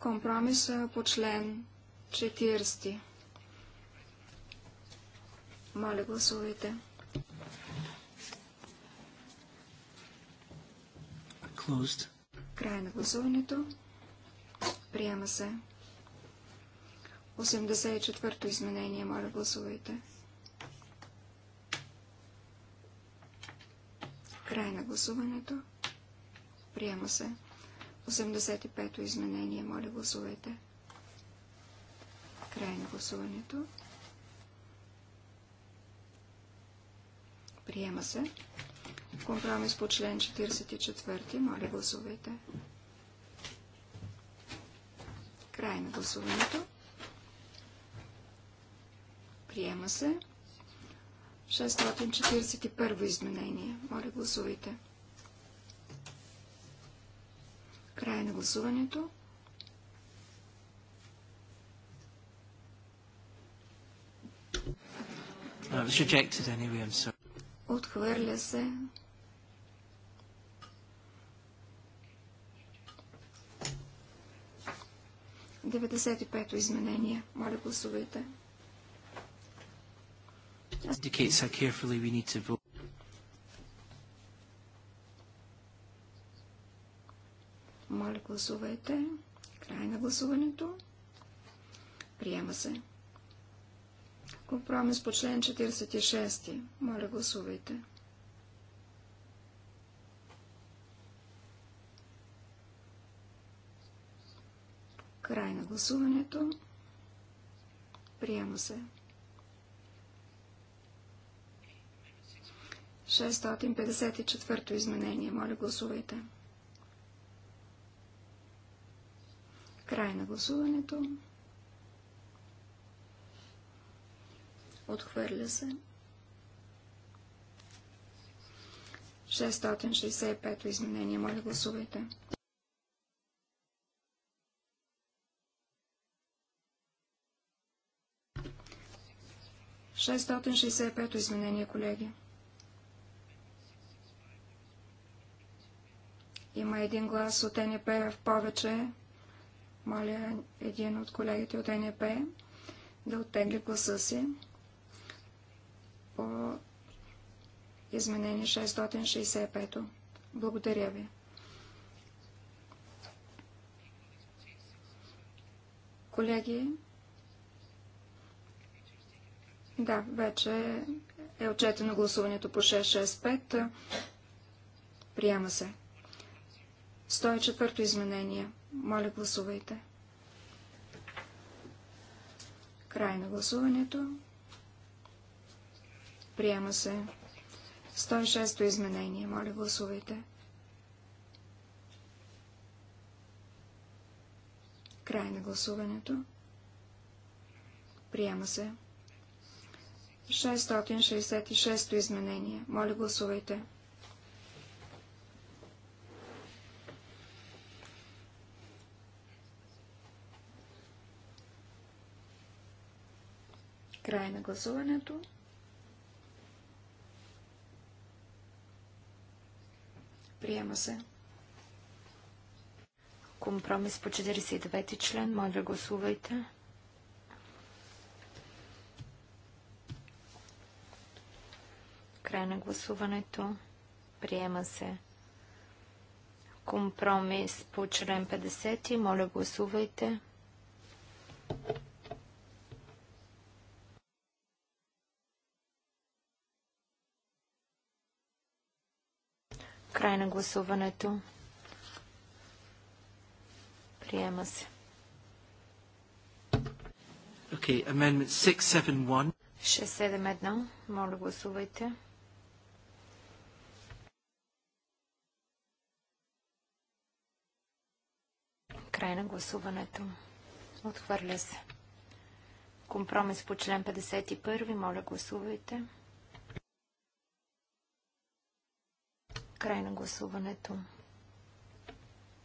компромиса по член 40. Моля, гласувайте. Closed. Край на гласуването. Приема се. 84-то изменение. Моля, гласувайте. Край на гласуването. Приема се. 85-то изменение. Моля, гласувайте. Край на гласуването. Приема се. Компромис по член 44. Моля, гласувайте. Край на гласуването. Приема се. 641 изменение. Моля, гласувайте. Край на гласуването. Uh, Отхвърля се. Деветдесет и пето изменение. Моля, гласувайте. Indicates how carefully we need to vote. Моля, гласувайте. Край на гласуването. Приема се. Компромис по член 46. Моля, гласувайте. Край на гласуването. Приема се. 654 то изменение. Моля, гласувайте. Край на гласуването. Отхвърля се. 665 изменение. Моля, гласувайте. Шестстотин изменение, колеги. Има един глас от НП в повече. Моля един от колегите от НП да оттегли гласа си по изменение 665. Благодаря ви. Колеги, да, вече е отчетено гласуването по 665. Приема се. 104 изменение. Моля, гласувайте. Край на гласуването. Приема се. 106-то изменение. Моля, гласувайте. Край на гласуването. Приема се. 666-то изменение. Моля, гласувайте. Край на гласуването. Приема се. Компромис по 49 член. Моля, да гласувайте. Край на гласуването. Приема се. Компромис по член 50. Моля, гласувайте. Край на гласуването. Приема се. Okay, amendment 671. 671. Моля, гласувайте. Край на гласуването. Отхвърля се. Компромис по член 51. Моля, гласувайте. Край на гласуването.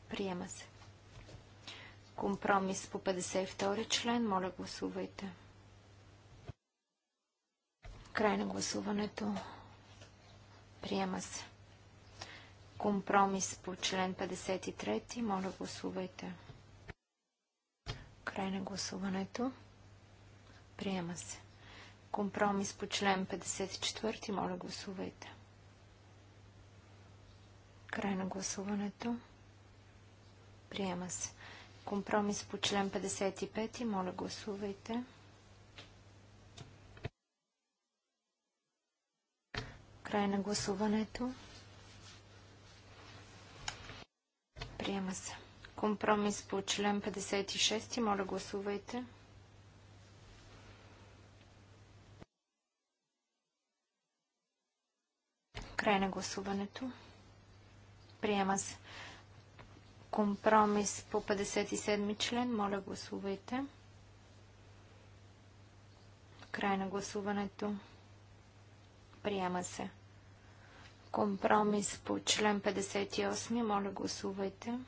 Приема се. Компромис по 52 член. Моля, гласувайте. Край на гласуването. Приема се. Компромис по член 53. Моля, гласувайте. Край на гласуването. Приема се. Компромис по член 54. Моля, гласувайте. Край на гласуването. Приема се. Компромис по член 55. Моля, гласувайте. Край на гласуването. Приема се. Компромис по член 56. Моля, гласувайте. Край на гласуването. Приема се. Компромис по 57 член. Моля, гласувайте. Край на гласуването. Приема се. Компромис по член 58. Моля, гласувайте.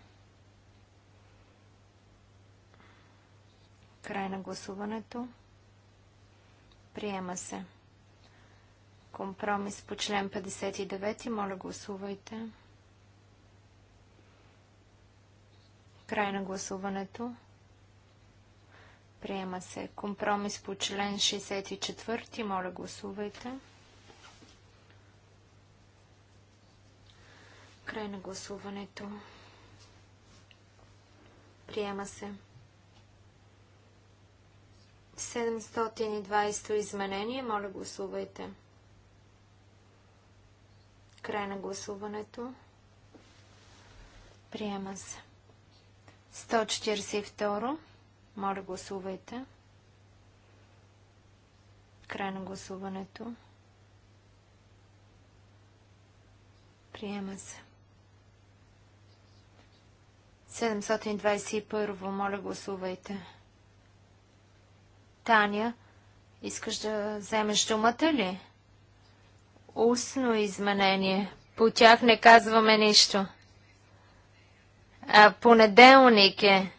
Край на гласуването. Приема се. Компромис по член 59. Моля, гласувайте. Край на гласуването. Приема се компромис по член 64. Моля, гласувайте. Край на гласуването. Приема се. 720 изменение. Моля, гласувайте. Край на гласуването. Приема се. 142. Моля, гласувайте. Край на гласуването. Приема се. 721. Моля, гласувайте. Таня, искаш да вземеш думата ли? Устно изменение. По тях не казваме нищо. А, понеделник е.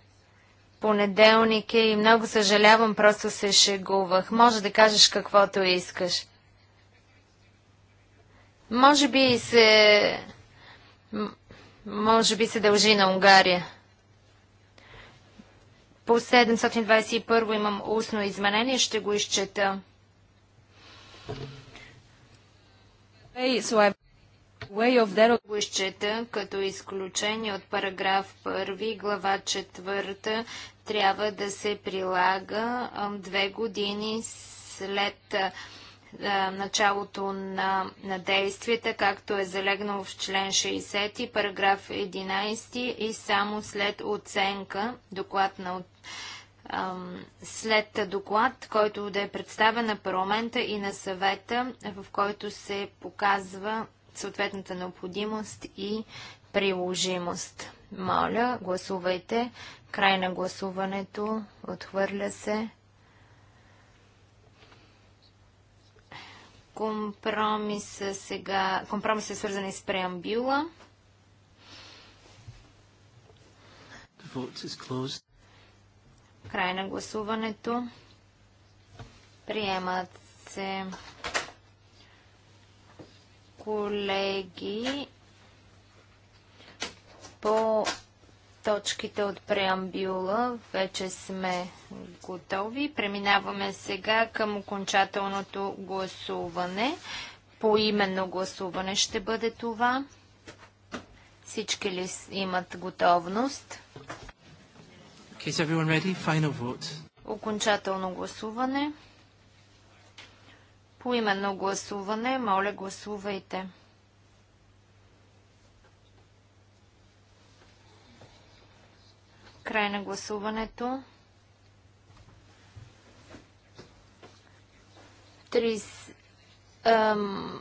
Понеделник е и много съжалявам, просто се шегувах. Може да кажеш каквото искаш. Може би се... Може би се дължи на Унгария. По 721 имам устно изменение, ще го изчета. Го изчета като изключение от параграф 1, глава 4 трябва да се прилага две години след началото на, на действията, както е залегнало в член 60, параграф 11 и само след оценка, доклад на след доклад, който да е представен на парламента и на съвета, в който се показва съответната необходимост и приложимост. Моля, гласувайте. Край на гласуването. Отхвърля се. Компромиса сега... Компромиса е свързан с преамбюла. Край на гласуването. Приемат се колеги, по точките от преамбюла вече сме готови. Преминаваме сега към окончателното гласуване. По именно гласуване ще бъде това. Всички ли имат готовност? Okay, Окончателно гласуване. По гласуване, моля гласувайте. Край на гласуването. 30, ем,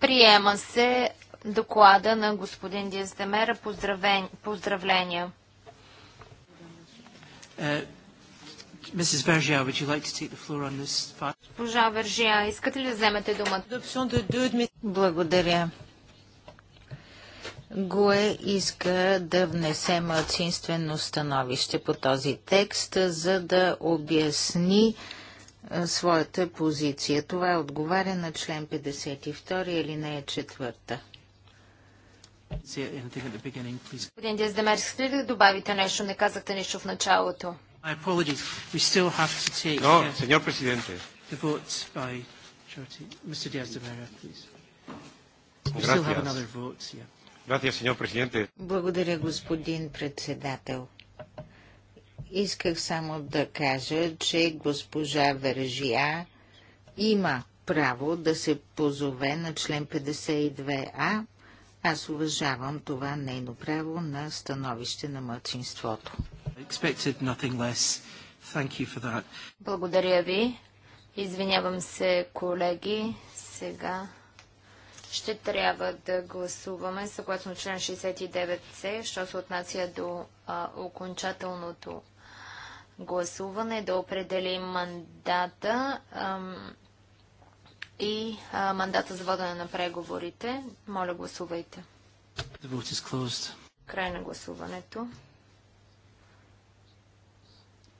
приема се доклада на господин Диаздемера. Поздравления. Е, Mrs. Vergia, would you like to take the floor on this part? Госпожа Вержия, искате ли да вземете думата? Благодаря. ГОЕ иска да внесе мълцинствено становище по този текст, за да обясни е, своята позиция. Това е отговаря на член 52 или не е четвърта. Господин Дездемер, искате ли да добавите нещо? Не казахте нищо в началото. My apologies. We still have to take no, uh, señor presidente. the votes by majority. Mr. Diaz de Mera, please. We Gracias. still have another vote. Yeah. Gracias, señor presidente. Благодаря, господин председател. Исках само да кажа, че госпожа Вержия има право да се позове на член 52А. Аз уважавам това нейно право на становище на младсинството. Благодаря ви. Извинявам се, колеги. Сега ще трябва да гласуваме съгласно член 69c, що се отнася до а, окончателното гласуване, да определим мандата ам, и а, мандата за водене на преговорите. Моля, гласувайте. Край на гласуването.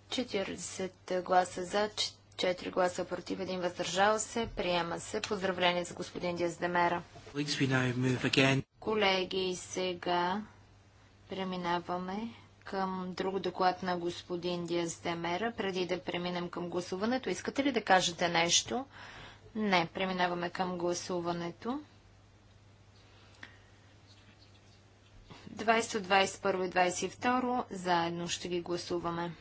40 гласа за, 4 гласа против, 1 въздържал се. Приема се. Поздравление за господин Диаздемера. Колеги, сега преминаваме към друг доклад на господин Диаздемера. Преди да преминем към гласуването, искате ли да кажете нещо? Не, преминаваме към гласуването. 20, 21 и 22 заедно ще ги гласуваме.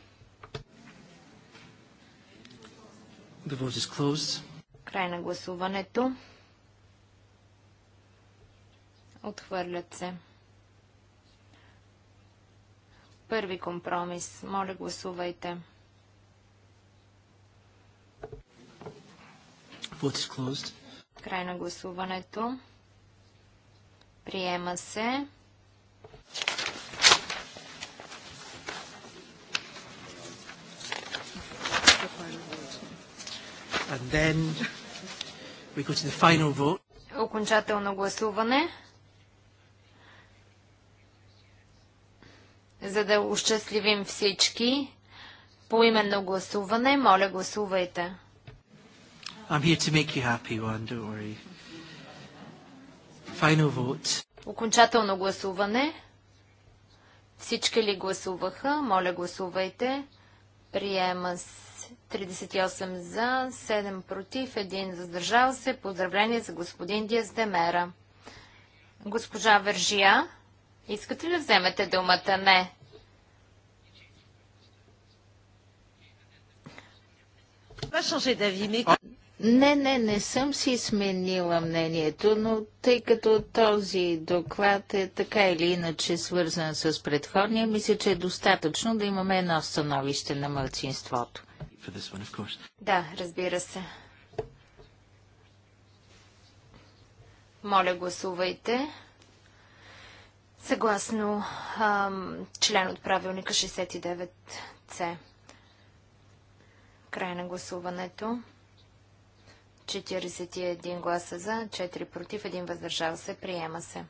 The vote is closed. Край на гласуването. Отхвърлят се. Първи компромис. Моля, гласувайте. Vote is closed. Край на гласуването. Приема се. And then we go to the final vote. Окончателно гласуване. За да ущастливим всички, по именно гласуване, моля гласувайте. I'm here to make you happy, Juan, don't worry. Final vote. Окончателно гласуване. Всички ли гласуваха? Моля гласувайте. Приема се. 38 за, 7 против, 1 въздържал се. Поздравление за господин Диас Демера. Госпожа Вържия, искате ли да вземете думата? Не. Не, не, не съм си сменила мнението, но тъй като този доклад е така или иначе свързан с предходния, мисля, че е достатъчно да имаме едно становище на мълцинството for this one, of course. Да, разбира се. Моля, гласувайте. Съгласно ам, член от правилника 69C. Край на гласуването. 41 гласа за, 4 против, 1 въздържава се, приема се.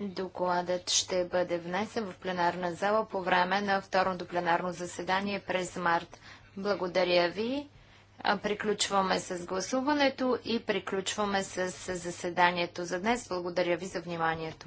Докладът ще бъде внесен в пленарна зала по време на второто пленарно заседание през март. Благодаря ви. Приключваме с гласуването и приключваме с заседанието за днес. Благодаря ви за вниманието.